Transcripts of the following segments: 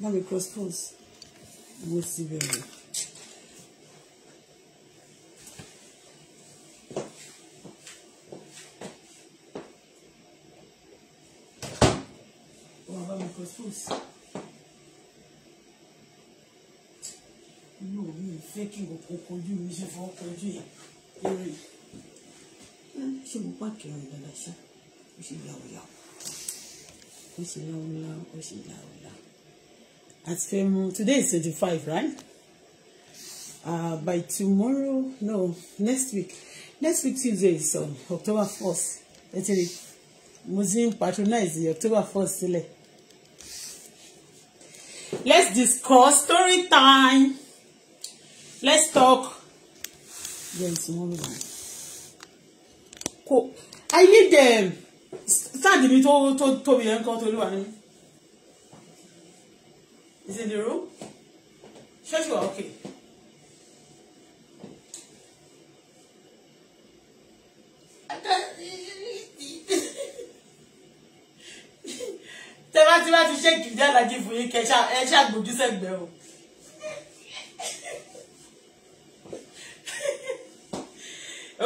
bá mi cross pose mo sì bẹ̀rẹ̀. wọ́n bá mi cross pose. inú mi ò fẹ́ kí nǹkan kojú mi ṣe fọ́ kojú ẹ̀ eré ah, ṣé mo pàkì ọ̀rọ̀ dáadáa ṣá ó sì yàwó yàwó ó sì láwó láwó ó sì yàwó àti fẹ́ today is twenty right uh, by tomorrow no next week next week tuesday is um, october first Actually, museum patronize the october first sílẹ̀ let's discuss story time let's talk then tomorrow night i need them. Um, Start mi tó tó tóbi yẹn kọ́ tó lù wá Is in the room? Sure you are okay. tẹ́lá tí wá ti ṣe kìdí àlàjì fún yín kẹ́ ẹ ṣàgbójú sẹ́gbẹ̀ẹ́ o.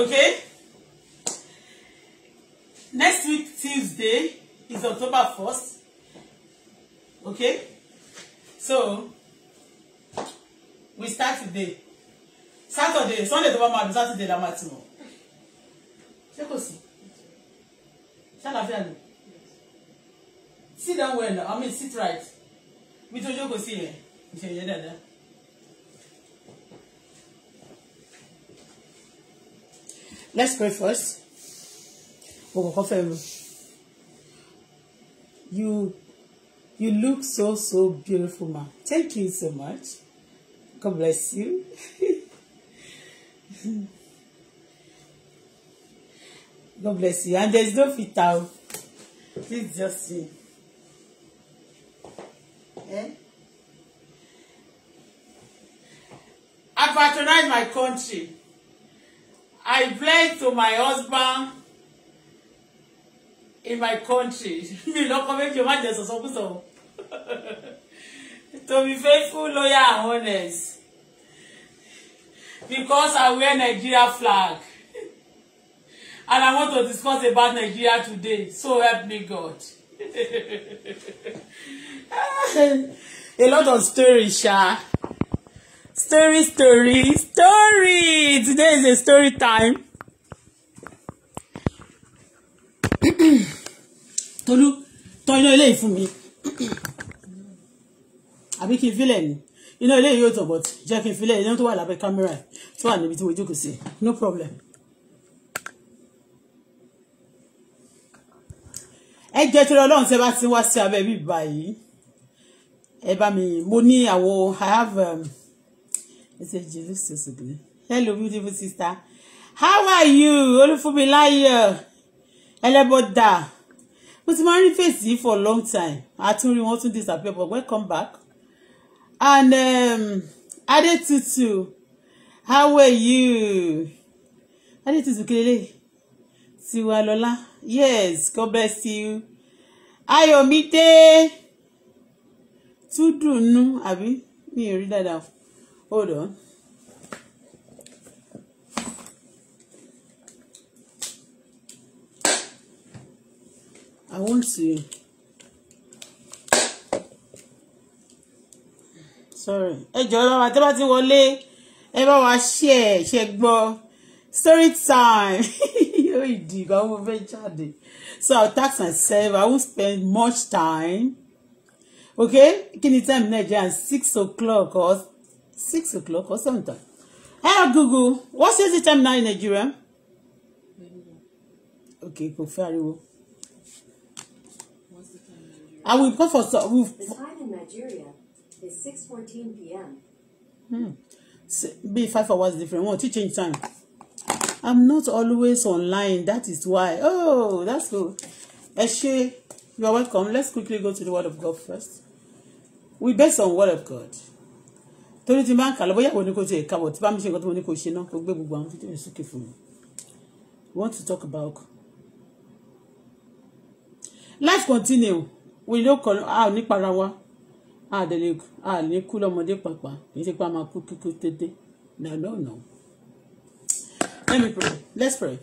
Okay? Next week, Tuesday, is October 1st. Okay? so we start today saturday sunday tó bá máa dùn saturday la máa ti mọ̀ ṣé kò sí ṣàlàfíà ni sit down well i mean sit right mi tó jókòó sí yẹn ìṣẹ̀yẹ dáadáa. Let's pray first. We'll go for you. You look so, so beautiful, ma. Thank you so much. God bless you. God bless you. And there's no fit out. Oh. Please just see. Eh? I patronize my country. I pledge to my husband in my country mi lọ́kọ méjì o má jẹ so o to be faithful loyal and honest because I wear Nigeria flag and I want to discuss about Nigeria today so help me God a lot of stories sha story story story today is a story time. Tolu, tán iná ilé yìí fún mi àbí kí n fílẹ̀ ni iná ilé yìí yóò tàn but jẹ́ kí n fílẹ̀ iná tó wà lábẹ́ kámẹ́rà tó wà níbi tí mo jókòó sí no problem. ẹ jẹ́ tí ọlọ́run tí ẹ bá ti wá sí abẹ́ bíi báyìí ẹ bá mi mo ní àwo i have ẹ um, ṣe "Jesus, ló ṣe ṣùgbọ́n hello beautiful sister how are you olúfúnmiláyọ̀ ẹlẹ́bọ̀dà mo ti máa ń rí fèsì yìí for long time àtúnrí wọn tún disappear but welcome back and um, Adetutu how are you Adetutu kelele Tiwalola yes God bless you Ayọ̀mídé Túndùnú àbí mi ò rí dáadáa hold on. I want to. Sorry. Hey, jọ̀ọ́ bá wa tẹ́ bá ti wọlé ẹ bá wa share ṣe story time. Yóò ìdì ìgbà wo fẹ́ So I will tax myself. I won't spend much time. Okay? Kí ni time Nigeria? Six o'clock or six o'clock or something. Hey, Google, what's the time now in Nigeria? Okay, kò fẹ́ well and we come for so we. the time in Nigeria is six fourteen p.m. Hmm. be five hours different one to change time i'm not always online that is why oh that's good eshe you are welcome let's quickly go to the word of God first we based on word of God torí ti máa ń kà lọ bóyá òun ni kò ṣe ìkàwọ tí bá mi ṣe nǹkan tí mo ní kò ṣe náà kó gbé gbogbo àwọn fídíò yẹn sókè fún want to talk about life continue we no kọ a ni ní para wa a dẹ̀ lè a lè kú lọ́mọdé pàpà Ni í pa pé a máa kú no no no let me pray let's pray.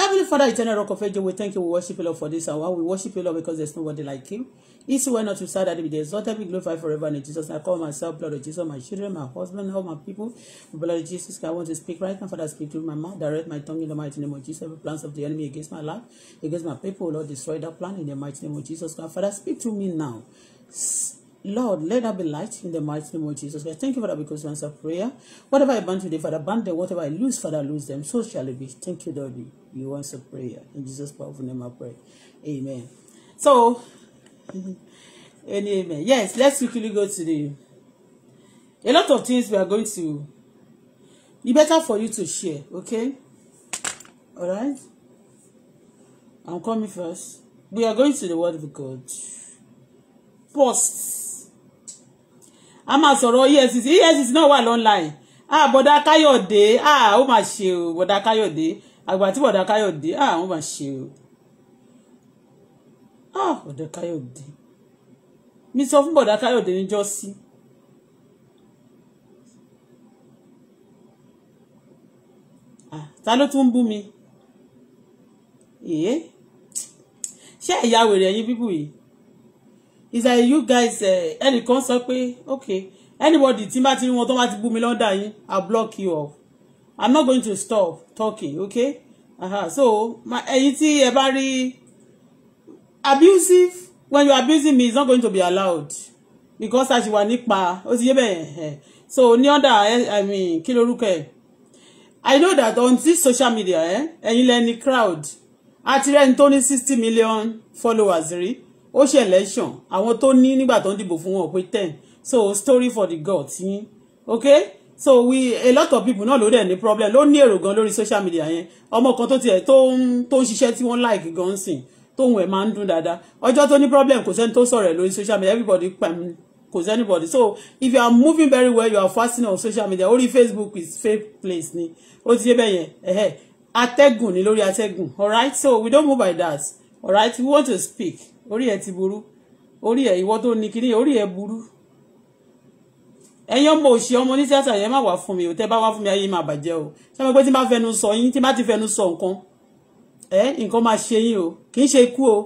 Heavenly Father, eternal rock of ages, we thank you, we worship you, Lord, for this hour. We worship you, Lord, because there's nobody like Him. It's why not to sad that be exalted, be glorified forever and in Jesus. I call myself, blood of Jesus, my children, my husband, all my people. The blood of Jesus, I want to speak right now, Father, speak through my mouth, direct my tongue in the mighty name of Jesus. Every plans of the enemy against my life, against my people, Lord, destroy that plan in the mighty name of Jesus. God, Father, speak to me now. Lord, let there be light in the mighty name of Jesus. I thank you, Father, because you answer prayer. Whatever I ban today, Father, ban them. Whatever I lose, Father, lose them. So shall it be. Thank you, Lord you want answer prayer. In Jesus' powerful name I pray. Amen. So, amen. Yes, let's quickly go to the. A lot of things we are going to. Be better for you to share, okay? All right? I'm coming first. We are going to the Word of God. Posts. a máa sọ̀rọ̀ EFCC EFCC náà wà lọ́nláìn ah bọ̀dá káyọ̀dé ah ó mà ṣe o bọ̀dá káyọ̀dé àgbà tí bọ̀dà káyọ̀dé ah wọ́n máa ṣe o ah bọ̀dà káyọ̀dé mi sọ fún bọ̀dà káyọ̀dé níjọ́ sí. ta ló tún bú mi èé ṣé ẹ̀yà wèrè ẹ̀yin bíbù yìí is that you guys eh, ẹnìkan sọ pé okay anybody tí n bá ti rí wọn tó bá ti bú mi lọ́dà yín i block you off i'm not going to stop talking okay uh-huh. so my, tí a very abusive when you abusing me it's not going to be allowed because as you wà nípa ó ti yé bẹ́ẹ̀ so ní ọ̀dà i mean kí lorúkọ ẹ̀ i know that on this social media ẹ̀yin eh, lẹ́ni crowd àti rẹ́ni tó ní sixty million followers rí ó ṣe election àwọn tó ni nígbà tó ń dìbò fún wọn pé ten so story for the gods yín okay so we a lot of people náà ló dẹ̀ ní problem ló ní èrò gan lórí social media yẹn ọmọ kan tó tiẹ̀ tó ń tó ń ṣiṣẹ́ tí wọ́n like gan sìn tóun ẹ̀ máa ń dún dáadáa ọjọ́ tó ní problem kò sẹ́ni tó sọ̀rọ̀ ẹ̀ lórí social media everybody pẹ̀m kò sẹ́ni body so if you are moving very well you are fasting on social media Only Facebook is safe place ni ó ti yé bẹ́ẹ̀ yẹn ẹ̀hẹ́ atẹ́gùn ni lórí atẹ́gùn alright so we don't move by that alright we want to speak orí ẹ̀ ti burú orí ẹ̀ ìwọ tó ní kíní orí ẹ̀ burú ẹ̀yin ọmọ òṣì ọmọ ní yẹn má wà fún mi ò tẹ́ bá wá fún mi ayé máa bàjẹ́ o ṣé pé tí bá fẹnu sọ yín tí bá ti fẹnu sọ nǹkan ẹ nǹkan máa ṣe yín o kì í ṣe ikú o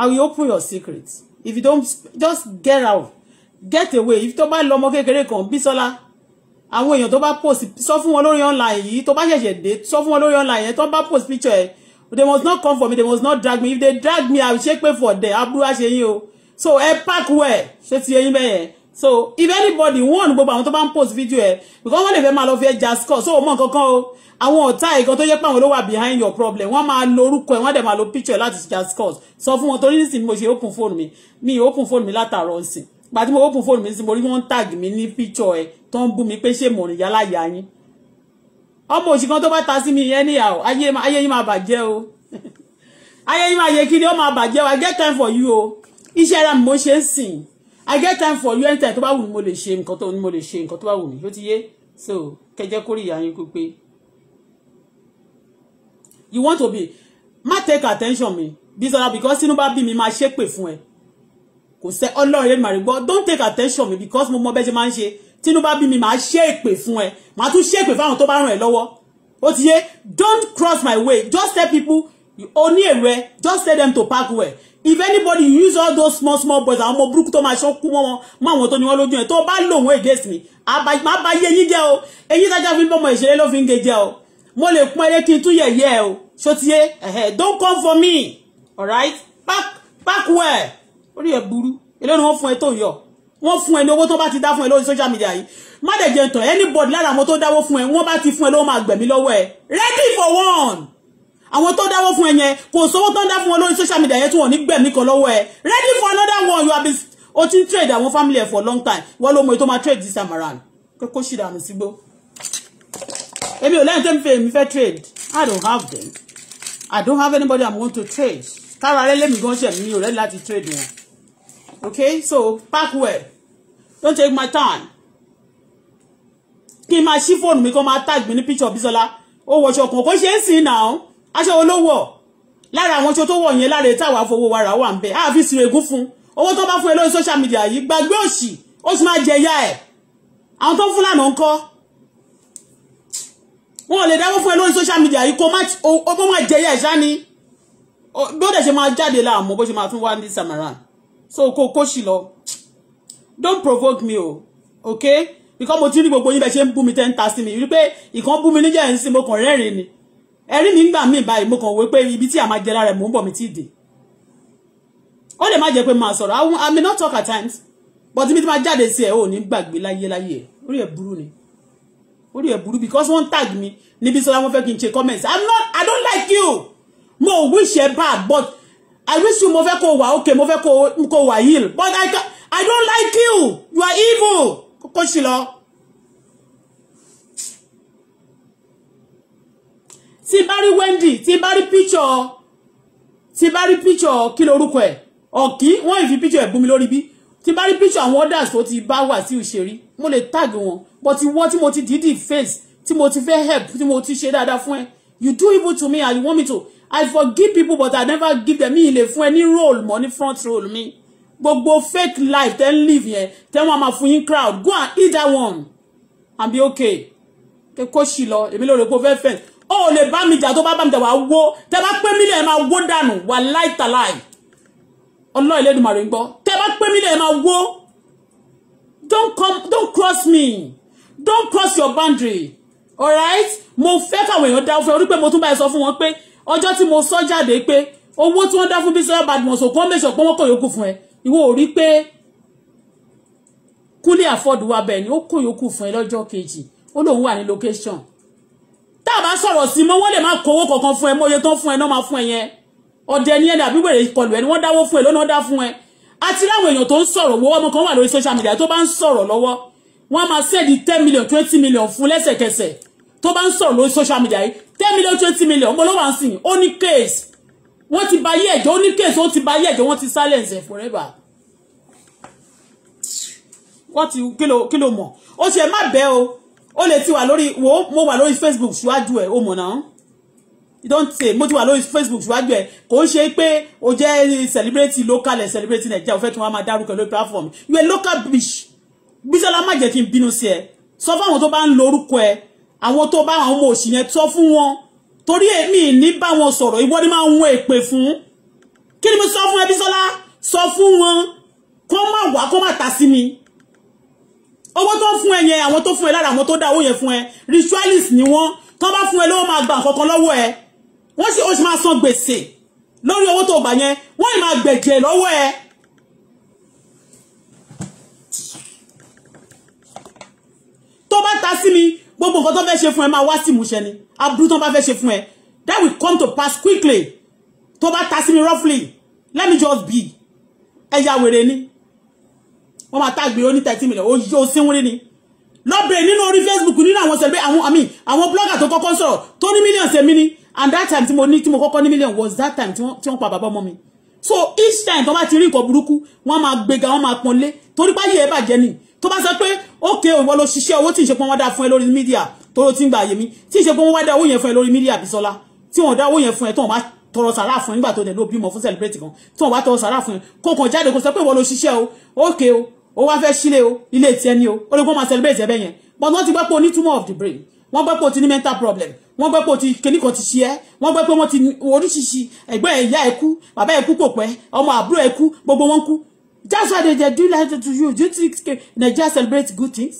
I will open your secret if you don't just get out get away if tó bá lọ ọmọ kékeré kan Bísọ́lá àwọn èèyàn tó bá post sọ fún wọn lórí online yìí tó bá ṣẹ̀ṣẹ̀ dé sọ fún wọn lórí online yẹn tó bá post picture ẹ they must not come for me they must not drag me if they drag me I will ṣépè for them aburú àṣeyín o so ẹ pack well ṣé ti eyín bẹ́yẹn so if anybody wọ́n gbogbo àwọn tó bá ń post video ẹ̀ because wọ́n lè fẹ́ máa lọ fi ẹja score so mọ̀ kankan o àwọn ọ̀tá ìkan tó jẹ́ pé àwọn ló wà behind your problem wọ́n máa lo orúkọ ẹ̀ wọ́n dẹ̀ máa lo picture ẹ̀ láti ẹja score sọ fún wọn torí nísìnyí mo ṣe open phone mi mi open phone mi látàárọ̀ nsìn gbàtí mo open phone mi sí mo rí wọ́n tag mi ní picture ẹ̀ tó ń bú mi pé ṣé mò ń yálà yá yín ọmọ òsì kan tó bá ta sí mi yẹn níyà o ayé yín máa bàjẹ́ o ayé yín máa yẹ kí ni ó máa bàjẹ́ o I get time for you o iṣẹ́ ara mi mo ṣe ń sìn I get time for you anytime tó bá wù mí mo lè ṣe nǹkan tó ní mo lè ṣe nǹkan tó bá wù mí ó ti yé so kẹjẹ kórìíyá yín kú pé you want to be má take attention mi Bisola because tinubu bí mi máa ṣépè fún ẹ kò sẹ Ọlọ́run yẹn màrí gbọ́ don't take attention mi because mo mọ bẹ́ẹ̀ ṣe máa ń ṣe tinubu bí mi máa ṣépè fún ẹ màá tún ṣépè fáwọn tó bá ràn ẹ lọ́wọ́ ó ti yé don't cross my way just tell people you oní èrò ẹ just tell them to park well if anybody use all those small small boys àwọn ọmọ burúkú tó máa ṣọ́ kú mọ́ wọn mọ́ àwọn tó ní wọ́n lójú ẹ̀ tó bá lò wọ́n against me má bá yé yín jẹ́ o eyín tájà fi ń bọ́mọ ìṣeré ló fi ń ge jẹ́ o mo lè pọ́n eré kí n tún yẹ̀yẹ́ o ṣótiyé ẹ̀hẹ́ don't come for me alright back back well orí ẹ̀ burú èlé ni wọ́n fún ẹ tó yọ wọ́n fún ẹ ní owó tó bá ti dá fún ẹ lórí social media yìí má dẹ̀ jẹ́ tán anybody lára àwọn tó dáwó fún ẹ wọ́n bá ti fún ẹ ló máa gbẹ̀mí lọ́wọ́ ẹ ready for one àwọn tó dáwọ́ fún ẹ yẹn kò sówó tó ń dá fún wọn lórí social media yẹn tí wọn ò ní gbẹ̀mí kan lọ́wọ́ ẹ ready for another one you have been o ti ń trade àwọn family ẹ for long time wọ́n ló mọ ètò máa trade this time around kókó ṣì dànù sígbó èmi ò lẹ́yìn tó ń fẹ́ èmi fẹ́ trade I don't have them I don't have anybody I'm going to trade kára rẹ lẹ́mìí gan ṣẹ̀ mi ò rẹ́ láti trade wọn okay so park well don't take my turn. kí n máa ṣí fóònù mi kó máa tag mi ní picture Bisola ó wọṣọ kan kó ṣe é sìn náà aṣọ olówó lára àwọn aṣọ tó wọ̀ yẹn lára táwa fowó wa rà wà ń bẹ àfi sire ègún fún owó tó bá fún ẹ lórí social media yìí gbàgbé òṣì ó sì máa jẹyà ẹ àwọn tó fún lànà ń kọ́ wọn ò lè dáwọ́ fún ẹ social media yìí kó má jẹyà ẹ ṣá ni bí ó dẹ̀ ṣe máa jáde láàmú bó ṣe máa tún wá ní samaran so kó kó sì lọ don't provoke me o okay because mo ti rí gbogbo yín bẹ́ẹ̀ ṣe ń bú mi tẹ́ ń ta sí mi rí pé ìkan bú mi níjẹ́ ẹ̀ ń sin mo kàn rẹ́rìn-ín ni ẹ̀rí mi ń gbà mí báyìí mo kàn wé pé ibi tí a máa jẹ lára ẹ̀ mò ń bọ̀ mi tí ì dé ó lè má jẹ́ pé máa sọ̀rọ̀ I may not talk at times but ibi tí máa jáde sí ẹ̀ ò ní gbàgbé láyé láyé ẹ̀ orí ẹ̀ burú ni orí ẹ̀ burú because wọ́n tag mi níbi sọ́dá wọ́n fẹ́ kí n ṣe comments I'm not I don't like you mo wish ẹ bad but I wish you mo fẹ́ kó wà okay mo fẹ́ kó wà heal but I, I don't like you you are evil kókó sí lọ. tí bá rí Wendy tí bá rí picture tí bá rí picture kí lorúkọ ẹ̀ ọ̀kí wọ́n ìfi picture ẹ̀ bú mi lórí bí tí bá rí picture àwọn others tó ti bá wà sí ìṣeré mo lè tag wọn but ìwọ tí mo ti dìídì face tí mo ti fẹ́ help tí mo ti ṣe dáadáa fún ẹ you do evil to me and you want me to I forgive people but I never give them mi lè fún ẹ ní role mọ́ ní front role mi gbogbo fake life tẹ́ live yẹn tẹ́ wọ́n máa fún yín crowd go and eat that one and be okay kó ṣì lọ èmi ló rò pé ó ó lè bá mi jà tó bá bá mi jà wá wó tẹ́ bá pé mílẹ̀ ẹ máa wó dànù wà láìtàláì ọlọ́ọ̀ Elédùmarè ń gbọ́ tẹ́ bá pé mílẹ̀ ẹ máa wó don't come don't cross me don't cross your boundary All alright mo fẹ́ káwọn èèyàn dáwọ́ fẹ́ orí pé mo tún bá ẹ sọ fún wọn pé ọjọ́ tí mo sọ jáde pé owó tí wọ́n dá fún Bísọ́lá Badmus òkú ọmọ èso pé wọ́n kò yókù fún ẹ ìwọ ò rí pé Kúnlé afford wa bẹ́ẹ̀ ni ó kò yókù fún ẹ lọ́jọ́ kejì ó lóun wà ní location tá a bá sọ̀rọ̀ sí mọ́ wọ́n lè má kówó kankan fún ẹ mọ́ iye tó fún ẹ náà máa fún ẹ yẹn ọdẹ ní ẹni àbí wèrè kọlù ẹni wọ́n dáwó fún ẹ lọ́nà dá fún ẹ àti láwọn èèyàn tó ń sọ̀rọ̀ wo ọmọ kan wà lórí social media tó bá ń sọ̀rọ̀ lọ́wọ́ wọ́n máa sẹ́ẹ̀dì ten million twenty million fún lẹ́sẹ̀kẹsẹ̀ tó bá ń sọ̀rọ̀ lórí social media yìí ten million twenty million mo ló wà ń sìn ó case wọ́n ti ba ayé ẹ̀jọ́ ó ní case ó ti ba ayé ẹ̀jọ́ wọ́n ti silence ẹ̀ forever wọ́n ti kí ló mọ̀ ó ṣe má bẹ́ o O le ti wà lórí wo mo wà lórí facebook ṣíwájú ẹ̀ ó mọ̀ náà don't say mo ti wà lórí facebook ṣíwájú ẹ̀ kò ń pe pé o jẹ́ celebrate local ẹ̀ celebrate naija o fẹ́ kí wọ́n máa dárúkọ lórí platform you a local bitch bísọ́lá má jẹ́ kí n bínú sí ẹ sọ fún àwọn tó bá ń lorúkọ ẹ àwọn tó bá àwọn ọmọ òṣì yẹn sọ fún wọn torí èmi ní bá wọn ni ma ń wọ́n fun. Kini mo sọ fún ẹ bísọ́lá sọ fún wọn kó má wá kó má ta sí mi owó tó fún ẹ yẹn àwọn tó fún ẹ lára àwọn tó dá owó yẹn fún ẹ ritualist ni wọ́n tán bá fún ẹ lówó máa gba nǹkan lọ́wọ́ ẹ wọ́n sì ó sì máa san gbèsè lórí owó tó gbà yẹn wọ́n ì máa gbẹ̀jẹ̀ lọ́wọ́ ẹ. tó bá ta sí mi gbogbo nǹkan tó fẹ́ ṣe fún ẹ máa wá sí ìmúṣẹ ni aburú tó bá fẹ́ ṣe fún ẹ that will come to pass quickly tó bá ta sí mi roughly let me just be ẹ̀yà wèrè ni wọ́n máa tágbé ó ní thirty million ó yóò sínwúrí ni lọ́bẹ̀rẹ̀ nínú orí Facebook nínú àwọn celebrate àwọn àmì àwọn blogger tó kọ́kọ́ sọ̀rọ̀ tó ní million ṣe mí ni and that time tí mo ní tí mo kọ́kọ́ ní million was that time tí wọ́n pa bàbá ọmọ mi so each time tó bá ti rí nǹkan burúkú wọ́n máa gbéga wọ́n máa pọ́nlé torí páyé ẹ̀ bàjẹ́ ni tó bá sọ pé ókè ìwọ ló ṣiṣẹ́ owó tí ń ṣe pé wọ́n dá fún ẹ lórí mídíà tó ló ti ń gba àyè mi tí ń ṣe pé wọ́n wá dá owó yẹn fún ẹ lórí mídíà Bísọ́lá tí wọ́n dá owó yẹn fún ẹ tó wọ́n bá tọrọ sàrà fún nígbà tó dẹ̀ ló bímọ fún celebrate kan tí wọ́n bá tọrọ sàrà fún ẹ kó jáde kó sọ pé ìwọ ló ṣiṣẹ́ o ókè o ó wá fẹ́ sílé o ilé tiẹ̀ ni o ó lè kó máa celebrate ẹ̀bẹ̀ yẹn but wọ́n ti gbọ́ pé o ní tumor of the brain wọ́n gbọ́ pé o ti ní mental problem wọ́n gbọ́ pé o ti kíní kan ti ṣe ẹ́ wọ́n gbọ́ pé wọ́n ti oríṣiríṣi ẹ̀gbọ́n ẹ̀ ìyá ẹ̀ kú bàbá ẹ̀ kú kò pẹ́ ọmọ àbúrò ẹ̀ gbogbo wọn kú that's why they they do like to you do you think Nigeria celebrate good things.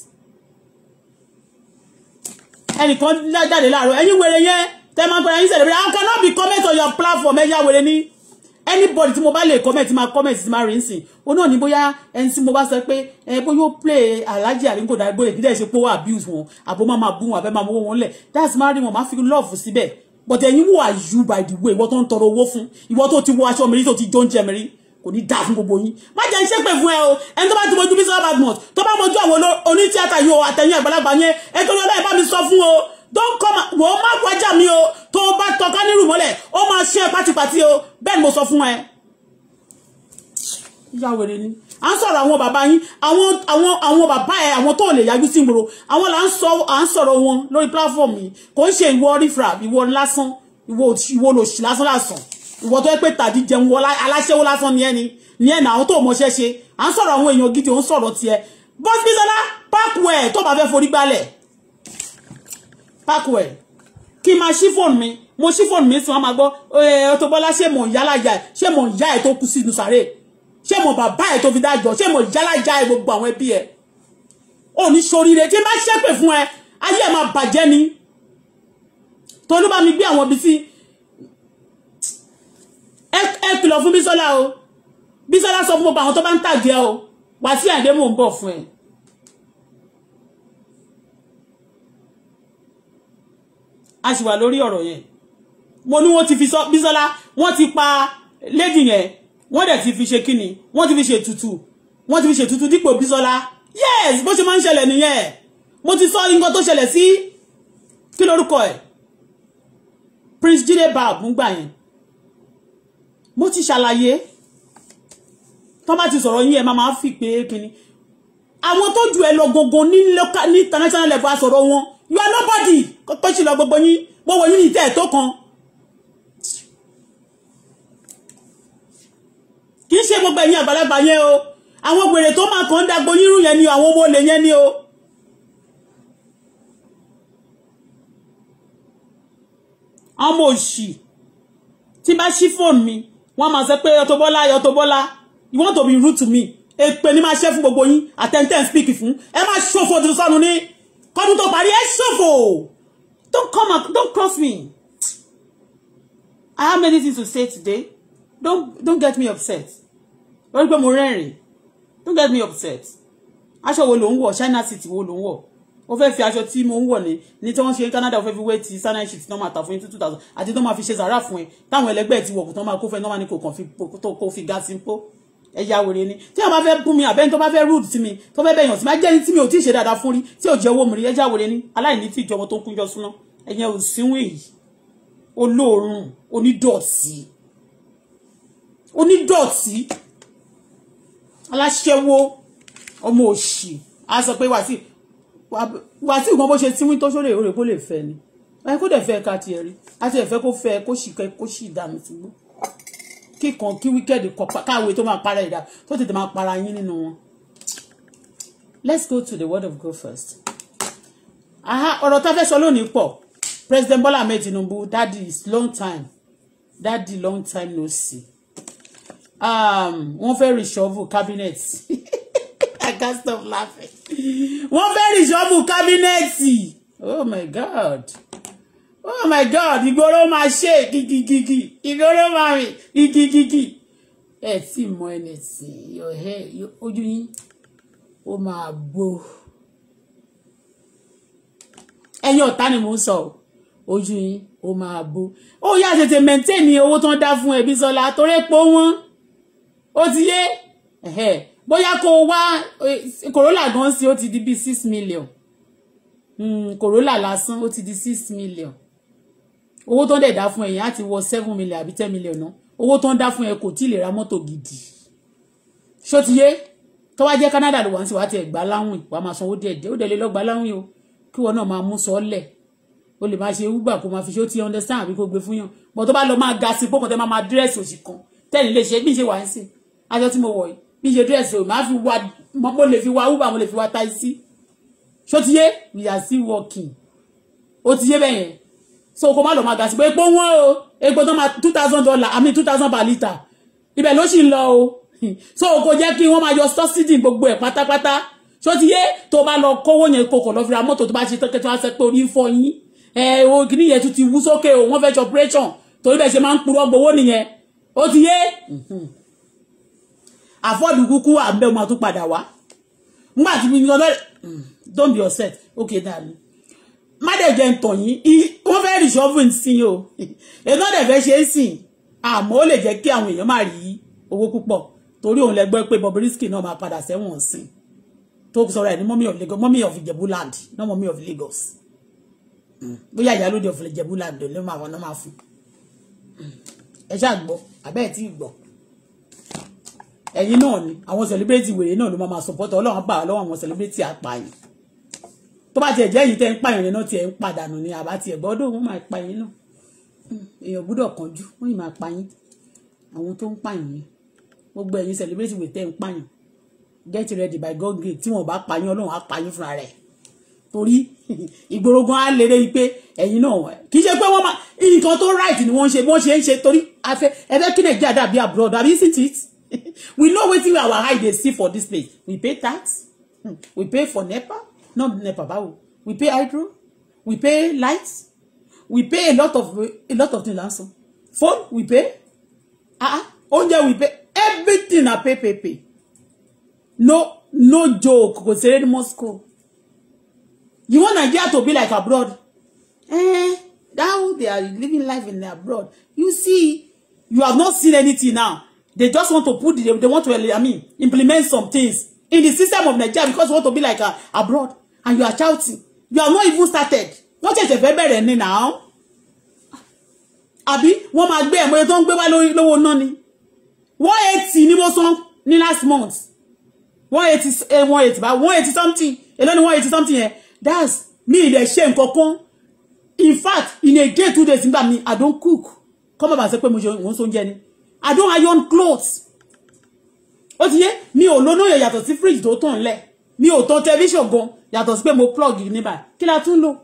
ẹnìkan jáde láàárọ̀ ẹ̀yin wèrè yẹn tẹ́ máa ń pẹ́ra I cannot be comment on your platform ẹ̀yà wèrè ni anybody tí mo bá lè comment máa comment tí máa rìn sìn o náà ní bóyá ẹni tí mo bá sọ pé ẹ bóyá ó play alájì àríkò dàgbò lè dídẹ̀ ṣe pé ó abuse wọn àbó máa máa bú wọn àbẹ́ máa mọ owó wọn that's máa rí wọn feel love love síbẹ̀ but then who are you by the way ìwọ tó Toro tọrọ owó fún ìwọ tó ti wọ aṣọ mìíràn tó ti jó oúnjẹ mìíràn kò ní dáa fún gbogbo yín má jẹ́ iṣẹ́ pè fún ẹ o ẹni tó bá ti mojú bí sọ́ọ́ bá gbọ̀n tó bá mojú àwọn oní tíátà yìí o àtẹ̀yìn àgbàlagbà yẹn ẹ tó lọ́ọ́ bá mi sọ fún o don't come wọ́n má wájà mi o tó o bá tọ́ká nírú mọ́lẹ̀ ó máa ṣe ẹ pátípátí o bẹ́ẹ̀ ni mo sọ fún ẹ. ìyá wèrè ni à ń sọ̀rọ̀ àwọn bàbá yín àwọn àwọn àwọn bàbá ẹ àwọn tó lè yájú sí ìgboro àwọn là ń sọ à ń sọ̀rọ̀ wọn lórí platform yìí kò ń ṣe ìwọ rífra ìwọ lásán ìwọ ìwọ lòṣì lásán lásán ìwọ tó yẹ pé tàdí jẹun wọlá aláṣẹwó lásán ni ẹni ni ẹnà àwọn tó mọṣẹ́ ṣe à ń sọ̀rọ̀ àwọn èèyàn gidi ò ń sọ̀rọ̀ tiẹ̀ bọ́sibísọ́lá páàkù ẹ̀ tó bá fẹ́ forí gbálẹ̀ parkway kí n máa ṣí fóònù mi mo ṣí fóònù mi sí wọn máa gbọ́ Auto Bola ṣé mò ń yálà ya ẹ̀ ṣé ya ń yá ẹ̀ tó kú sínú sàárè ṣé mò bàbá ẹ̀ tó fi dájọ́ ṣé mò ń yálà ya ẹ̀ gbogbo àwọn ẹbí ẹ̀ ò ní ṣoríire tí n bá ṣépè fún ẹ ayé ẹ̀ máa bàjẹ́ ni tolú bá mi gbé àwọn ibi tí ẹ kìlọ̀ fún Bísọ́lá o Bísọ́lá sọ fún gbogbo àwọn tó bá ń tàgé o wàásù àdéhùn ń bọ̀ fún ẹ a sì wà lórí ọ̀rọ̀ yẹn mo ní wọ́n ti fi sọ Bísọ́lá wọ́n ti pa lady yẹn wọ́n dẹ̀ ti fi ṣe kíni wọ́n ti fi ṣe tutù wọ́n ti fi ṣe tutù dípò Bísọ́lá yes bó ṣe máa ń ṣẹlẹ̀ nìyẹn mo ti sọ nǹkan tó ṣẹlẹ̀ sí kí lórúkọ ẹ̀ Prince Jide Bab ń gbà yẹn mo ti ṣàlàyé tó bá ti sọ̀rọ̀ yín ẹ̀ máa máa fi pé kíni àwọn tó ju ẹ lọ gangan ní international level àsọ̀rọ̀ wọn you are nobody pé ṣì lọ gbogbo yín gbogbo yín ní ìtẹ́ tó kan kì í ṣe gbogbo ẹ̀yin àgbàlagbà yẹn o àwọn gbèrè tó máa kàn ń dagbo yírù yẹn ni àwọn ọmọ olè yẹn ni o. ọmọ òṣì tí bá ṣí fóònù mi wọ́n máa sọ pé Auto Bola Auto Bola you want to be rude to me èpè ni máa ṣe fún gbogbo yín àtẹ̀ntẹ̀ ń speak fún ẹ máa ṣòfò tuntun sọnù ní kọ́dún tó parí ẹ ṣòfò. Don't come and don't cross me. I have many things to say today. Don't don't get me upset. Orí pé mo Don't get me upset. Aṣọ wo ló China city wo ló ń wọ̀? Ó fi aṣọ tí mo ń wọ̀ ni ní tí Canada ó fi wé ti Sanai sheet náà máa tà fún yín two thousand àti tó máa fi ṣe sàrà fún ẹ táwọn ẹlẹgbẹ́ ti wọ̀kù tó máa kó fẹ́ náà máa ní kò kàn fi tó kó fi ga sí pó ẹ̀yà ni tí wọ́n bá fẹ́ bú mi àbẹ́ni tó bá fẹ́ rude ti mi tó fẹ́ bẹ̀yàn si ma jẹ́ ní tí mi ò tí ì ṣe dáadáa fún rí tí ò jẹ́ mi rí ẹ̀yà wèrè ni aláìní tí ìjọba tó ń kúnjọ súná ẹ̀yẹn ò yìí olóòórùn onídọ̀tí onídọ̀tí aláṣẹwó ọmọ òṣì á sọ pé wàásù wàásù ìgbọ́n bó ṣe tíwín tó ṣòro èrò kó lè fẹ́ ni ẹ kó dẹ̀ fẹ́ ká tiẹ̀ rí àti ẹ̀fẹ́ kó fẹ́ kó sì kẹ́ kó sì dànù sígbó kíkan kí wíkẹ́ẹ̀dì káwé tó máa para ìdá tó tètè máa para yín nínú wọn. let's go to the word of God first. ọ̀rọ̀ tá a fẹ́ sọ lónìí pọ̀ President Bola Ahmed Tinubu, daddy is long time. Daddy long time no see. Um, one very reshuffle cabinet. I can't stop laughing. One very reshuffle cabinet. Oh my God. Oh my God, ìgboro máa ṣe gigigigi, ìgboro máa rìn gigigigi. Ẹ tí mọ ẹni sí, your hair, ojú yín, ó máa gbó. Ẹ̀yin ọ̀tá ni mò ń ojú yín ó máa bó ó yá tètè maintain owó tán dá fún ẹbí sọlá torí epo wọn ó ti yé bóyá kó o wá eh, Corolla gan sí ó ti di bíi six million hmm, Corolla lásán ó ti di six million owó tó ń dẹ̀ dá fún ẹ̀yìn á ti wọ seven million àbí ten million náà owó tó ń dá fún ẹ kò tí ì lè ra mọ́tò gidi ṣó ti yé tó wá jẹ́ Canada ló wà ń sì wá ti ẹ̀ gbá láwìn wàá máa sanwó díẹ̀ díẹ̀ ó dẹ̀ lé lọ́gbàá láwìn o kí wọn náà máa mú sọ́ọ́lẹ̀ o lè máa ṣe uber kó máa fi ṣó ti understand àbí kó gbé fún yàn bọ̀ tó bá lọ máa ga sí pé kàn tẹ́ máa máa dírẹ́sì òsì kan tẹ́lẹ̀ lè ṣe bí ṣe wà ń sìn aṣọ tí mo wọ̀ yìí bí ṣe dírẹ́sì ò máa fi wa mo lè fi wa uber mo lè fi wa taxi ṣó ti yé we are still working O ti yé bẹ́ẹ̀ yẹn so kó má lọ máa ga sí pé epo wọn o epo tó máa two thousand dollar àmì two thousand per litre ibẹ̀ ló sì ń lọ o so kò jẹ́ kí wọ́n máa yọ subsidy gbogbo ẹ̀ pátápátá ṣó ti yé tó bá lọ kówó yẹn kókò lọ fi ra mọ́tò tó bá ṣe tẹ́kẹ́ tó wá sẹ́ pé orí ń fọ yín ẹ o kìíní yẹn tún ti wú sókè o wọ́n fẹ́ ṣe operation torí bẹ́ẹ̀ ṣe máa ń purọ́ gbowó nìyẹn ó ti yé mhm. àfọ́ọ̀dù kúkú à ń bẹ́ ọmọ tún padà wá nígbà tí mi ní ọlọ́rẹ̀ mm, don't be upset okay darling má dẹ̀ jẹ́ ntọ̀ yín wọ́n fẹ́ rìṣọ́fù ń sìn o ètò ọ̀dẹ̀ fẹ́ ṣe é sìn àmọ́ ó lè jẹ́ kí àwọn èèyàn máa rí owó púpọ̀ torí òun lẹ́gbẹ́ pé Bobrisky náà máa padà sẹ́wọ̀n sìn tó sọ̀rọ̀ ẹ̀ ní mọ́mí of Lagos mọ́mí of Ijebuland náà mọ́mí of Lagos bóyá ìyálóde ọ̀fọ̀lẹ̀ jẹ̀bú làǹdọ̀ ló máa wọn náà máa fún ẹ ṣáà gbọ́ àbẹ́ ẹ̀ tí ì gbọ́ ẹ̀yin náà ni àwọn celebrity wèrè náà ló máa máa support ọlọ́run bá lọ́wọ́ àwọn celebrity apààyàn tó bá tiẹ̀ jẹ́ èyí tẹ́ ń pààyàn yẹn náà tiẹ̀ ń pàdánù ni àbá tiẹ̀ gbọ́dọ̀ wọ́n máa pa yín náà èèyàn gbọ́dọ̀ kánjú wọ́n yìí máa pa yín àwọn tó ń pààyàn yẹn gbogbo ẹ̀yin celebrity wèrè tẹ́ ń pààyàn get ready by God gate tí wọ́n bá pa yín ọlọ́run á pa yín fúnra rẹ̀ torí ìgboro gan á lérè yìí pé ẹ̀yin náà kì í ṣe pé wọ́n máa nǹkan tó right ni wọ́n ṣe bí wọ́n ṣe ń ṣe torí afẹ́ ẹfẹ́ kí nàìjíríà dàbí abroad àbí isn't it we know wetin our eye dey see for this place we pay tax hmm, we pay for nepa not nepa báwo we pay hydro we pay light we pay a lot of a lot of things lansan phone we pay ah uh oúnjẹ -uh. we pay everything na pay pay pay no no joke kò sẹ́rẹ́ ní moscow. You want Nigeria to be like abroad? Eh, now they are living life in abroad. You see, you have not seen anything now. They just want to put, they, they want to, I mean, implement some things in the system of Nigeria because you want to be like a, uh, abroad. And you are shouting. You have not even started. What is the bẹ̀rẹ̀ any now. Abi, wọ́n máa be ẹ̀mọ́ tó ń gbé by lówó náà ni. One eighty ni mo san ní last month. One eighty eh, one eighty But one eighty something. Èló ni one eighty something eh? that's me ilẹ̀ ṣe nǹkan kan in fact in a day two days nígbà i don't cook Come kọ́ bàbá sọ pé mo ń sóúnjẹ ni i don't iron clothes ó ti yé mi ò lóná yẹn yàtọ̀ sí fridge tó tàn lẹ̀ mi ò tan television gan yàtọ̀ sí pé mo plug níbà kí la tún lò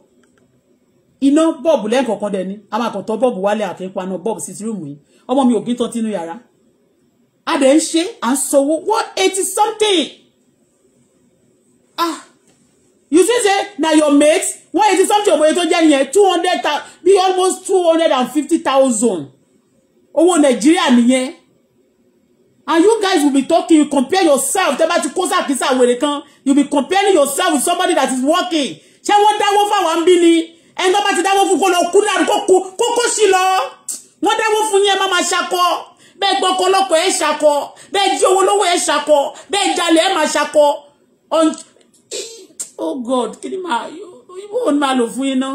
iná bọ́ọ̀bù lẹ́ǹkọ̀ọ̀kan dẹ̀ ni a máa kàn tọ́ bọ́ọ̀bù wálé àfihàn bọ́ọ̀bù sí tìrúmù yìí ọmọ mi ò kí ń tọ́ tinú yàrá a dẹ̀ ń ṣe à ń sanwó one eighty something ah you see say now your mates. Why is it something about your jẹ́ yẹn two hundred thousand bí almost two hundred and fifty thousand owó nàìjíríà nìyẹn and you guys will be talking you compare yourself tẹ́ bá ti kó sàkísà wèrè kan you be comparing yourself with somebody that is working ṣé wọ́n dáwọ́ fáwọn bí ni ẹni tó bá ti dáwọ́ fún kó lọ kú náà kó kú kó kó sí lọ wọ́n dáwọ́ fún yẹn má máa ṣakọ́ bẹ́ẹ̀ gbọ́ ọkọ̀ ọlọ́kọ̀ ẹ̀ oh god kí ni màá ibo ni màá lò fún iná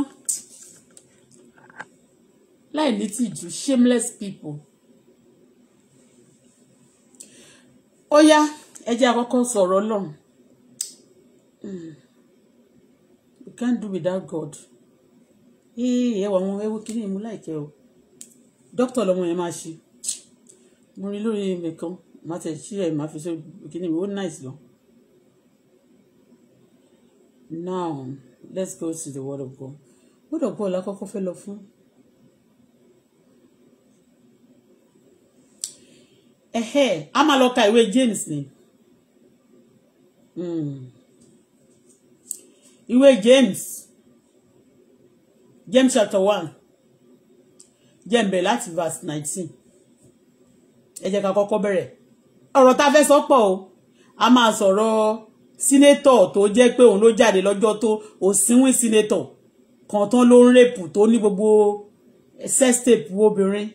láì ní tìjú shameless people. ó yá ẹ jẹ́ àkọ́kọ́ sọ̀rọ̀ ọlọ́run we hmm. can't do without god ẹ wà wọn ẹwọ kí ni mo láìkẹ o Doctor, lọmọ yẹn máa ṣe mo rí lórí ẹ̀mẹ̀kan má tẹ̀ sí ẹ̀ má fi ṣe kí ni mo ó náìsì lọ. now let's go to the word of God word of God lákọ́kọ́ fẹ́ lọ fún. ẹ̀hẹ́ a ka James ni iwe hmm. James James chapter one jẹ́ǹbẹ̀ láti verse nineteen ẹ jẹ́ bere kọ́kọ́ bẹ̀rẹ̀ ọ̀rọ̀ tá a sọ o a So sínétọ̀ tó jẹ́ pé òun ló jáde lọ́jọ́ tó òsínwín sínétọ̀ kan tán ló ń rèpù tó ní gbogbo sextape obìnrin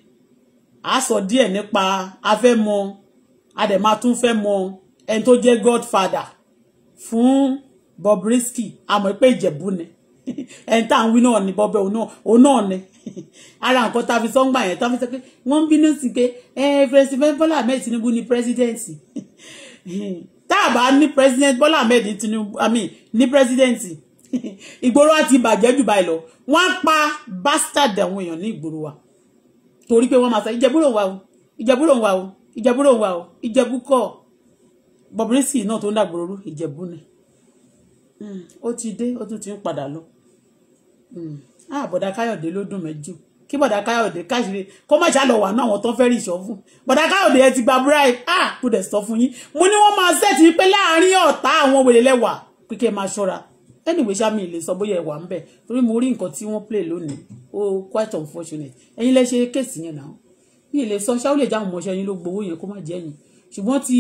a sọ díẹ̀ nípa a fẹ́ mọ a dẹ̀ máa tún fẹ́ mọ ẹni tó jẹ́ godfather fún Bobrisky àmọ́ pé ìjẹ̀bú ni ẹni tá à ń wí náà ni bọ́bẹ̀ òun náà ni ara nǹkan tá a fi sọ́ngbà yẹn tá a fi sọ pé wọ́n ń bínú sí pé ẹ eh, president Bọ́lá Ahmed Tinubu ni president tá a bá ní president Bọ́lá Ahmed Tinubu i mean ní president ìgboro wa ti bàjẹ́ jù báyìí lọ wọ́n pa bastard àwọn èèyàn ní ìgboro wa torí pé wọ́n máa sọ ìjẹ́búrò wa o ìjẹ́búrò wa o ìjẹ́búrò wa o ìjẹ́bú kọ́ Bobrisky náà tó ń dàgbòrò rú ìjẹ́bú ni hmm, ó ti dé ó tún ti ń padà lọ àbọ̀dá hmm, ah, Káyọ̀dé ló dùn mẹ́jù kí bọ̀dá káyọ̀dé káṣíre kó má ṣàlọ̀ wà náà àwọn tó fẹ́ rí ìṣọ́fún bọ̀dá ẹ ti gba bribe ah kò dẹ̀ sọ fún yín mo ní wọ́n máa ṣẹ́ẹ̀tì pé láàárín ọ̀tá àwọn wèrè lẹ́wà pé kí ẹ máa ṣọ́ra anyway ṣá mi sọ bóyá ẹ̀wà ń bẹ̀ torí mo rí nǹkan tí wọ́n play lónìí ó quite unfortunate ẹ̀yin lẹ ṣe kéèsì yẹn náà mi lè sọ ṣáà ó lè jáwọn ọmọọṣẹ́ yín ló gbowó yẹn kó má jẹ́ yín ṣùgbọ́n ti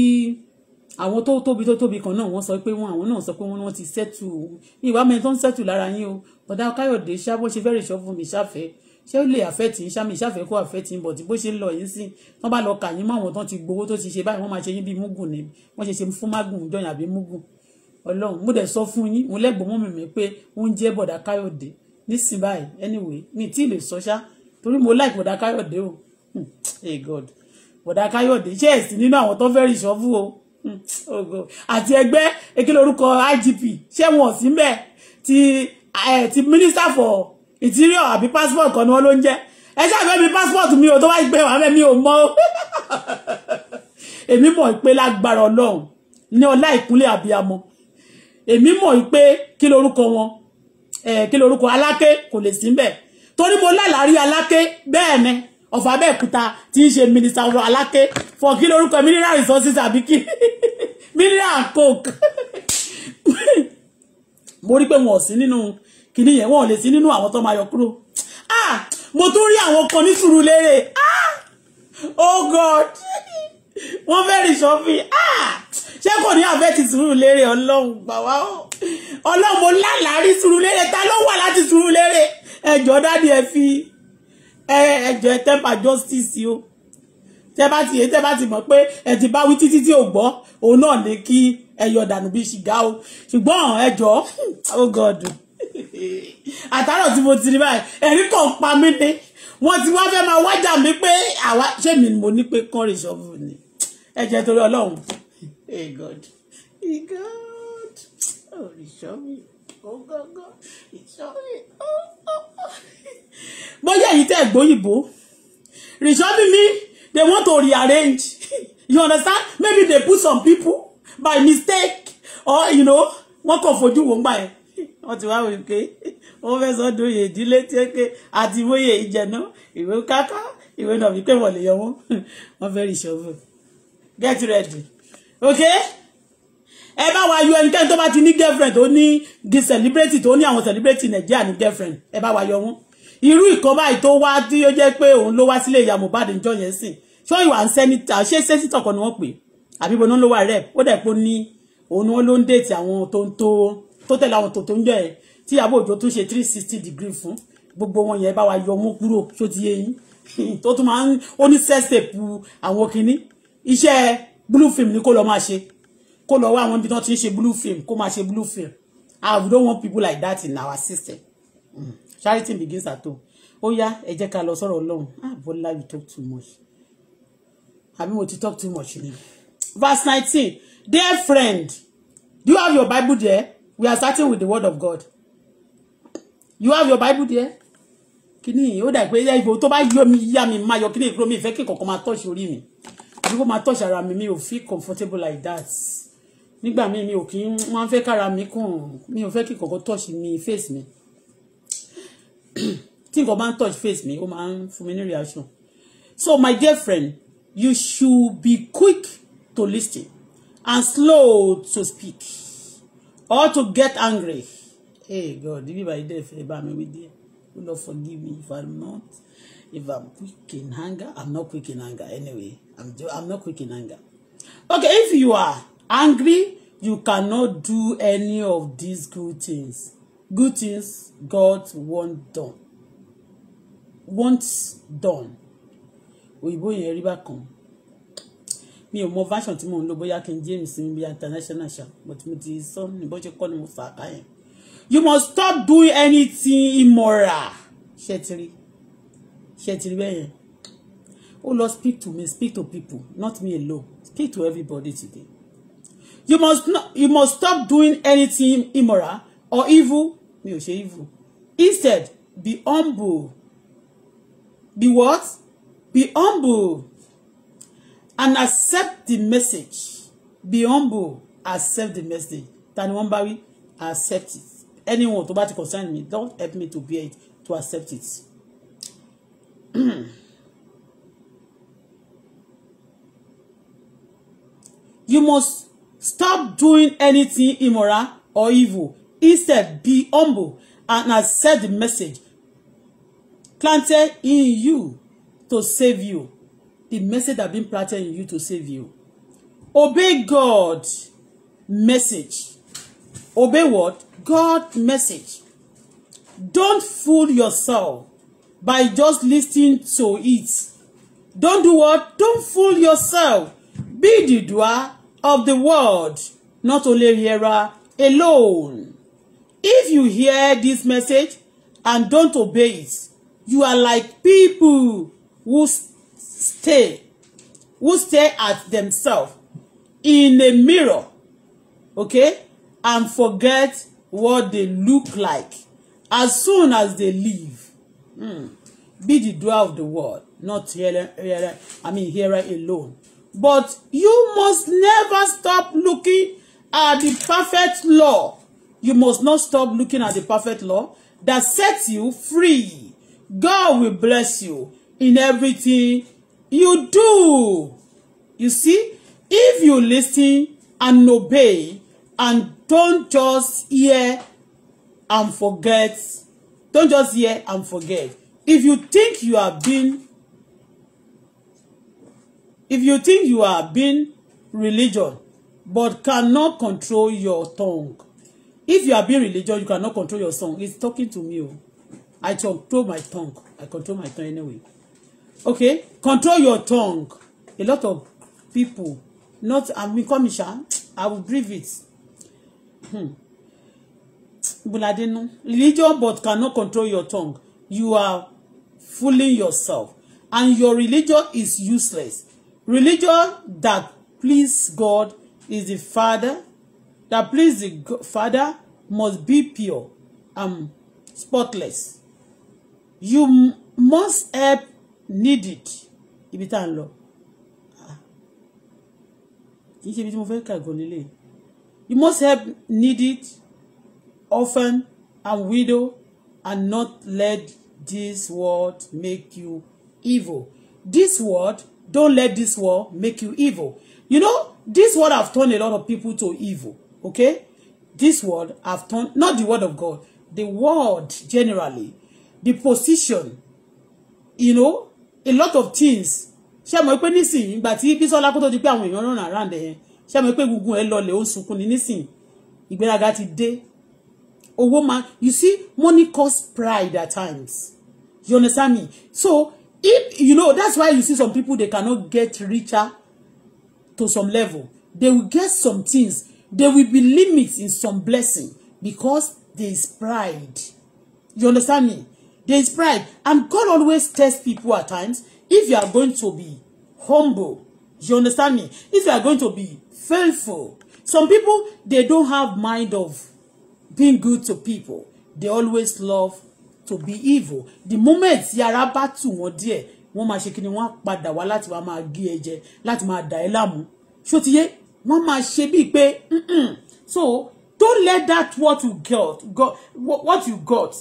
àwọn tó tóbi tó tóbi kan náà wọ́n sọ pé wọ́n àwọn náà sọ pé wọ́n ti settle ìwà mẹ́rin tó ń settle lára yín o bọ̀dá káyọ̀dé ṣá bó ṣe fẹ́rẹ̀ ṣọ́ fún mi ṣáfẹ́ ṣé ó lè affect yín ṣáàmì ìṣàfẹ́ kó affect yín but bó ṣe ń lọ yín sí wọ́n bá lọ kà yín mọ́ àwọn tó ti gbowó tó ti ṣe báyìí wọ́n máa ṣe yín bíi mugun ni wọ́n ṣe ṣe fún magun jọyàn àbí mugun ọlọ́run mo dẹ̀ sọ fún yín mo lẹ́gbọ̀n mọ́ mi mi pé oúnjẹ bọ̀dà káyọ̀dé nísìn báyìí anyway mi tí ì lè sọ ṣá torí mo like bọ̀dà káyọ̀dé o hmm, hey god bọ̀dà káyọ̀dé ṣé ẹ̀sìn nínú àwọn tó fẹ́ẹ́ rìṣọ́fù o hmm, oh àti ẹgbẹ́ ekele orúkọ IGP ṣé wọn ò sí mbẹ̀ ti eh, ti minister for interior àbí passport kan ni wọ́n ló ń jẹ́ ẹ ṣàfẹ́ mi passport mi ò tó wáyé pé wàá fẹ́ mi ò mọ̀ o èmi mọ̀ pé lágbára ọlọ́run ní ọlá ìkúnlẹ̀ àbíamọ èmi mọ̀ pé kí lorúkọ wọn kí lorúkọ aláké kò lè sí mbẹ̀ torí mo lálàárí aláké bẹ́ẹ̀ ni ọ̀fà abẹ́ẹ̀kúta tí ń ṣe mínísítà aláké fọ kí lorúkọ mineral resources àbí kí mineral coke mo rí pé wọn ò sí nínú kìíní yẹn wọn ò lè sí nínú àwọn tó máa yọ kúrò ah mo tún rí àwọn kan ní Sùúrùlérè ah oh god wọ́n fẹ́ẹ́ rí sọ́fì ah ṣé kò ní àfẹ́ ti Sùúrùlérè ọlọ́run gbà wá o ọlọ́run mo lálàárí Sùúrùlérè ta ló wà láti Sùúrùlérè ẹjọ́ dáàdi ẹ fi ẹjọ́ ẹ tẹ́pà justice o tẹ́ bá ti yé tẹ́ bá ti mọ̀ pé ẹ ti bá wí títí tí ò gbọ́ òun náà ní kí ẹ yọ dànù bí ṣìgá o ṣùgbọ́n ẹjọ́ oh god. àtàrọ̀ tí mo ti rí báyìí ẹ̀rí kan pa mí ni wọ́n ti wá fẹ́ máa wájà mí pé àwa ṣé mi mo ní pé kán rè sọ́ọ̀bù ni ẹ jẹ́ torí ọlọ́run hey God hey God oh rè sọ́ọ̀bù oh God God rè sọ́ọ̀bù oh oh oh. bóyá èyí tẹ́ gbóyìnbó rè sọ́ọ̀bù mi they want to rearrange you understand maybe they put some people by mistake or you know wọ́n kàn fojú wọ́n gbà yẹn wọ́n ti wá wí pé wọ́n fẹ́ sọ dòye ìdílé tí ó ké àti ìwòye ìjẹ̀nà ìwé káká ìwé náà wípé wọ̀lẹ̀ yọ wọ́n wọ́n fẹ́ rí ìṣòwò get ready okay ẹ bá wa yọ ẹnikẹ́ni tó bá ti ní girlfriend tó ní di celebrity tó ní àwọn celebrity nàìjíríà ní girlfriend ẹ bá wa yọ wọ́n irú ìkan báyìí tó wá tí ó jẹ́ pé òun ló wá sílé ìyá Mohbad níjọ́ yẹn sìn ṣó ìwà ń sẹ́nità ṣé sẹ́sítọ̀ kan ni wọ́n pè àbí bọ́n ló wà rẹ̀ ó dẹ̀ pé ní òun ló ń déètì àwọn tó ń tó tó tẹ̀lé àwọn tòótọ́ ń jọ ẹ̀ tí àbò òjò tún ṣe three sixty degree fún gbogbo wọn yẹn bá wa yọ mú kúrò tó ti yé yín tó tún máa ń ó ní sẹ́sẹ̀pù àwọn kinní iṣẹ́ blue film ni kó lọ máa ṣe kó lọ wá àwọn ibi tí wọ́n ti ń ṣe blue film kó máa ṣe blue film ah we don't want people like that in our system mm. charity begins at home ó yá ẹ jẹ́ ká lọ sọ̀rọ̀ ọlọ́run ah Bọ́lá you talk too much àbí mo ti talk too much ni verse nineteen dear friend do you have your bible there we are starting with the word of God you have your bible there kíní ó dà pé ibo tó bá yọ mi yá mi máa yọ kíní ìkúrò mi ìfẹ́ kí kankan máa tọ́ṣì orí mi àbí kó máa tọ́ṣì ara mi mi ò feel comfortable like that Nigba mi mi ò kí ń máa ń mi kùn mi ò fẹ́ kí kankan tọ́ṣì mi face mi tí nǹkan bá touch face mi O máa ń mi ní reaction so my dear friend you should be quick to listen and slow to speak or to get angry. Hey God, if I did if I'm with you, not forgive me if I'm not. If I'm quick in anger, I'm not quick in anger anyway. I'm I'm not quick in anger. Okay, if you are angry, you cannot do any of these good things. Good things God won't done. Wants done. We boy Òyìnbó yẹn rí bákan mi ò mọ version tí mò ń lò bóyá King James mi bí international ṣá but mo ti sọ ní bó ṣe kọ́ ni mo fà ká yẹn you must stop doing anything immoral ṣe ti rí ṣe ti rí bẹ́ẹ̀ yẹn ó lọ speak to me speak to people not me alone speak to everybody today you must not you must stop doing anything immoral or evil mi ò ṣe evil instead be humble be what be humble and accept the message be humble accept the message tani wọ́n bá accept it anyone to bá ti concern me don't help me to bear it to accept it. you must stop doing anything immoral or evil instead be humble and accept the message planted in you to save you the message that been planted in you to save you. Obey God message. Obey what? God message. Don't fool yourself by just listening to it. Don't do what? Don't fool yourself. Be the doer of the word, not only hearer alone. If you hear this message and don't obey it, you are like people who stay, who stay at themselves in a mirror, okay, and forget what they look like as soon as they leave. Mm. Be the doer of the word, not here, here. I mean here alone. But you must never stop looking at the perfect law. You must not stop looking at the perfect law that sets you free. God will bless you in everything You do. You see, if you listen and obey and don't just hear and forget, don't just hear and forget. If you think you are being, if you think you are being religion, but cannot control your tongue. If you are being religious, you cannot control your tongue. It's talking to me. Oh. I control my tongue. I control my tongue anyway okay control your tongue a lot of people not i'm becoming sha i will breathe it hmm. buladenu religion but cannot control your tongue you are fooling yourself and your religion is useless religion that please God is the father that please the father must be pure and spotless you must help needed ibi tá à ń lọ ah. kì í ṣe ibi tí mo fẹ́ kàgọ́ nílé you must help needed orphan and widow and not let this world make you evil this world don't let this world make you evil you know this world have turned a lot of people to evil okay this world have turned not the word of God the world generally the position you know a lot of things ṣé mọ̀ pé nísìnyí ìgbà tí bísọ́lá kó tó di pé àwọn èèyàn ràn around ẹ̀ ṣé mọ̀ pé gungun ẹ̀ lọlẹ̀ ó ń sunkún ni nísìnyí ìgbéraga ti dé owó máa you see money cause pride at times you understand me so if you know that's why you see some people they cannot get richer to some level they will get some things there will be limits in some blessing because there is pride you understand me There is pride. And God always tests people at times. If you are going to be humble, you understand me? If you are going to be faithful, some people, they don't have mind of being good to people. They always love to be evil. The moment yàrá bá tù wọ́n díẹ̀, wọ́n máa ṣe kí ni wọ́n padà wá láti wá máa gé ẹ láti máa dà ẹ́ láàmú. Ṣó ti máa ṣe bíi pé so don't let that what you got, got what you got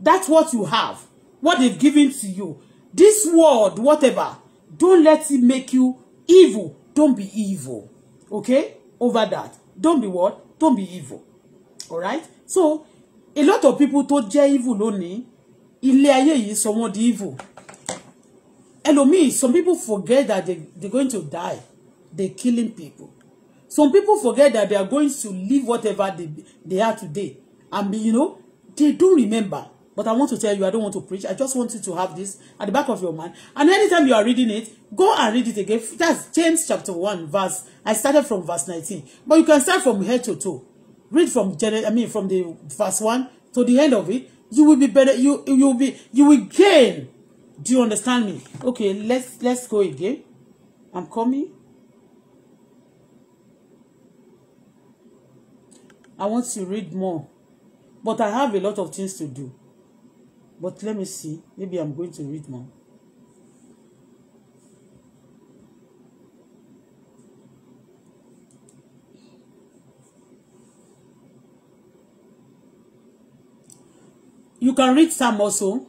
That's what you have. What they've given to you. This world, whatever, don't let it make you evil. Don't be evil. Okay? Over that. Don't be what? Don't be evil. All right. So, a lot of people tó jẹ́ evil only. ilé ayé yìí sọ wọ́n di evil. Ẹlòmíì, some people forget that they, they're going to die. They're killing people. Some people forget that they are going to live whatever they, they are today. And, you know, they don't remember. But I want to tell you, I don't want to preach. I just want you to have this at the back of your mind. And anytime you are reading it, go and read it again. That's James chapter 1, verse. I started from verse 19. But you can start from head to toe. Read from Genesis, I mean from the verse 1 to the end of it. You will be better, you you will be you will gain. Do you understand me? Okay, let's let's go again. I'm coming. I want to read more. But I have a lot of things to do. But let me see. Maybe I'm going to read more. You can read Psalm also.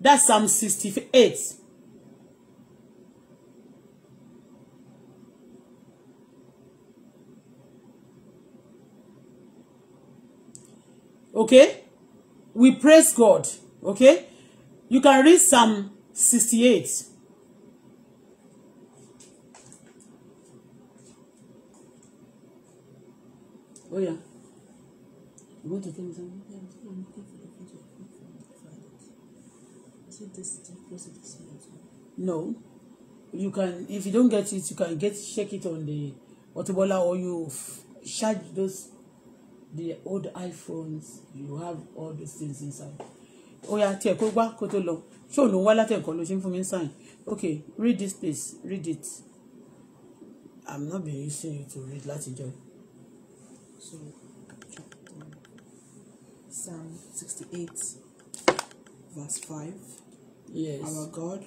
That's Psalm 68. Okay? We praise God. Okay? You can read Psalm 68. Oh, yeah. You want to tell me something? No. You can, if you don't get it, you can get check it on the Otobola or you charge those the old iPhones. You have all those things inside oya tiẹ̀ kó gbá kó tó lọ ṣé òun ló ń wá látẹ̀ nǹkan ló ṣe ń fún mi ń sign okay read this place read it i'm not been using you to read látijọ́. so psalm sixty-eight verse five. yes our God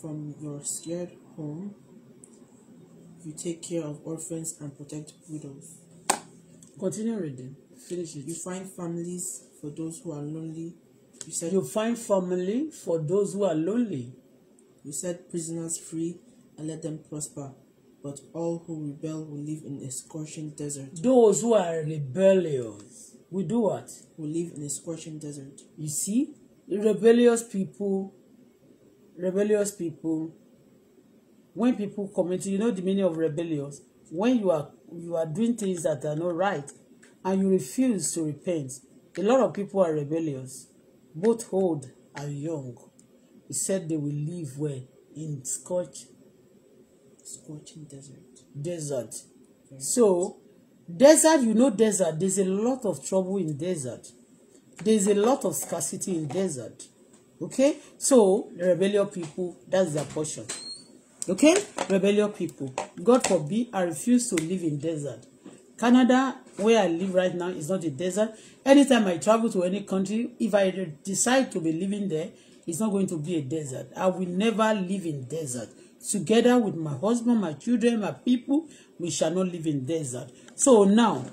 from your scared home you take care of orphans and protect widows. continue reading finish it. you find families for those who are lonely You said you find family for those who are lonely. You set prisoners free and let them prosper, but all who rebel will live in a scorching desert. Those who are rebellious, we do what? We live in a scorching desert. You see, rebellious people, rebellious people. When people commit, you know the meaning of rebellious. When you are you are doing things that are not right, and you refuse to repent, a lot of people are rebellious both old and young. He said they will live where in scorch, scorching desert. Desert. Very so, good. desert, you know, desert. There's a lot of trouble in desert. There's a lot of scarcity in desert. Okay, so the rebellious people, that's their portion. Okay, rebellious people. God forbid, I refuse to live in desert. Canada, where I live right now, is not a desert. Anytime I travel to any country, if I decide to be living there, it's not going to be a desert. I will never live in desert. Together with my husband, my children, my people, we shall not live in desert. So now,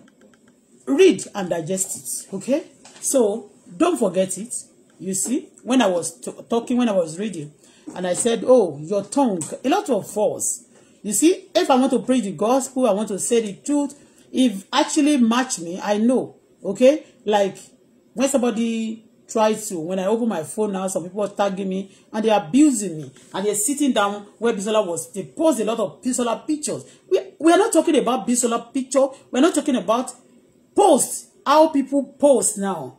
read and digest it, okay? So don't forget it. You see, when I was talking, when I was reading, and I said, oh, your tongue, a lot of force. You see, if I want to preach the gospel, I want to say the truth, if actually match me i know okay like when somebody try to when i open my phone now some people tagging me and they abusing me and they sitting down where bisola was they post a lot of bisola pictures we we are not talking about bisola picture we are not talking about post how people post now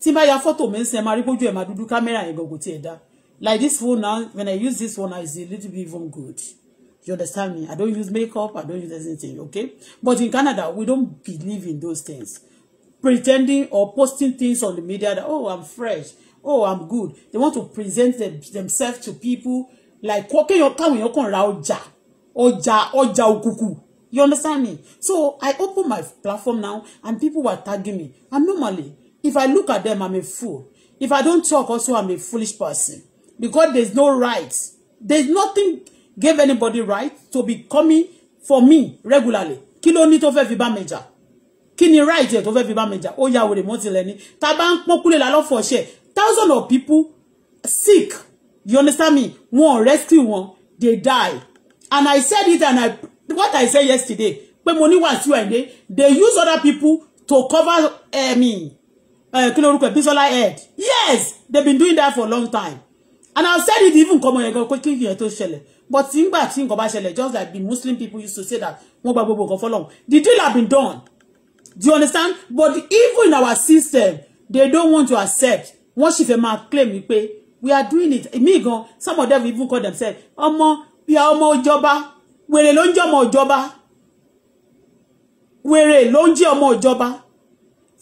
tí n bá ya fọ́tò mi ń sin ẹ máa rí bójú ẹ máa dúdú kámẹ́rà yẹn like this phone now when i use this one now it's a little bit even good You understand me? I don't use makeup. I don't use anything. Okay. But in Canada, we don't believe in those things. Pretending or posting things on the media that, oh, I'm fresh. Oh, I'm good. They want to present them, themselves to people like, okay, you're coming, you're going ọjà, ọjà, You understand me? So I open my platform now and people were tagging me. And normally, if I look at them, I'm a fool. If I don't talk also, I'm a foolish person. Because there's no rights. There's nothing Give anybody right to be coming for me regularly kí ló ní tó fẹ́ fi bá mi jà kí ni right ẹ̀ tó fẹ́ fi bá mi jà ó yà wèrè mọ́tìlẹ̀ ni ta bá ń pọ́n kúlẹ̀ lálọ́fọ̀ ṣẹ̀ thousand of people sick you understand me wọn rescue wọn they die and I said it and I what I said yesterday pé mo ní Wàsíù Àyìndé they use other people to cover uh, me eh, kí ló rúkọ Bísọ́lá head yes they been doing that for a long time and I said it even kọ́mọ yẹn gan pé kí yẹn tó ṣẹlẹ̀ but nígbà tí nǹkan just like the muslim people used to say that wọ́n gba gbogbo nǹkan the deal have been done do you understand but even in our system they don't want to accept Once if a man claim we pay, we are doing it me gan some of them even call themselves ọmọ We are more jobber. We're a jẹ́ ọmọ ìjọba wèrè ló ń jẹ́ ọmọ ìjọba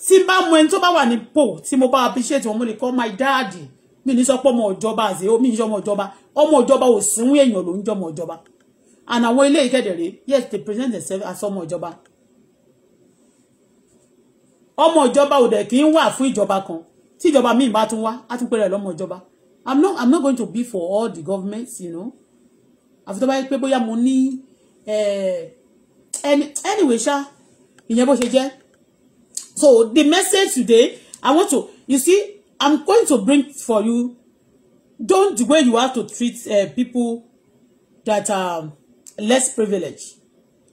tí bá mọ ẹni tó bá wà ní appreciate wọn mo call my daddy mi ní sọ pé ọmọ ìjọba àti omi ìjọ ọmọ ìjọba ọmọ ìjọba ò sínwó èèyàn ló ń jọ ọmọ ìjọba and àwọn ilé ìkẹ́dẹ̀rẹ́ yes they present themselves as ọmọ ìjọba ọmọ ìjọba ò dẹ̀ kì í wà fún ìjọba kan tí ìjọba míì bá tún wá á tún pẹ̀rẹ̀ lọ́mọ ìjọba i'm not i'm not going to be for all the governments you know àfi tó bá yẹ pé bóyá mo ní eh, anyway sha, ìyẹn bó ṣe jẹ́ so the message today i want to you see I'm going to bring for you don't the way you have to treat uh, people that are less privileged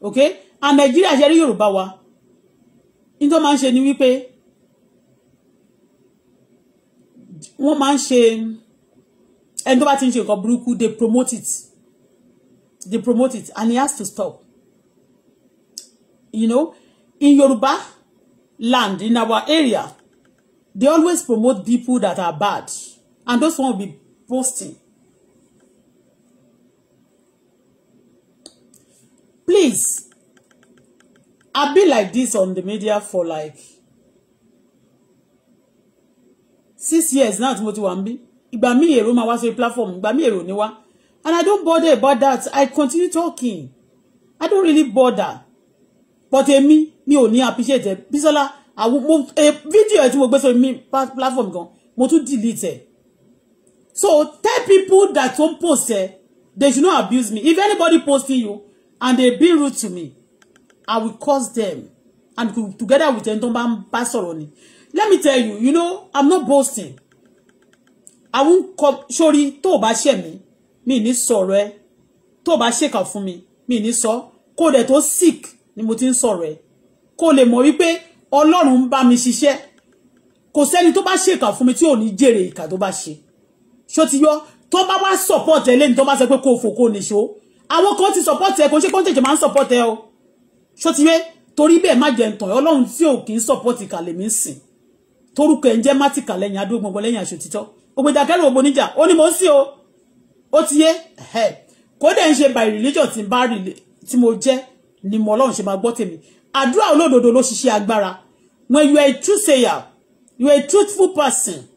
okay and Nigeria ṣe rí Yorùbá wa ní tó máa ń ṣe ni wípé wọ́n máa ń ṣe ẹni tó bá ti ń ṣe they promote it they promote it and he has to stop you know in Yorùbá land in our area They always promote people that are bad. And those one will be posting. Please, I've been like this on the media for like six years now tí mo ti wà ń bí. Ìgbà mi èrò máa wá sórí platform, ìgbà mi èrò ni wá. And I don't bother about that. I continue talking. I don't really bother. But emi mi ò ní appreciate it. Bisola, àwọn mo eh, video ẹ̀ tí mo gbé sórí mi platform gan mo tún delete ẹ̀ so tell people that don post ẹ̀ they should not abuse me if anybody posting you and they be rude to me I will curse them and together with ẹni tó bá let me tell you you know I'm not boasting I kan come. Sorry, to bá ṣẹ̀ mí mi ní sọ̀rọ̀ ẹ tó o bá ṣèkà fún mi mi ní sọ kó o dẹ̀ sick ni mo ti ń sọ̀rọ̀ ẹ kó o lè mọ̀ ọlọ́run ń bá mi ṣiṣẹ́ kò sẹ́ni tó bá ṣèkà fún mi tí ò ní jèrè ìkà tó bá ṣe ṣó ti yọ tó bá wá support ẹ lẹ́ni tó bá sọ pé kó o fò kó o nìṣó àwọn kan ti support ẹ kò ṣe kóńtèjì máa ń support ẹ o ṣó ti yẹ torí bẹ́ẹ̀ má jẹ ntàn ọlọ́run tí ò kì í support ìkàlẹ̀ mi sìn torúkọ ẹ̀ ń jẹ́ mátìkà lẹ́yìn adó gbọ̀ngbọ̀n lẹ́yìn aṣọ títọ́ ògbèdàkẹ́rù ògbò níjà ó ní mo sí o ó ti yé kó dẹ̀ ń ṣe by religion tí mo jẹ́ ni mo ọlọ́run ṣe máa gbọ́ tèmi àdúrà olódodo ló ṣiṣẹ́ agbára when you are a truth sayer you are a truthful person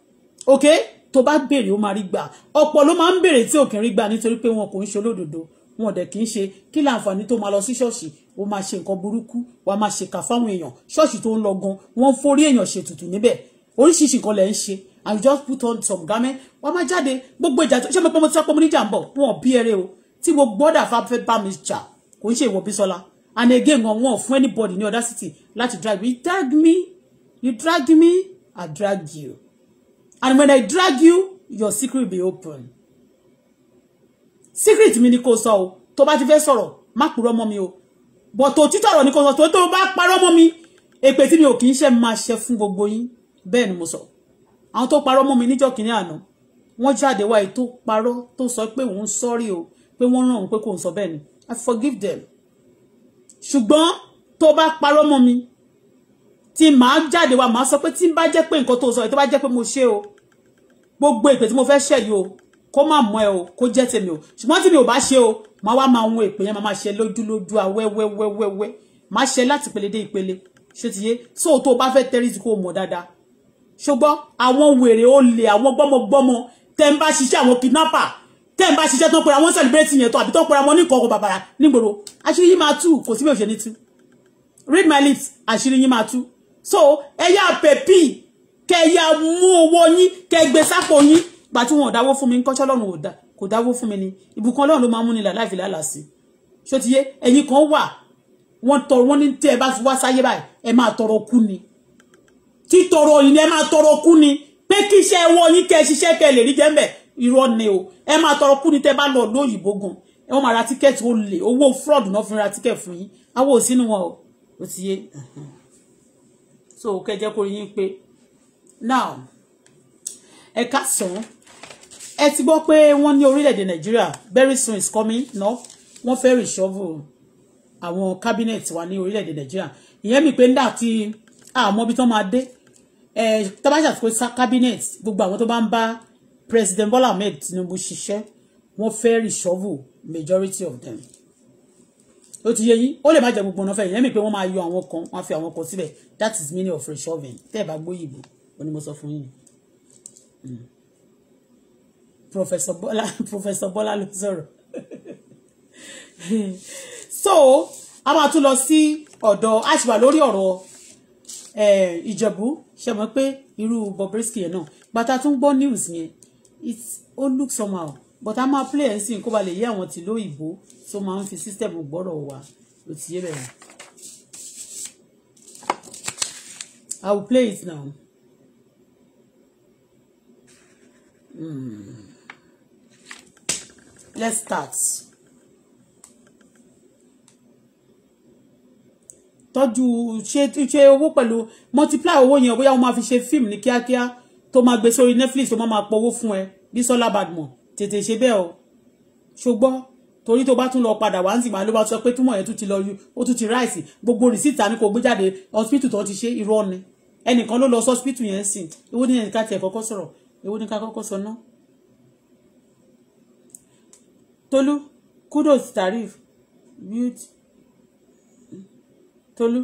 okay tó bá béèrè ó máa rí gbà ọ̀pọ̀ ló máa ń béèrè tí òkè rí gbà nítorí pé wọn kò ń ṣe olódodo wọn dẹ̀ kì í ṣe kí láǹfààní tó ma lọ sí ṣọ́ọ̀ṣì ó máa ṣe nǹkan burúkú wà á máa ṣèkà fáwọn èèyàn ṣọ́ọ̀ṣì tó ń lọ gan wọ́n ń forí èèyàn ṣètùtù níbẹ̀ oríṣiríṣi nǹkan lẹ̀ ń ṣe and you just put on some garment wà á máa jáde gbogbo ìjà tó ṣe mọ́ pé mo ti sọ pé mo níjà ń bọ̀ wọn ò o tí gbogbo ọ̀dà fẹ́ bá mi jà kò ń ṣe ìwọ̀n Bísọ́lá and again gan one for anybody in the other city láti drag me drag me you drag me I drag you and when I drag you your secret will be open secret mi ni kò sọ o tó bá ti fẹ́ sọ̀rọ̀ má purọ́ mọ́ mi o bọ̀ tó títọ̀ ọ̀rọ̀ ni kò sọ tó tó bá parọ́ mọ́ mi èpè tí mi ò kì í ṣe máa ṣe fún gbogbo yín bẹ́ẹ̀ ni mo sọ àwọn tó parọ́ mọ́ mi níjọ́ kìíní àná wọ́n jáde wá èyí tó parọ́ tó sọ pé òun sọ́rí o pé wọ́n ràn òun pé kò ń ni I forgive them ṣùgbọ́n tó bá parọ́ mọ́ mi tí màá jáde wá màá sọ pé tí n bá jẹ́ pé nǹkan tó sọ tó bá jẹ́ pé mo ṣe o gbogbo èpè tí mo fẹ́ ṣẹ̀ yìí o kó má mọ ẹ o kó jẹ́ tèmi o ṣùgbọ́n tí mi ò bá ṣe o màá wá máa hun èpè yẹn màá máa ṣe lójúlójú awẹ́wẹ́wẹ́wẹ́ màá ṣe láti pele dé ìpele ṣé ti yé so tó o bá fẹ́ tẹ́rí ti kó o mọ̀ dáadáa ṣùgbọ́n àwọn wèrè olè àwọn gbọ́mọgbọ́mọ tẹ́ ń bá ṣiṣẹ́ àwọn kidnapper tẹ́ ń bá ṣiṣẹ́ tó pera wọ́n celebrate yẹn tó àbí tó pera wọn ní nǹkan ọkọ̀ bàbàrà nígboro àṣírí yín máa tú kò sí bí òṣèlú tú read my lips ashiri yín máa tú so ẹ̀yà pẹ̀pì kẹ̀yà mú owó yín kẹ̀gbẹ́ sápò yín gbà tí wọn ò dáwó fún mi ńkọ́ṣọ́ lọ́rùn kò dáwó fún mi ni ìbùkún ọlọ́run ló máa mú ni làláfi lálàsí ṣó ti yé ẹ̀yin kan wà wọ́n tọrọ wọ́n ní tẹ́ ẹ bá fi wá sáyé báyìí ẹ máa ni títọrọ yìí ni ẹ máa tọrọ kú ni pé kí iṣẹ́ wọ yín kẹ́ ṣiṣẹ́ kẹ́ lè rí jẹ́ mbẹ̀ irọ́ ni o ẹ máa tọrọ kú ni tẹ́ bá lọ lóyìnbó gan ẹ wọ́n máa ra tíkẹ́ẹ̀tì ó lè owó fraud náà fi ra tíkẹ́ẹ̀tì fún yín awo ò sínú wọn o ó ti yé so kẹjẹ kó yín pé now ẹ ká sàn ẹ ti gbọ́ pé wọ́n ní orílẹ̀-èdè nàìjíríà very soon is coming no wọ́n fẹ́ reshuffle àwọn cabinet wa ní orílẹ̀-èdè nàìjíríà ìyẹn mi pé ń dà tí àmọ́ bí tán máa dé ẹ̀ tábàṣà tó cabinet gbogbo àwọn tó bá ń bá President Bola Ahmed Tinubu ṣiṣẹ́ wọ́n fẹ́ reshovel majority of them ó ti yé yín ó lè má jẹ gbogbo ọ̀nà fẹ́ yẹn mi pé wọ́n máa yọ àwọn kan wọ́n á fi àwọn kan síbẹ̀ that is meaning of reshoveling tẹ́ ẹ̀ bá gbóyìnbó ó ní mo sọ fún yín hmm. Professor Bola Professor Bola ló sọ̀rọ̀ so a máa tún lọ sí ọ̀dọ̀ a sì wà lórí ọ̀rọ̀ eh, Ìjẹ̀bú ṣe mọ̀ pé irú Bobrisky yẹn náà bàtà tún gbọ́ news yẹn it ó look somehow but a máa play ẹ̀ sí kó ba lè yé àwọn tìlú òyìnbó So máa ń fi system gbọ́dọ̀ wà ló ti yé bẹ̀rẹ̀. I will play it now. Mm. Let's start. tọ́jú ṣe ṣe owó pẹ̀lú multiply owó yẹn bóyá wọ́n máa fi ṣe fíìmù ní kíákíá tó máa gbé sórí Netflix tó máa máa pọwó fún ẹ Bísọ́lá Badmọ̀ tètè ṣe bẹ́ẹ̀ o ṣùgbọ́n torí tó bá tún lọ padà wá ń sì máa ló bá sọ pé túmọ̀ yẹn tún ti lọ yú ó tún ti ráìsì gbogbo rìsíìtì àní kò gbé jáde hospital tó ti ṣe irọ́ ni ẹnìkan ló lọ sí hospital yẹn sìn ewu ní ẹnìkan tiẹ̀ kọ́kọ́ sọ̀rọ̀ ewu ní ká kọ́kọ́ sọ náà. Tolu kudos Tarif mute Tolu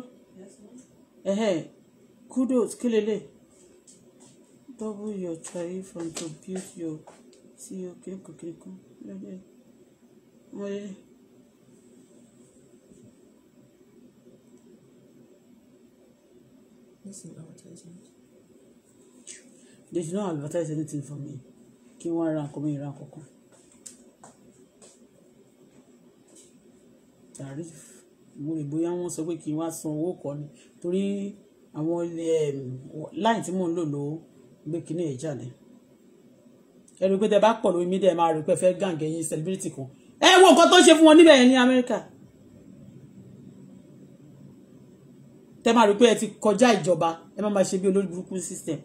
yes, kudos kí lélẹ́yìí double your tariff and to build your sí òkè kòkèkò lọ́dẹ̀ mo lè. They did not advertise anything for me. Kí wọ́n ra nǹkan mi ra kankan. Tariff mo lè bóyá wọ́n sọ pé kí n wá san owó kan ni torí àwọn ilé láì tí mò ń lò lówó gbé kíní yìí jáde ẹ̀rù pé tẹ bá pọ̀ lórí mídíà ẹ máa rò pé fẹ́ gàǹgẹ̀ yín celebrity kan ẹ wo nǹkan tó ṣe fún wọn níbẹ̀ yẹn ní Amẹ́ríkà tẹ máa rò pé ẹ ti kọjá ìjọba ẹ má máa ṣe bí olórí burúkú system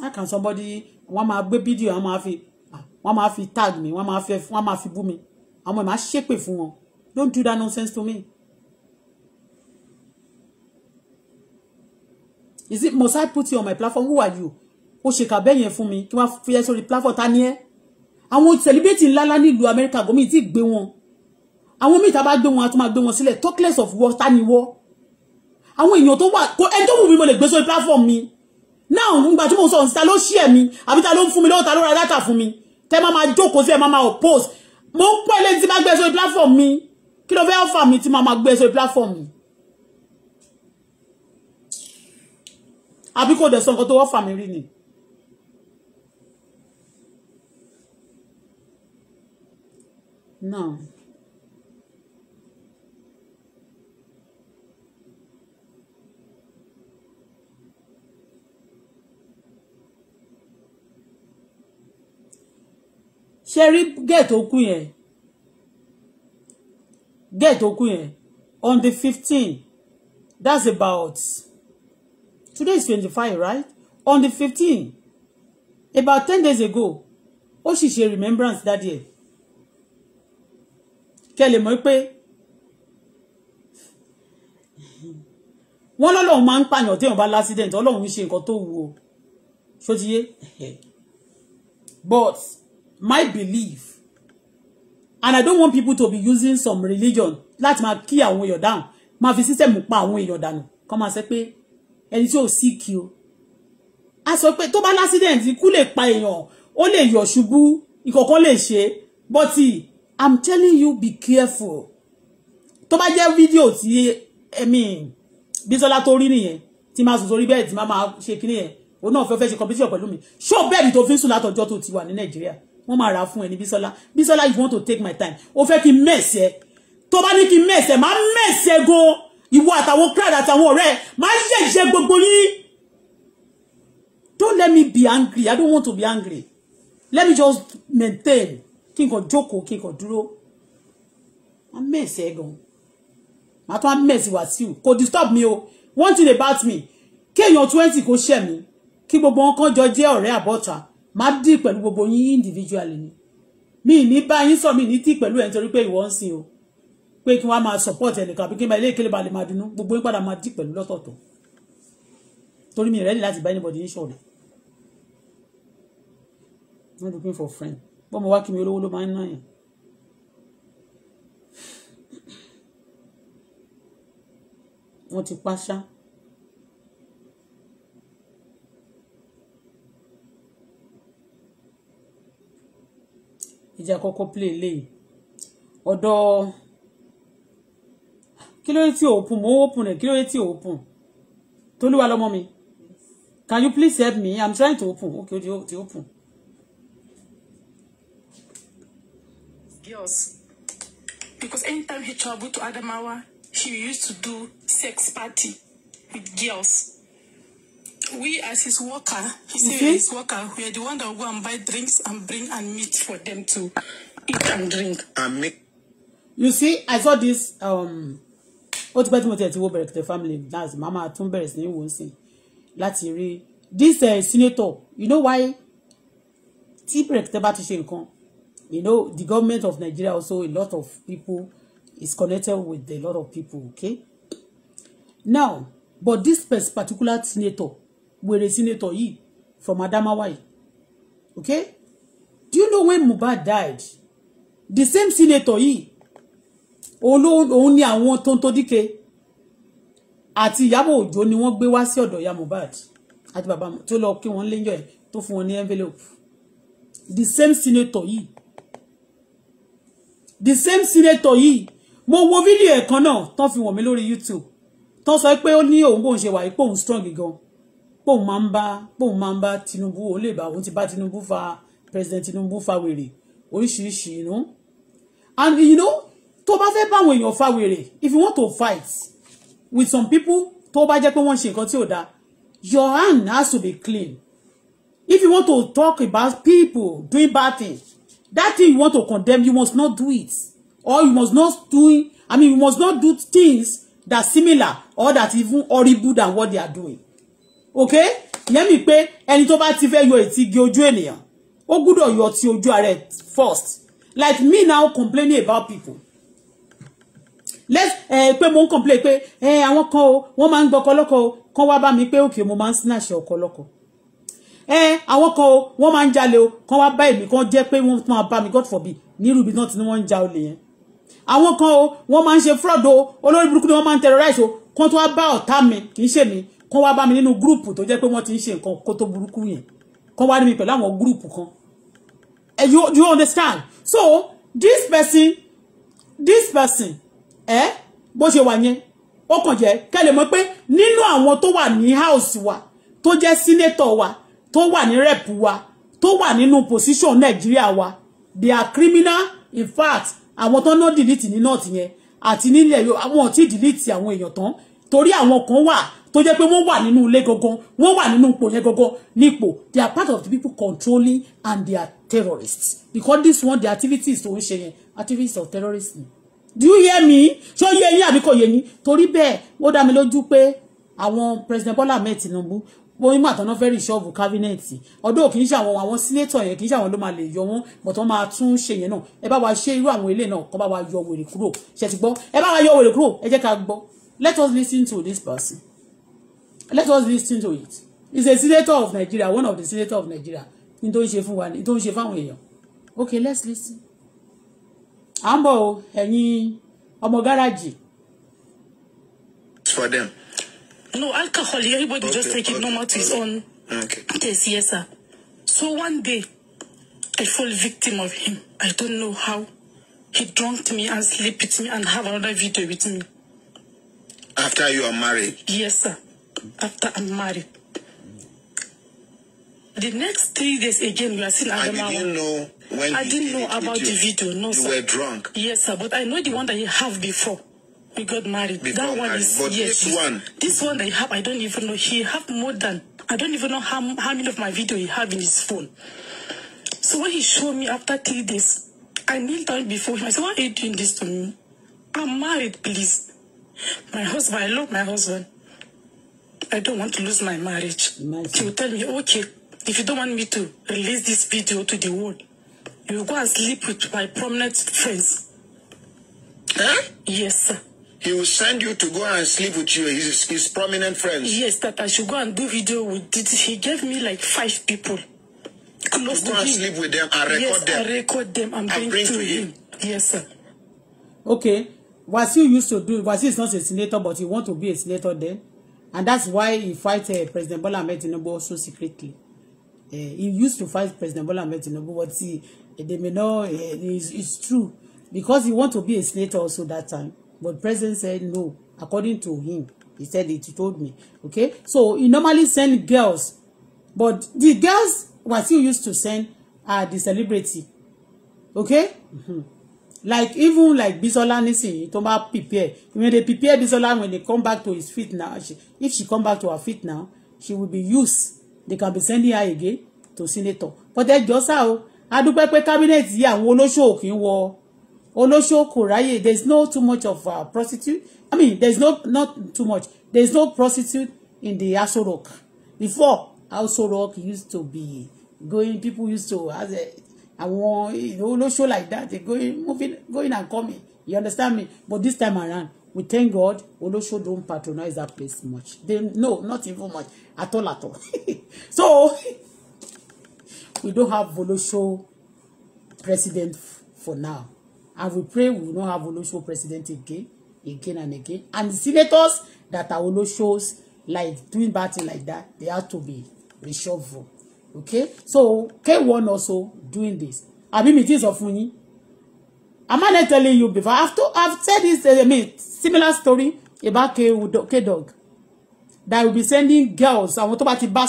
how can somebody wọ́n máa gbé fídíò wọ́n máa fi ah, wọ́n máa fi tag mi wọ́n máa fi wọ́n máa fi bú mi àwọn ẹ̀ máa ṣépè fún wọn don't do that nonsense to me. is it must I put you on my platform who are you o ṣèkà bẹ́ẹ̀ yẹn fún mi kí wọ́n fi ẹ sórí platform ta ni ẹ́ àwọn celebrity ńláńlá nílùú America. gómi ti gbé wọn àwọn míì tá a bá gbé wọn a tún máa gbé wọn sílẹ̀ talkless of war ta ni wọ́ àwọn èèyàn tó wà kó ẹni tó wù mí mo lè gbé sórí platform mi náà nígbà tí mo sọ̀rọ̀ síta ló ṣí ẹ̀ mi àbí ta ló ń fún mi lọ́wọ́ ta ló ra data fún mi tẹ́ máa máa jókòó sí ẹ̀ máa máa oppose mo ń pọ̀ ilé tí máa gbé platform mi kí ló fẹ́ ọ̀fà mi tí máa máa gbé sórí platform mi àbí kò dẹ̀ sọ nǹkan tó ọ̀fà mi rí ni. No. ṣe rí gẹ́ẹ̀ tó kú yẹn gẹ́ẹ̀ tó yẹn on the fifteen that's about today is twenty-five right on the fifteen about ten days ago ó sì ṣe remembrance dáadé ẹ̀ kẹ́ lè mọ̀ pé wọ́n lọ́lọ́run máa ń pààyàn téèyàn bá lásìdẹ̀ǹtì ọlọ́run ń ṣe nǹkan tó wù ó ṣó ti yé but my belief and i don't want people to be using some religion láti máa kí àwọn èèyàn down máa fi system pa àwọn èèyàn dànù kọ́ máa sọ pé ẹni tí ò sí kí o a sọ pé tó bá lásìdẹ̀ǹt ikú lè pa èèyàn ó lè yọ̀ ṣubú ìkọ̀kan lè ṣe bọ́tì i'm telling you be careful tó bá jẹ́ fídíò tí ẹ̀mí bísọ́lá tó rí nìyẹn tí máa sùn sórí bẹ́ẹ̀ tí máa máa ṣe kí nìyẹn òun náà fẹ́ fẹ́ ṣe competition pẹ̀lú mi ṣó bẹ́ẹ̀ ni tó fi ń sùn látọjọ́ tó ti wà ní nàìjíríà wọ́n máa rà fún ẹ ní Bísọ́lá Bísọ́lá you want to take my time o fẹ́ kí n mẹ̀sẹ̀ tó bá ní kí n mẹ̀sẹ̀ máa mẹ̀sẹ̀ gan ìwọ àtàwọn crowd àtàwọn ọ̀rẹ́ máa yẹ̀yẹ́ gbogbo yín don't let me be angry I don't want to be angry let me just maintain kí n kàn jókòó kí n kàn dúró máa mẹ̀sẹ̀ gan máa tún á mẹ̀sì Wàsíù kò disturb mi o one thing about me kéèyàn twenty kò ṣẹ̀ mi kí gbogbo wọn kàn jọ jẹ́ ọ̀rẹ́ àbọ̀ta máa dì pẹ̀lú gbogbo yín individually ni mi ní bá yín sọ mi ní tí pẹ̀lú ẹ̀ nítorí pé ìwọ ń sìn o pé kí wọ́n máa support ẹnìkan àbí kí n máa ilé ìkélé balẹ̀ máa dunú gbogbo yín padà máa dì pẹ̀lú lọ́tọ̀ọ̀tọ̀ torí mi ready láti bá anybody ní I'm not looking for friend bọ́mọ wá kí mi olówó ló máa ń náyàn. wọ́n ti pa ṣá ìjà kọ́kọ́ play eléyìí ọ̀dọ̀ kí ló dé tí òpin mo open rẹ̀ kí ló dé tí òpin tolúwa lọ́mọ mi can you please help me i'm trying to open okay o ti open. girls because anytime he travel to Adamawa he used to do sex party with girls we as his worker, he mm-hmm. say his worker, we are the one that will go and buy drinks and bring and meat for them to eat and drink. And make. You see, I saw this. Um, ó ti pẹ́ tí mo family that's mama tún bẹ̀rẹ̀ sí see wò ó this uh, senator you know why tí bẹ̀rẹ̀ ti ṣe nǹkan you know the government of Nigeria also a lot of people is connected with a lot of people okay now but this particular senator wèrè senator yìí from Adamawa yìí okay do you know when Mohbad died the same senator yìí òun ni àwọn Tonto Dike àti Ìyábọ̀ Òjó ni wọ́n gbé wá sí ọ̀dọ̀ ìyá Mohbad àti bàbá tó lọ kí wọ́n léyìn ẹ̀ tó fún wọn ní envelope the same senator yìí the same senator yìí mo wo fídíò ẹ̀kan náà tán fi wọ̀n mi lórí YouTube tán sọ pé ó ní òun bóun ṣe wà pé òun strong gan póun máa ń bá póun máa ń bá Tinubu ó lè bá òun ti bá Tinubu fa President Tinubu fa wèrè oríṣiríṣi inú and you know tó bá fẹ́ bá àwọn èèyàn fa wèrè if you want to fight with some people tó bá jẹ́ pé wọ́n ṣe nǹkan tí ò dáa your hand has to be clean if you want to talk about people doing bad things that thing you want to condemn you must not do it or you must not do I mean you must not do things that similar or that even horrible than what they are doing okay ìyẹn mi pé ẹni tó bá ti fẹ́ yọ ìtìgì ojú ènìyàn ó gbúdọ̀ yọ ti ojú ara ẹ̀ first like me now complaining about people let's eh, pé mo ń complain pé eh, àwọn kan o wọ́n máa ń gbọ́ ọkọlọ́kọ o kan wá bá mi pé òkè mo máa ń snatch ọkọlọ́kọ eh, àwọn kan o wọ́n máa ń jalè o kan wá bá èmi kan jẹ́ pé wọ́n máa bá mi god forbid nírú ibi náà tí wọ́n ń ja olè yẹn àwọn kan o wọ́n máa ń ṣe fraud o olórí burúkú ni wọ́n máa ń terrorize o kan tó wá bá ọ̀tá mi kì í ṣe kán wá bá mi nínú gúrùpù tó jẹ́ pé wọ́n ti ń ṣe nǹkan kó tó burúkú yẹn kán wá ní mi pẹ̀lú àwọn gúrùpù kan eh, you, you understand so this person this person eh, bó ṣe wà yẹn ó kàn jẹ́ kẹ́lẹ̀ mọ̀ pé nínú àwọn tó wà ní house wa tó jẹ́ senator wa tó wà ní rep wa tó wà nínú position Nàìjíríà wa they are criminal in fact àwọn tó ná delete ní north yẹn àti nílẹ̀ àwọn ò tí delete àwọn èèyàn tán torí àwọn kan wà tó jẹ́ pé wọ́n wà nínú ilé gangan wọ́n wà nínú ipò yẹn gangan nípò they are part of the people controlling and they are terrorists because this one the activities tó ń ṣe yẹn activities of terrorism do you hear me So yé yín àbí kò yé yín torí bẹ́ẹ̀ ó dá mi lójú pé àwọn president Bola Meti Tinubu bóyá mà tán fẹ́ rí ṣọ́ọ̀bù kábínẹ̀tì ọdún kì í ṣe àwọn àwọn sínétọ̀ yẹn kì í ṣe àwọn ló máa lè yọ wọn bọ̀tán máa tún ṣe yẹn náà ẹ bá wa ṣe irú àwọn ilé náà kọ́ bá wa yọ wèrè kúrò ṣe ti gbọ́ ẹ bá wa yọ wèrè kúrò ẹ jẹ́ ká gbọ́ let us listen to this person let us listen to it he's a senator of Nigeria one of the senator of Nigeria ní tó ń ṣe fún wa ní tó ń ṣe fáwọn èèyàn okay let's listen à ń bọ̀ o ẹ̀yin ọmọ gáràjì. for them. no alcohol everybody okay, just take okay, it normal to his own okay. taste yes sir so one day I fall victim of him I don't know how he drunked me and sleep with me and have another video with me. after you are married. yes sir. after I'm married. The next three days again, we are still at I didn't know when I didn't know about the video. No, you sir. were drunk. Yes, sir. But I know the one that you have before we got married. Before that one is but yes. This one, this one that you have, I don't even know. He have more than I don't even know how how many of my video he have in his phone. So when he showed me after three days, I kneel down before him. I said, "Why are you doing this to me? I'm married, please. My husband, I love my husband." I don't want to lose my marriage. Imagine. She will tell me, okay, if you don't want me to release this video to the world, you will go and sleep with my prominent friends. Huh? Yes, sir. He will send you to go and sleep with you, his, his prominent friends. Yes, that I should go and do video with this. He gave me like five people. Close you go to and him. sleep with them and record yes, them. I record them and, and bring, to, to him. him. Yes, sir. Okay. Wasiu used to do, Wasiu is not a senator, but he want to be a senator then and that's why he fight uh, President Bola Ahmed Tinubu also secretly. Uh, he used to fight President Bola Ahmed Tinubu, but he, eh, they may know uh, it's, it's true because he want to be a senator also that time. But President said no, according to him. He said it, he told me. Okay, so he normally send girls, but the girls still used to send are uh, the celebrity. Okay. Mm-hmm like even like Bisola nisin tó bá prepare when they prepare Bisola when they come back to his feet now she, if she come back to her feet now she will be used they can be sending her again to senator but ẹ jọ sá o adúpẹ́ pé cabinet yìí àwọn olóṣòwò kì í wọ olóṣòwò kò ráyè there no too much of uh, prostitute i mean there's is no not too much There's no prostitute in the Aso before Aso used to be going people used to as a àwọn olóṣó like that they going moving going and coming you understand me but this time around we thank God olóṣó don patronize that place much they no not even much at all at all so we don have olóṣó president for now and we pray we no have olóṣó president again again and again and the senators that are olóṣós like doing bad thing like that they have to be reshuffled okay so K1 also doing this àbí mi ti sọ fún yín am I not telling you before I've told I've said this I mean similar story about K, K dog that will be sending girls àwọn tó bá ti bá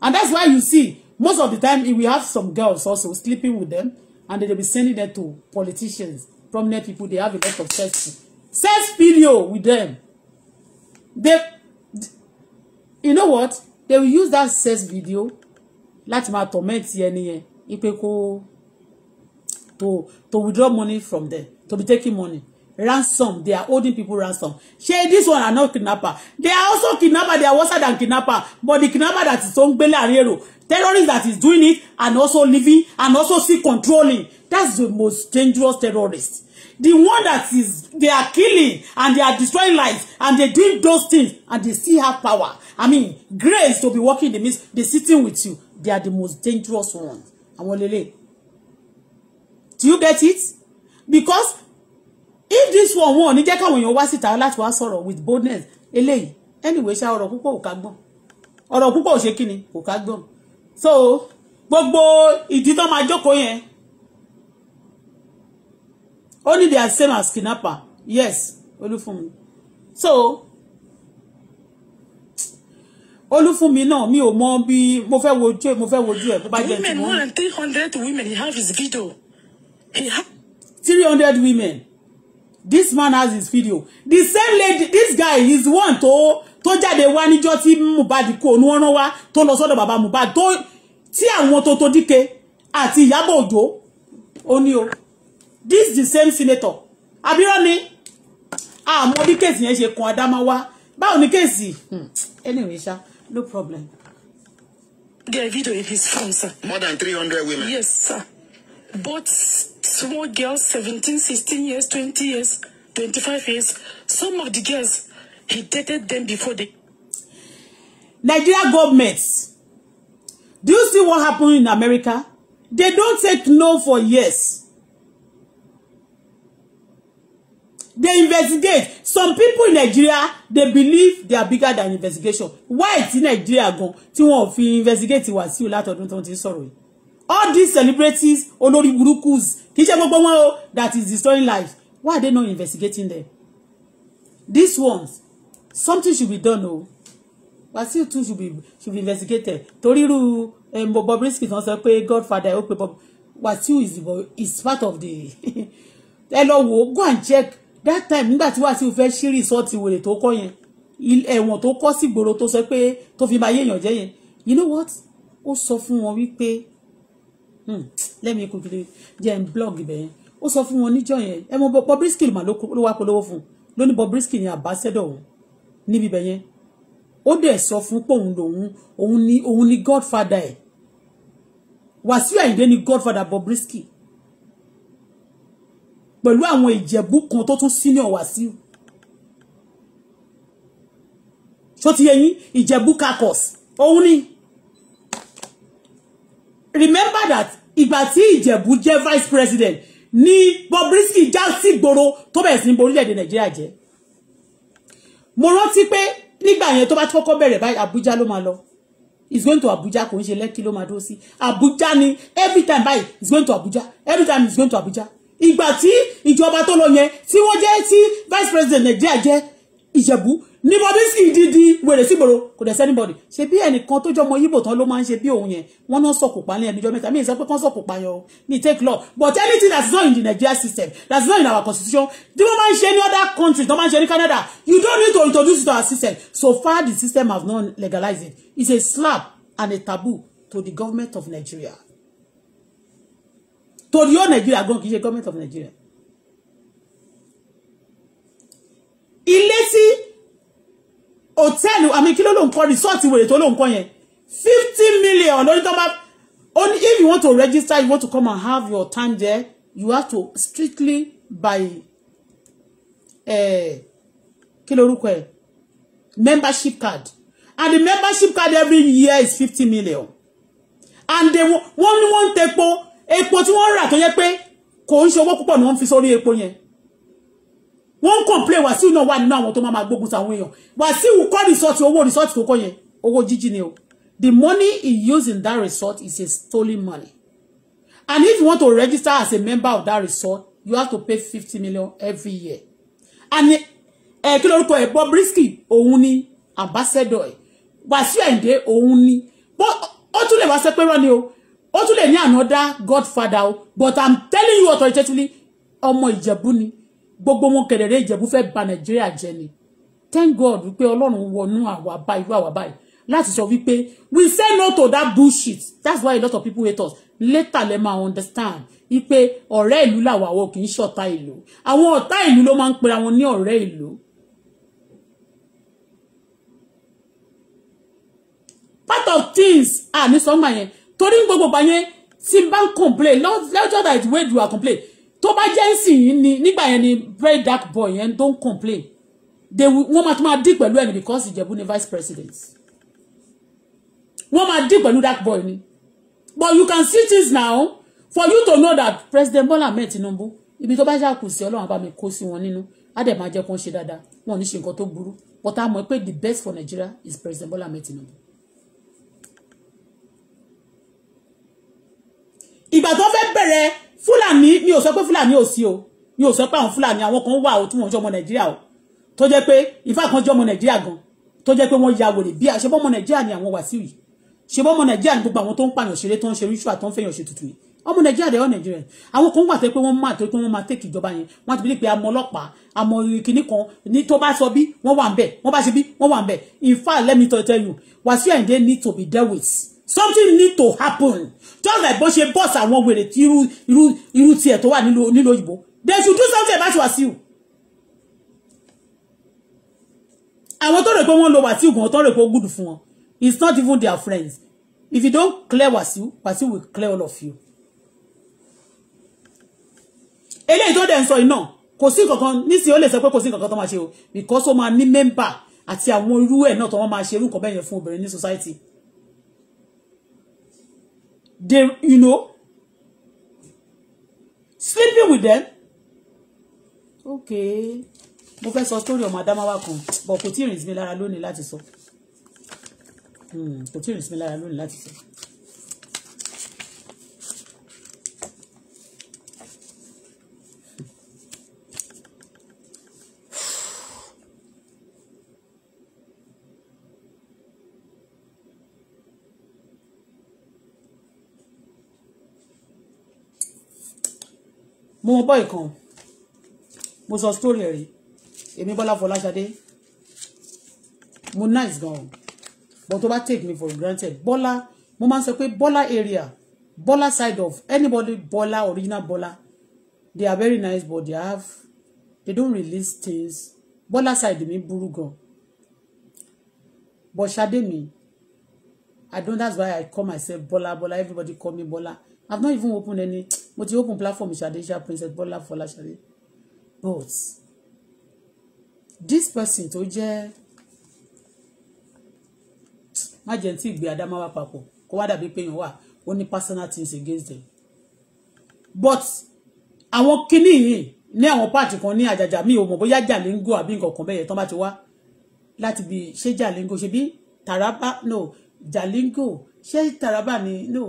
and that's why you see most of the time we have some girls also sleeping with them and they dey be sending them to politicians prominent people they have a lot of sex sex video with them they you know what they will use that sex video láti my torment ẹni yẹn Ipeko to to withdraw money from them to be taking money ransom they are holding people ransom ṣé this one are not kidnapper they are also kidnapper they are worse than kidnapper but the kidnapper that is on gbélé àárín èrò terrorist that is doing it and also living and also still controlling that's the most dangerous terrorist the one that is they are killing and they are destroying lives and they doing those things and they still have power i mean grace to be working in the midst they sitting with you they are the most dangerous ones àwọn lélẹ̀ do you get it because if this one wọn ò ní jẹ́ káwọn èèyàn wá síta láti wá sọ̀rọ̀ with boldness eléyìí anyway ṣá ọ̀rọ̀ púpọ̀ ò ká gbọ́n ọ̀rọ̀ púpọ̀ ò ṣe kí ni kò ká gbọ́n so gbogbo ìdí tó máa jókòó yẹn only they are same as kidnapper yes olúfúnmi so olúfúnmi náà mi ò mọ bí mo fẹ́ wojú ẹ mo fẹ́ wojú ẹ bó more than three hundred women he have his video. three hundred women this man has his video the same lady this guy is one tó tó jáde wá níjọ́ tí Mohbad kú òun wọn rán wá tó lọ sọ́dọ̀ bàbá Mohbad tó tí àwọn tó tó díke àti Ìyábọ̀ Òjó ó ní o this the same senator abirọ ni bí kéèsì yẹn ṣe kan Adámáwá báwo ni kéèsì hmm. anyway ṣá no problem. There are video in his phone, sir. More than 300 women? Yes, sir. Both small girls, 17, 16 years, 20 years, 25 years. Some of the girls, he dated them before they... Nigeria government. Do you see what happened in America? They don't take no for yes. they investigate some people in Nigeria they believe they are bigger than investigation why ti Nigeria gan tí wọn ò fi investigate Wàsíù látọdún tó ń ti sọ̀rọ̀ yìí all these celebrities olórí burukus kì í gbogbo wọn o that is destroying lives why are they not investigating them these ones something should be done o Wàsíù too should be should be investigated torí irú Bobrisky kan sọ pé godfather ó pe Wàsíù is is part of the ẹ lọ go and check that time nígbà tí wàá sí fẹ́ ṣí rìsọ́ọ̀tì wèrè tó kọ́ yẹn ẹ̀wọ̀n tó kọ́ sí gbòòrò tó sọ pé tó fi máa yéèyàn jẹ́ yẹn you know what ó sọ fún wọn wípé lẹ́mi kò kiri jẹ́ n blog bẹ́ẹ̀ ó sọ fún wọn níjọ́ yẹn ẹ mọ Bobrisky mà ló wá polówó fún un ló ní Bobrisky ní àbáṣẹ́dọ̀ òun níbi bẹ́ẹ̀ yẹn ó dẹ̀ sọ fún pòun lòun òun ni godfather ẹ̀ Wàsíù Àyìndé ni godfather Bobrisky pẹ̀lú àwọn ìjẹ̀bú kan tó tún senior Wasiu tó ti yẹ yín ìjẹ̀bú kakọ̀s òun ni remember that ìgbà tí ìjẹ̀bú jẹ́ vice president ni Bobrisky já sí gbòòrò tó bẹ̀rẹ̀ sí ní orílẹ̀-èdè nàìjíríà jẹ́ mo rántí pé nígbà yẹn tó bá kọ́kọ́ bẹ̀rẹ̀ báyìí Abuja ló máa lọ is going to Abuja kò ń ṣe lẹ́kí ló máa dúró sí Abuja ni every time báyìí is going to Abuja every time is going to Abuja ìgbà tí ìjọba tó lọ yẹn tí wọ́n jẹ́ tí vice president nàìjíríà jẹ́ ìjẹ̀bú ní bọ́dí sí ìdídi wèrè sígboro kò dẹ̀ sẹ́nibọ̀dì ṣe bí ẹnìkan tó jọmọ yíbò tán ló máa ń ṣe bí òun yẹn wọ́n náà sọ̀kò palẹ̀ ẹnìjọ́ mẹ́ta mi ì sọ pé kán sọ̀kò payọ̀ mi take law but anything that's not in the Nigeria system that's not in our constitution tí wọ́n máa ń ṣe ní other country tó máa ń ṣe ní Canada you don't need to introduce it to our system so far the system has not legalized it it's a slap and a taboo to the government of Nigeria torí ó nàìjíríà gan kì í ṣe government of Nigeria ilé sí hòtẹ́ẹ̀lì àmì kí ló ló ń kọ́ rìsọ́ọ̀tì wèrè tó ló ń kọ́ yẹn fifty million lórí tó bá only if you want to register you want to come and have your time there you have to strictly buy. eh, kí lorúkọ ẹ membership card and the membership card every year is fifty million and they wọ́n ní wọ́n ń tepo epo tí wọ́n rà tó yẹ pé kò ń ṣe owó púpọ̀ ni wọ́n fi sórí epo yẹn wọ́n ń kọ̀m̀plé wàsíù náà wà nínú àwọn tó máa gbógun tàwọn èèyàn wàsíù kọ́ rìsọ́ọ̀tì owó rìsọ́ọ̀tì tó kọ́ yẹn owó jíjí ni o the money he used in that resort is a stolen money and if you want to register as a member of that resort you have to pay fifty million every year and ẹ eh, kí lórúkọ ẹ Bobrisky òun ni ambassador ẹ wàsíù ẹ̀ǹdẹ́ òun ni ó tún lè wá sẹ́pẹ́rọ́ ni o ó tún lè ní another godfather but i'm telling you authoritatively ọmọ ìjẹ̀bú ni gbogbo wọn kẹ̀lẹ̀rẹ̀ ìjẹ̀bú fẹ́ ba nàìjíríà jẹ ni thank god wípé ọlọ́run wọnú àwa báyìí irú àwa báyìí láti sọ wípé we say no to that bullshit that's why a lot of people hate us later lè máa understand wípé Ore ìlú làwọn àwọn kì í ṣọ̀tá ìlú àwọn ọ̀tá ìlú ló máa ń pera wọn ní ọ̀rẹ́ part of things ah ní sọ́mà yẹn torí gbogbo gbà yẹn tí n bá ń complain lọ́jọ́ that is where you are complain tó bá jẹ́ ìsìn ni nígbà yẹn ni very dark boy yẹn tó complain they wọ́n máa tún máa dì pẹ̀lú ẹni because Ìjẹ̀bú ni vice president wọ́n máa dì pẹ̀lú dark boy ni but you can see things now for you to know that president Bola Ahmed Tinubu ibi tó bá ṣàkù sí Ọlọ́run àbámi kó sí wọn nínú á dẹ̀ máa jẹ́ kó ń ṣe dáadáa wọn ò ní ṣe nǹkan tó burú but a mọ̀ pé the best for Nigeria is president Bola Ahmed Tinubu ìgbà tó fẹ́ bẹ̀rẹ̀ fúlàní mi ò sọ pé fúlàní ò sí o mi ò sọ pé àwọn fúlàní àwọn kan wà o tí wọ́n jọ ọmọ nàìjíríà o tó jẹ́ pé ìfá kan jọ ọmọ nàìjíríà gan tó jẹ́ pé wọ́n ya wèrè bí àṣẹ bọ́mọ nàìjíríà ni àwọn Wàsíù yìí ṣe bọ́mọ nàìjíríà ni gbogbo àwọn tó ń pààyàn ṣeré tó ń ṣe ríṣù àtọ́ ń fẹ́yàn ṣe tuntun yìí ọmọ nàìjíríà rẹ̀ ọ́ nàìjíríà àwọn kan wà tó pé wọ́n máa tó pé wọ́n máa tẹ́kì ìjọba yẹn wọ́n ti bí pé amọ̀ ọlọ́pàá amọ̀ kìnní kan ní tó bá sọ bí wọ́n wà ń bẹ̀ wọ́n bá ṣe bí wọ́n wà ń bẹ̀ in fact let me tell you Wasiu Ayinde need to be dealt with something need to happen just like bó ṣe bọ́ọ̀sì àwọn wèrè tí irú irú irú tiẹ̀ tó wà nílùú òyìnbó they should do something about Wàsíù. àwọn tó rè pé wọ́n lo Wàsíù gan tó to pé ó gùdù fún wọn it's not even their friends if you don't clear Wàsíù Wàsíù will clear all of you. eléyìí tó dẹ̀ ń sọ iná kò sí kankan nísìnyí ó lè sọ pé kò sí kankan tó máa ṣe o because ó máa ní mẹ́mbà àti àwọn irú ẹ̀ náà tó wọ́n máa ṣe irú nǹkan bẹ́ẹ̀ yẹn fún obìnrin society. They, you know, sleeping with them. Okay. Mo fẹ́ sọ story ọmọ Adámáwá kan, but kò tí ì rìn sí mi lára lónìí láti sọ. Hmm, kò tí ì rìn sí mi lára lónìí láti sọ. mo mọ bọ́ ìkan mo sọ story ẹ̀ rí èmi Bọ́lá Fọláṣadé mo nice gan but tó bá take me for granted Bọ́lá mo máa ń sọ pé Bọ́lá area Bọ́lá side of anybody Bọ́lá original Bọ́lá they are very nice but they have they don't release things Bọ́lá side mi burú gan but Ṣadé mi I don't that's why I call myself Bọ́lá Bọ́lá everybody call me Bọ́lá. I've not even opened any. But ti open platform Shadesha Princess Bola Fola Shade. But this person tó jẹ́ májèntì ìgbé Adamawa papọ̀ kó wá dàbí pé èèyàn wà personal things against them. But àwọn kinní yìí ní àwọn páàtì kan ní àjàjà mi ò mọ̀ bóyá jàlíngò àbí nǹkan kan to yẹn tán bá ti wá she. bí ṣé jàlíngò ṣe bí Taraba no jàlíngò ṣé Taraba ni no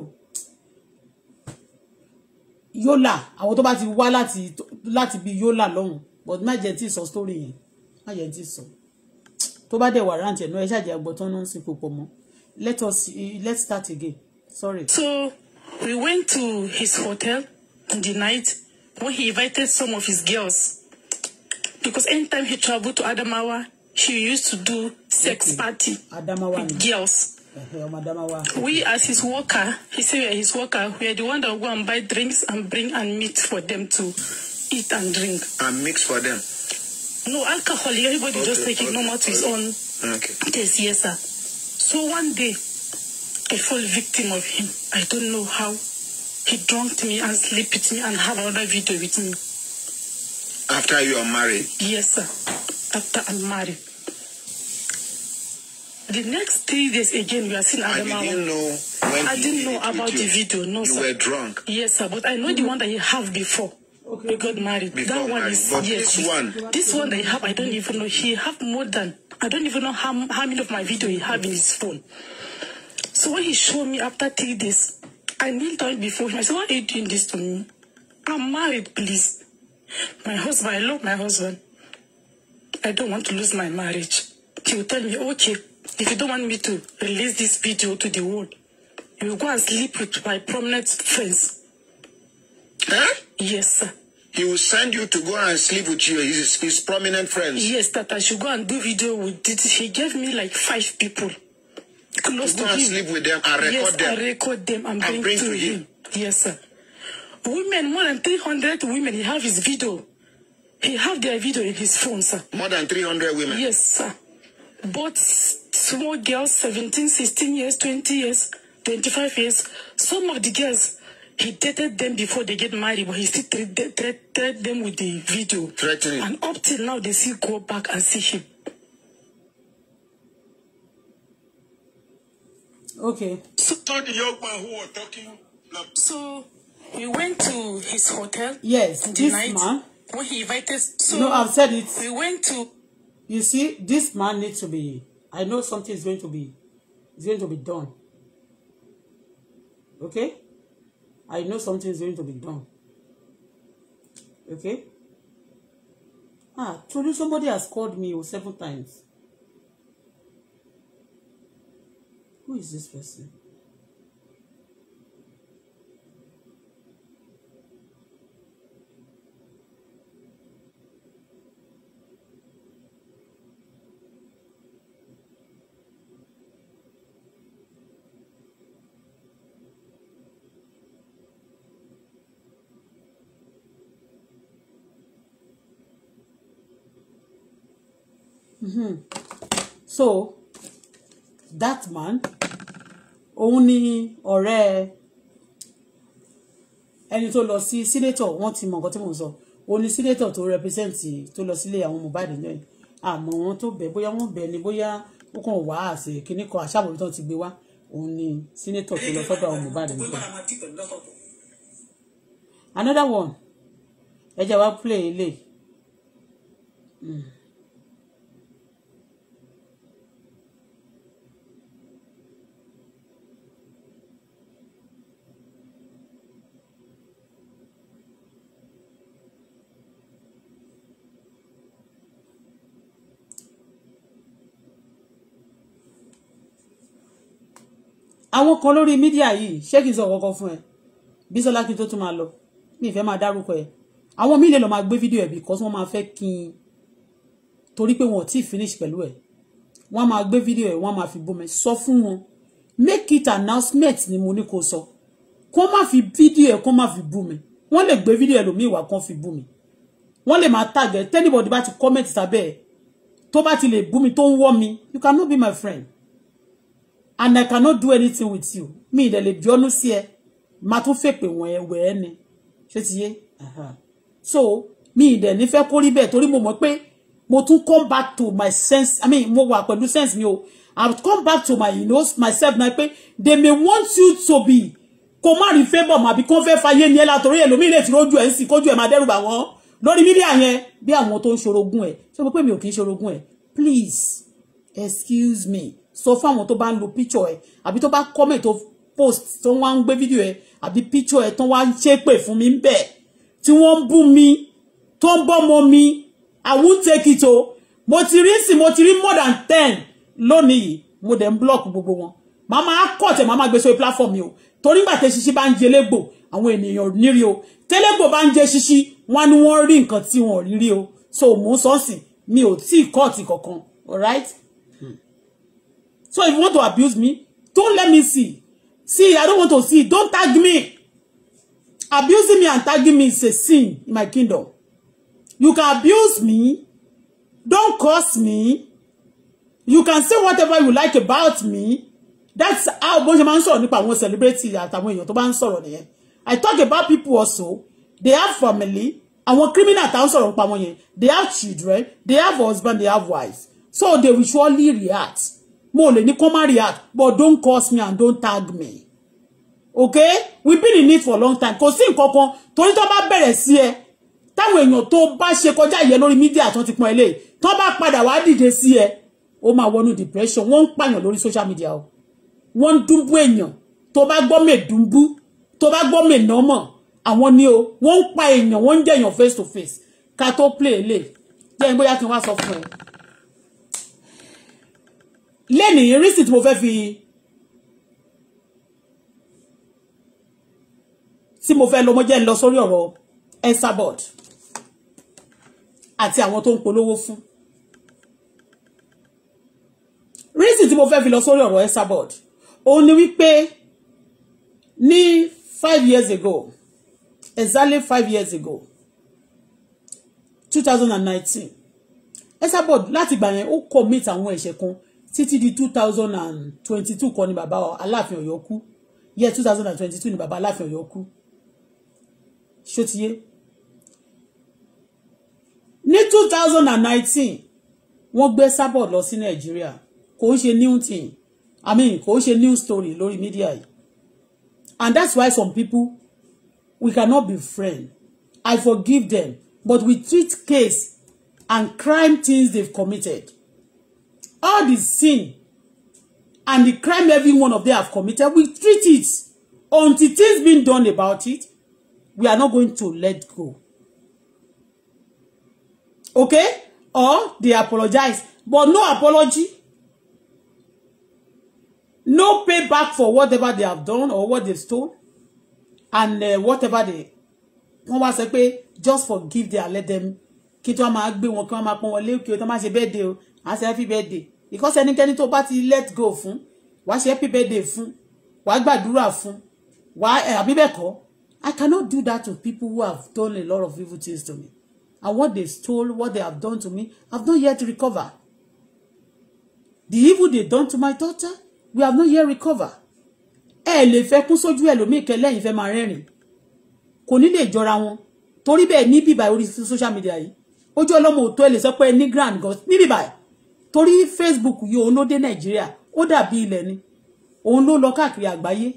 Yola, àwọn tó bá ti wá láti láti bí yólà lọ́hùn but má jẹ́ tí sọ story yẹn má jẹ́ tí sọ tó bá dẹ̀ wà rántí ẹ̀ náà ẹ ṣàjẹ́ agbọ́tán náà ń sin pòpọ̀ mọ́ let us let's start again sorry. so we went to his hotel in the night when he invited some of his girls because anytime he traveled to Adamawa he used to do sex okay. party Adamawa with girls. We as his worker, he said we are his worker. We are the one that go and buy drinks and bring and meat for them to eat and drink. And mix for them. No alcohol. Everybody okay, just take okay, it normal to his own. Okay. Yes, yes, sir. So one day, I fall victim of him. I don't know how. He drunked me and sleep with me and have another video with me. After you are married? Yes, sir. After I'm married. The next three days again, we are seeing Adama. I didn't know. I didn't know about the video. No, you sir. were drunk. Yes, sir. But I know the one that you have before. Okay. got married. Before that one is but yes. This one. This one that you have, I don't even know. He have more than. I don't even know how how many of my video he have in his phone. So when he showed me after three days, I knelt down before him. I said, "Why are you doing this to me? I'm married, please. My husband. I love my husband. I don't want to lose my marriage." He will tell me, "Okay." if you don't want me to release this video to the world, you will go and sleep with my prominent friends. Huh? Yes, sir. He will send you to go and sleep with you, his, his prominent friends. Yes, that I should go and do video with it. He gave me like five people close to, to go him. and sleep with them and record yes, them. Yes, I record them and, and bring, to, to him. him. Yes, sir. Women, more than 300 women, he have his video. He have their video in his phone, sir. More than 300 women? Yes, sir. But small girls, 17, 16 years, 20 years, 25 years. Some of the girls, he dated them before they get married, but he still threatened threat, threat them with the video. Threatening. And up till now, they still go back and see him. Okay. So, the young man who was talking. So, we went to his hotel. Yes, this night, man. When he invited. So no, I've said it. We went to. You see, this man needs to be I know something is going to be is going to be done. Okay? I know something is going to be done. Okay? Ah, truly somebody has called me oh, several times. Who is this person? Mm-hmm. So that man òun ni ọ̀rẹ́ ẹni tó lọ sí senator wọ́n ti mọ̀ nǹkan tí mò ń sọ òun ni sínétọ̀ tó rẹpẹsẹ̀ǹtì tó lọ sílé àwọn Mohbad náà àmọ́ wọn tó bẹ̀ bóyá wọ́n bẹ̀ ni bóyá ó kàn wá àṣẹ kínní kan àṣàbòrò tó ti gbé wá òun ni senator tó lọ sọ́dọ̀ àwọn Mohbad nìkan. another one ẹ jẹ́ wá play ilé. Mm. àwọn kan lórí mídíà yìí ṣé kí n sọ ọ̀kọ̀ọ̀kan fún ẹ bísọ́lá kí n tó tún máa lọ ní ìfẹ́ máa dárúkọ ẹ àwọn míì lè lọ máa gbé fídíò ẹ because wọ́n máa fẹ́ kí n torí pé wọn ò tí ì finish pẹ̀lú ẹ wọ́n máa gbé fídíò ẹ wọ́n máa fi bómi sọ fún wọn make it announcement ni mo ní kó sọ kó má fi fídíò ẹ kó má fi bómi wọ́n lè gbé fídíò ẹlòmíì wá kán fi bómi wọ́n lè máa tag ẹ tẹ́nibọ̀dì bá ti comment sábẹ́ ẹ tó bá ti lè bómi tó ń wọ́ mi you cannot be my friend and I cannot do anything with you Me, the lè bí ọ́nú sí ẹ máa tún fèpè wọ̀n Uh huh. so me, ìdẹ̀ nífẹ̀ẹ́ kó rí bẹ́ẹ̀ torí mo mọ̀ pé mo tún come back to my sense I mean mo wa wà pẹ̀lú sense mi o I come back to my you know myself na pé they may want you to be kó má rí favour màbí kó fẹ́ fayé ni ẹ látọ̀rí ẹlòmíì lè ti rójú ẹ̀ you sìn kójú ẹ̀ máa dẹ́rù bà wọ́n lórí mídíà yẹn bí àwọn tó ń ṣorogún ẹ̀ ṣé mo pé mi ò kì í please excuse me So fún àwọn tó bá ń lo picture ẹ àbí tó bá comment tó post tó wá ń gbé fídíò ẹ àbí picture ẹ tó wá ń ṣépè fún mi ń bẹ̀ tí wọ́n ń bú mi tó ń bọ́mọ mi I won't take it o mo ti rí sí mo ti rí more than ten lónìí yìí mo dẹ̀ ń block gbogbo wọn màá máa kọ̀ tẹ̀ màá máa gbé sórí platform mi o torí nígbà tẹ ṣiṣi bá ń jẹ légbò àwọn ènìyàn nírí o tẹlẹgbò bá ń jẹ ṣiṣi wọn ni wọn rí nǹkan tí wọn ò rí o so mò ń sọ sí mi ò tí kọ́ọ̀tì kankan alright So if you want to abuse me, don't let me see. See, I don't want to see. Don't tag me. Abusing me and tagging me is a sin in my kingdom. You can abuse me. Don't curse me. You can say whatever you like about me. That's how bó ṣe máa ń sọ̀rọ̀ nípa àwọn celebrity àtàwọn èèyàn tó bá I talk about people also. They have family. Àwọn criminal táwọn sọ̀rọ̀ nípa wọn They have children. They have husband. They have wives. So they will surely react mo lè ní kó react but don't curse me and don't tag me okay we been in it for a long time kò sí nǹkan kan torí tó bá bẹ̀rẹ̀ sí ẹ táwọn èèyàn tó bá ṣe kọjá ìyẹn lórí mídíà tó ti pọn eléyìí tó bá padà wá dìde sí ẹ ó máa wọnú depression wọ́n ń pààyàn lórí social media o wọ́n ń dúnbú èèyàn tó bá gbọ́ mèdúnbú tó bá gbọ́ mènàmọ̀ àwọn ni o wọ́n ń pa èèyàn wọ́n ń jẹ̀yàn face to face ká tó play eléyìí jẹ́ ìgbóyà kí n wá sọ fún ẹ lẹ́nìí rísì tí mo fẹ́ fi tí mo fẹ́ lọ mo jẹ́ ń lọ sórí ọ̀rọ̀ ensabod àti àwọn tó ń polówó fún rísì tí mo fẹ́ fi lọ sórí ọ̀rọ̀ ensabod òun ni wípé ní five years ago exactly five years ago two thousand and nineteen ensabod láti gbà yẹn ó commit àwọn ẹ̀ṣẹ̀ kan títí di two thousand and twenty-two kan ni bàbá aláàfin Ọ̀yọ́ kú yẹ two thousand and twenty-two ni bàbá aláàfin Ọ̀yọ́ kú ṣó ti yé ní two thousand and nineteen wọ́n gbé Sábọ̀ lọ sí Nàìjíríà kò ń ṣe new thing i mean kò ń ṣe new story lórí media yìí and that's why some people we cannot be friends i forgive them but we treat case and crime things they've committed all the sin and the crime every one of them have committed, we treat it. Until things being done about it, we are not going to let go. Okay? Or they apologize. But no apology. No payback for whatever they have done or what they've stole, And uh, whatever they... Wọ́n wá sọ pé just forgive them let them kí tí wọ́n máa gbé wọn kí wọ́n máa pọ́n wọn lé kí wọ́n máa ṣe birthday o àṣẹ happy birthday because ẹnikẹ́ni tó bá ti let go fún wàá ṣe happy birthday fún wàá gbàdúrà fún wàá àbí bẹ́ẹ̀ kọ́ I cannot do that to people who have done a lot of evil things to me and what they stole what they have done to me I have not yet recovered the evil they done to my daughter we have not yet recover. ẹ lè fẹ́ kún sójú ẹlòmíì kẹlẹ́yìn fẹ́ máa rẹ́rìn kò ní lè jọra wọn torí bẹ́ẹ̀ ní bíbá orí social media yìí ojú ọlọ́mọ òótọ́ ẹ lè sọ pé ní grand gan ní bíbá yìí torí Facebook yìí òun ló dé Nàìjíríà ó dàbí ilẹ̀ ni òun ló lọ káàkiri àgbáyé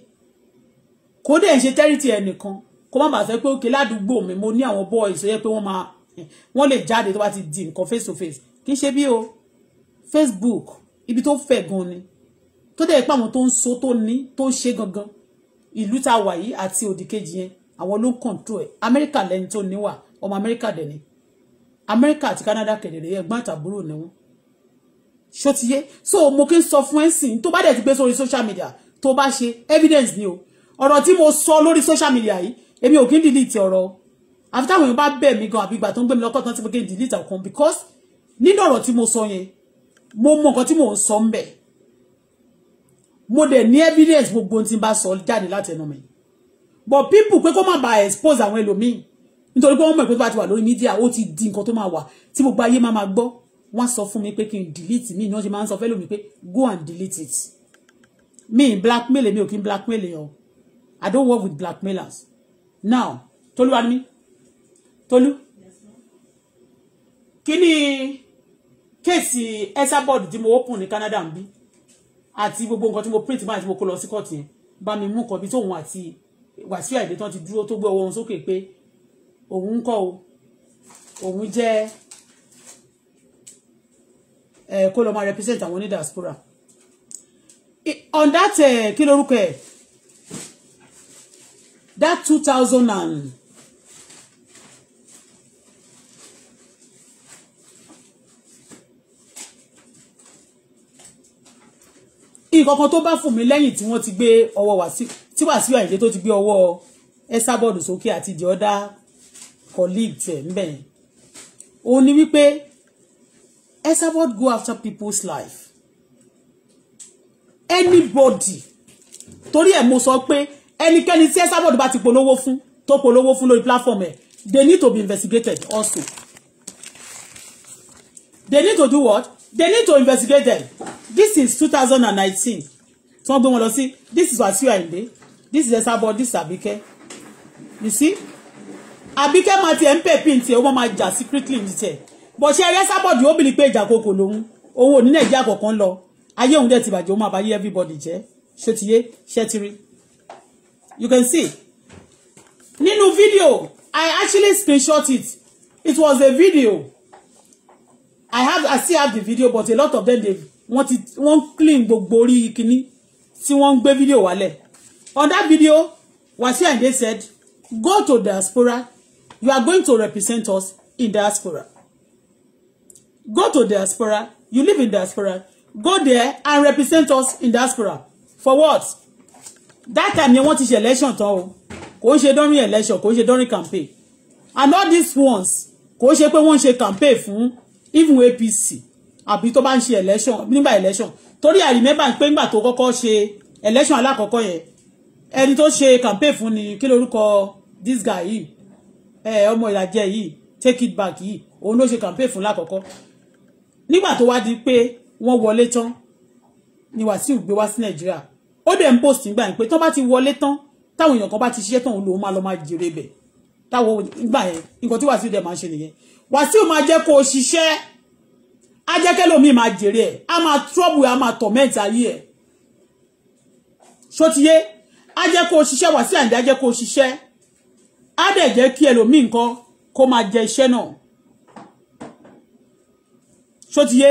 kó dẹ̀ ṣe tẹ́rìtì ẹnìkan kó má bàa sọ pé òkè ládùúgbò mi mo ní àwọn boys yẹ pé wọ́n máa wọ́n lè jáde tó bá ti di nǹkan face to face kì í ṣe bí o Facebook ibi tó fẹ̀ gan ni tó dẹ̀ pé àwọn tó ń so tó ní tó ń ṣe gangan ìlú tá wà yìí àti òdìkejì yẹn àwọn ló ń control ẹ̀ Amẹ́ríkà lẹ́ni tó níwà ọmọ Amẹ́ríkà dẹ̀ ni Amẹ́ríkà àti Canada kẹ̀dẹ̀rẹ̀ ẹ̀gbọ́n àtàbúrò ni wọ́n ṣó so mo kí n sọ fún ẹ sìn tó bá dẹ̀ ti gbé sórí social media tó bá ṣe evidence ni o ọ̀rọ̀ tí mo sọ lórí social media yìí èmi ò kí ń delete ọ̀rọ̀ o àfi táwọn èèyàn bá bẹ̀ mí gan àbí ìgbà tó ń gbé mi lọ́kọ̀ tán tí mo kí ń delete ọ̀kan because nínú ọ̀rọ̀ tí mo sọ yẹn mo mọ nǹkan tí mò ń sọ ń bẹ̀ mo dẹ̀ ní evidence gbogbo tí n bá sọ jáde láti ẹnu mi but people pé kó má ba expose àwọn ẹlòmíì nítorí pé wọ́n mọ̀ pé tó bá ti wà lórí media ó ti di nǹkan tó máa wà tí gbogbo ayé máa máa gbọ́ wọ́n sọ fún mi pé kí n delete mi náà ṣe máa ń sọ fẹ́ lómi pé go and delete it mi blackmail mi ò kí n blackmail yẹn I don't work with blackmailers now Tolú wa ni mi Tolú kí ni kéèsì esabod tí mo open ní Canada ń bí àti gbogbo nǹkan tí mo print máa tí mo kó lọ sí kọ́ọ̀tù yẹn bá mi mú kan bí tóun àti Wàsíù Àyìndé tán ti dúró to gbé ọwọ́ wọn sókè pé òun ń kọ́ o òun jẹ́ Eh, kó lọ máa represent àwọn ní diaspora on that eh, kí lorúkọ ẹ̀ that two thousand and nǹkan kan tó bá fún mi lẹ́yìn tí wọ́n ti gbé ọwọ́ wá sí tí Wàsíù Àyìndé tó ti gbé ọwọ́ ẹ̀sà bọ́ọ̀dù sókè àti the other colleague tẹ̀ ń bẹ̀ yẹn òun ni wípé Esabod go after people's life. Anybody. Torí ẹ̀ mo sọ pé ẹnikẹ́ni tí Esabod bá ti polówó fún tó polówó fún lórí platform ẹ̀ they need to be investigated also. They need to do what? They need to investigate them. This is 2019. Tí wọ́n gbé wọn lọ sí this is Wasiu Ayinde this is Esabod this is Abike. You see? Abike máa ti ẹ̀ ń pè pín tiẹ̀ ó máa jà secretly ní tiẹ̀ bọ̀ ṣe ẹrẹ́ sábọ̀dì ó bìlí pé ìjà kòkò lòun owó ní nàìjíríà kọ̀ọ̀kan lọ ayé òun dẹ̀ ti bàjẹ́ òun àbáyé everybody jẹ́ ṣé ti yé ṣé ti rí you can see nínú fídíò I actually screenshot it it was a video I have I still have the video but a lot of them dey wọ́n ti wọ́n clean gbogbo orí kínní tí wọ́n ń gbé fídíò wálẹ̀ on that video Wasiu Ayinde said go to diaspora you are going to represent us in diaspora Go to diaspora. You live in diaspora. Go there and represent us in diaspora. For what? That time they want to election tán. Kò ń ṣe during election, kò ń ṣe during campaign. And all these ones, kò ń ṣe pé wọ́n ń ṣe campaign fún even APC. Àbí tó bá ń ṣe election, nígbà election. Torí I remember pé nígbà tó kọ́kọ́ ṣe election alákọ̀ọ́kọ́ yẹn. Ẹni tó ṣe campaign fún ni kí lorúkọ this guy yìí. Eh ọmọ ìlàjẹ yìí, take it back yìí. Òun ló ṣe campaign fún lákọ̀ọ́kọ́ nígbà tó wá di pé wọ́n wọlé tán ni Wàsíù gbé wá sí Nàìjíríà ó dẹ̀ ń post nígbà yẹn pé tán bá ti wọlé tán táwọn èèyàn kan bá ti ṣiṣẹ́ tán òun lòun máa lọ máa jèrè bẹ̀ táwọn nígbà yẹn nǹkan tí Wàsíù dẹ̀ máa ń ṣe nìyẹn Wàsíù máa jẹ́ kó o ṣiṣẹ́ ajẹ́kẹ́ lómi máa jèrè ẹ̀ á máa trouble á máa torment ayé ẹ̀ ṣótiyé ajẹ́kó o ṣiṣẹ́ Wàsíù Àyìndé ajẹ́kó o ṣiṣẹ́ á dẹ̀ jẹ́ kí ẹlòmíì nǹkan kó máa jẹ iṣẹ́ náà ṣó ti yé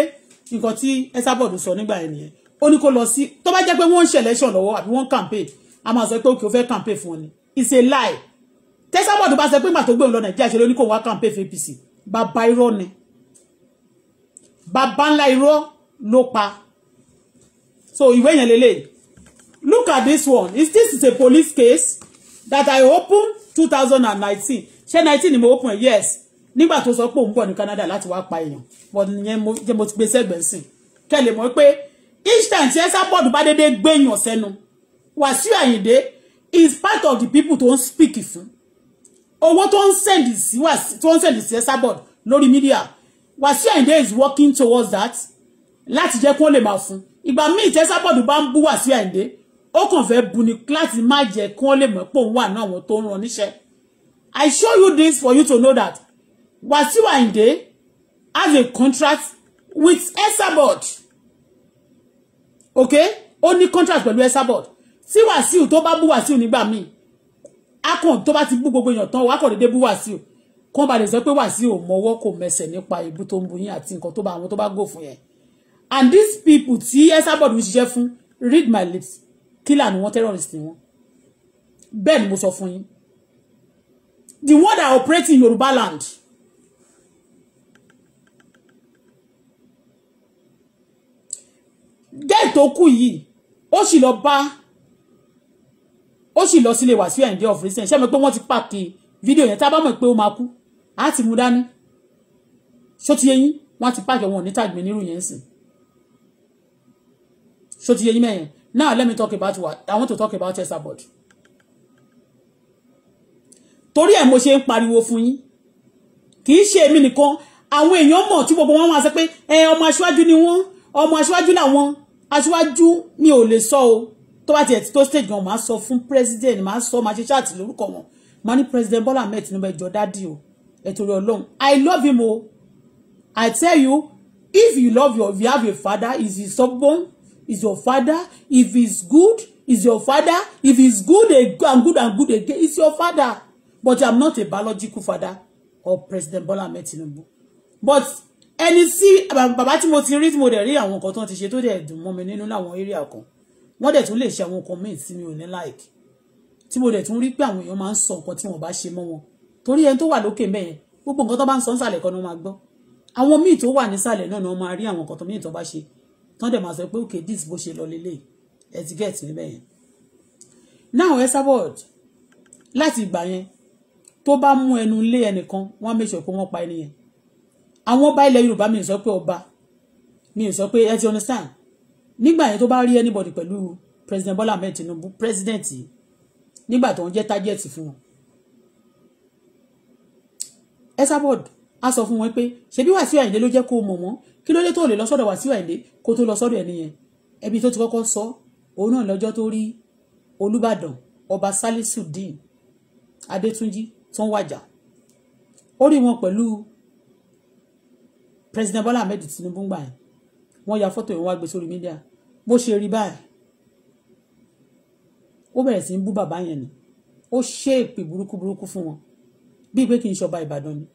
nǹkan tí Esabod sọ nígbà yẹn nìyẹn ó ní kó lọ sí tó bá jẹ́ pé wọ́n ń ṣe election lọ́wọ́ àbí wọ́n ń campaign a máa sọ pé òkè ó fẹ́ campaign fún ọ ni it's a lie tẹ́sàbọ̀dù bá sọ pé màtó gbé òun lọ nàìjíríà ṣe ló ní kó wá campaign fún APC bàbá irọ́ ni bàbá ńlá irọ́ ló pa so ìwé yẹn lélẹ̀ look at this one is this is a police case that I open? two thousand and nineteen nineteen ni mo open yes nígbà tó sọ pé òun bọ̀ ní Canada láti wá pa èèyàn bọ̀ yẹn mo jẹ́ mo ti gbé sẹ́gbẹ̀ẹ́ sìn kẹ́lẹ̀ mọ́ pé instant tí ẹ́sà bọ́ọ̀dù bá dédé gbé èèyàn sẹ́nu Wàsíù Àyìndé is part of the people tó ń speak fún owó tó ń send sí Wàsíù tó ń send sí ẹ́sà bọ́ọ̀dù lórí mídíà Wàsíù Àyìndé is working towards that láti jẹ́ kó lè máa fún ìgbà míì tí ẹ́sà bọ́ọ̀dù bá ń bú Wàsíù Àyìndé ó kàn fẹ́ bu ni láti má jẹ́ kó lè mọ̀ pé òun wà náà àwọn tó ń ran níṣẹ́ I show you this for you to know that Wasiwa inde, has a contract with Esabod. Okay? Only ní contract pẹ̀lú Esabod. Tí Wasiu tó bá bú Wasiu nígbà míì. A kàn tó bá ti bú gbogbo èèyàn tán, wàá kàn dédé bú Wasiu. Kàn bá lè sọ pé Wasiu ò kò mẹsẹ̀ nípa ìbú tó ń bu yín àti nǹkan tó bá àwọn tó bá gò fún yẹn. And these people tí Esabod ń ṣiṣẹ́ fún, read my lips, killer ni wọ́n terrorist ni wọ́n. Bẹ́ẹ̀ ni mo sọ fún yín. The word that operate in Yoruba land. gẹ́ẹ̀ tó kù yìí ó sì lọ bá ó sì lọ sílé Wàsíù Àyìndé of recent ṣé mo pé wọ́n ti pàkì fídíò yẹn tá a bá mọ̀ pé ó máa kú á ti mú dání ṣó ti yẹyìn wọ́n ti pàkì wọn ní tàgbé nírú yẹn sìn ṣó ti yẹyìn mẹ́yẹn now let me talk about what I want to talk about Esther Aboud torí ẹ̀ mo ṣe ń pariwo fún yín kì í ṣe èmi nìkan àwọn èèyàn mọ̀ tí gbogbo wọn wá sọ pé ẹ ọmọ aṣáájú ni wọ́n ọmọ aṣáájú làwọn aṣíwájú mi ò lè sọ o tó bá tiẹ̀ tó stage gan máa sọ fún president máa sọ máa ṣe ṣáàtì lórúkọ wọn máa ní president Bola Ahmed Tinubu ẹjọ dádì o ẹtòrí Ọlọ́run I love him o I tell you if you love your you have a father is he stubborn is your father if he is good is your father if he is good and good and good again is your father but I'm not a biological father of President Bola Ahmed Tinubu but ẹni tí bàbá tí mo ti rí tí mo dẹ̀ rí àwọn nǹkan tó ti ṣe tó dẹ̀ dùn mọ́ mi nínú láwọn area kan wọ́n dẹ̀ tún lè ṣe àwọn nǹkan míì tí mi ò ní like tí mo dẹ̀ tún rí pé àwọn èèyàn máa ń sọ nǹkan tí wọ́n bá ṣe mọ́ wọn torí ẹni tó wà lókè mẹ́yẹn gbogbo nǹkan tó bá ń sọ nísàlẹ̀ kan ni wọ́n máa gbọ́ àwọn míì tó wà nísàlẹ̀ náà ni wọ́n máa rí àwọn nǹkan tó míì tó bá ṣe tán dẹ̀ máa sọ pé okay this bó ṣe lọ lélẹ̀ ẹ ti get níbẹ̀ yẹn now Esabod láti ìgbà yẹn tó bá mú ẹnu lé ẹnìkan wọ́n á make sure pé wọ́n pa ẹni yẹn àwọn ọba ilẹ̀ yorùbá mi ò sọ pé ọba mi ò sọ pé ẹ ti understand nígbà yẹn tó bá rí anybody pẹ̀lú president bola ahmed tinubu president yìí nígbà tó ń jẹ́ target fún wọn esabod a sọ fún wọn pé ṣebí wàsíù àyìndé ló jẹ́ kó mọ̀ wọ́n kí ló dé tó lè lọ sọ́dọ̀ wàsíù àyìndé kó tó lọ sọ́dọ̀ ẹni yẹn ẹbí tó ti kọ́kọ́ sọ òun náà lọ́jọ́ tó rí olùbàdàn ọba salisu dín adétúnjì tó ń wàjà ó rí wọn pẹ̀lú president Bola Ahmed Tinubu ń gbà yẹn wọ́n ya fọ́tò yẹn wá gbé sórí mídíà bó ṣe rí báyìí ó bẹ̀rẹ̀ sí ń bú bàbá yẹn ni ó ṣe èpè burúkú burúkú fún wọn bíi pé kì í ṣọba Ìbàdàn ni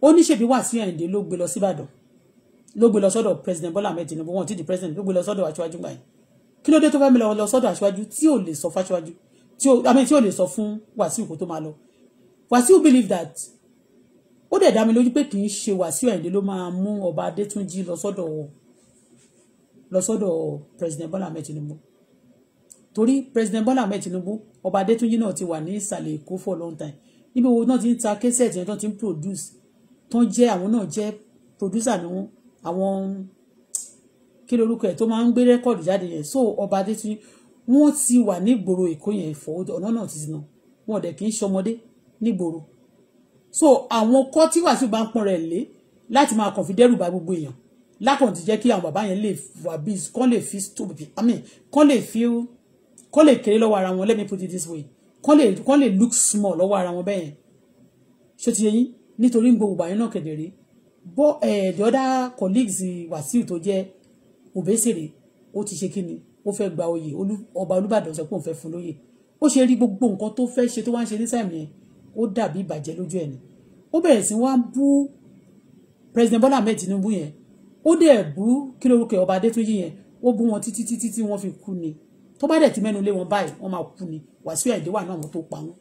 ó ní ṣèbí wà sí Àyìndé ló gbé lọ síbàdàn ló gbé lọ sọ́dọ̀ president Bola Ahmed Tinubu wọn ti di president ló gbé lọ sọ́dọ̀ aṣáájú gbà yẹn kí ló dé tó fẹ́ mi lọ sọ́dọ̀ aṣáájú tí ò lè sọ fáṣáájú tí ò lè sọ fún Wàsíù kó tó máa lọ Wàsíù believe that ó dẹ̀ dá mi lójú pé kì í ṣe Wàsíù Àyìndé ló máa mú ọba Adétúnjì lọ sọ́dọ̀ lọ sọ́dọ̀ president Bọ́lá Ahmed Tinubu torí president Bọ́lá Ahmed Tinubu ọba Adétúnjì náà ti wà ní ìsàlẹ̀ Èkó for long time níbi owó náà ti ń ta kẹsẹ̀tì yẹn tó ti ń produce tó ń jẹ́ àwọn náà jẹ́ producer ni àwọn kí lorúkọ ẹ̀ tó máa ń gbé rẹ́kọ̀dù jáde yẹn so ọba Adétúnjì wọ́n ti wà nígboro Èkó yẹn fọ́ ọ̀nà náà ti sinà wọn ò dẹ̀ kì í ṣọmọdé nígboro so àwọn kọ́ tí wàásù bá ń pọn rẹ̀ lé láti máa kàn fi dẹ́rù bà gbogbo èèyàn lákàn ti jẹ́ kí àwọn bàbá yẹn lè wà bí kán lè fi stupid i mean kán lè fi kán lè kéré lọ́wọ́ ara wọn let me put it this way kán lè kán lè look small lọ́wọ́ ara wọn bẹ́yẹn ṣé ti yẹn nítorí gbogbo àyẹn náà kedere bó eh, the other colleagues Wàsíù tó jẹ́ Òbésèrè ó ti ṣe kí ni ó fẹ́ gba oyè ọba Olúbàdàn sọ pé òun fẹ́ fún lóyè ó ṣe rí gbogbo nǹkan tó fẹ́ ṣe tó wá ń ṣe ní sáìmù yẹn ó dàbí ìbàjẹ́ lójú ẹ̀ ni ó bẹ̀rẹ̀ sí wá bú president Bọ́lá Ahmed Tinubu yẹn ó dẹ̀ bú kí lórúkọ ọba Adétúnjì yẹn ó bú wọn títí títí tí wọ́n fi kú ni tó bá dẹ̀ ti mẹ́nu lé wọn báyìí wọ́n máa kú ni Wàsíù Àyìndé wà náà wọn tó pa wọn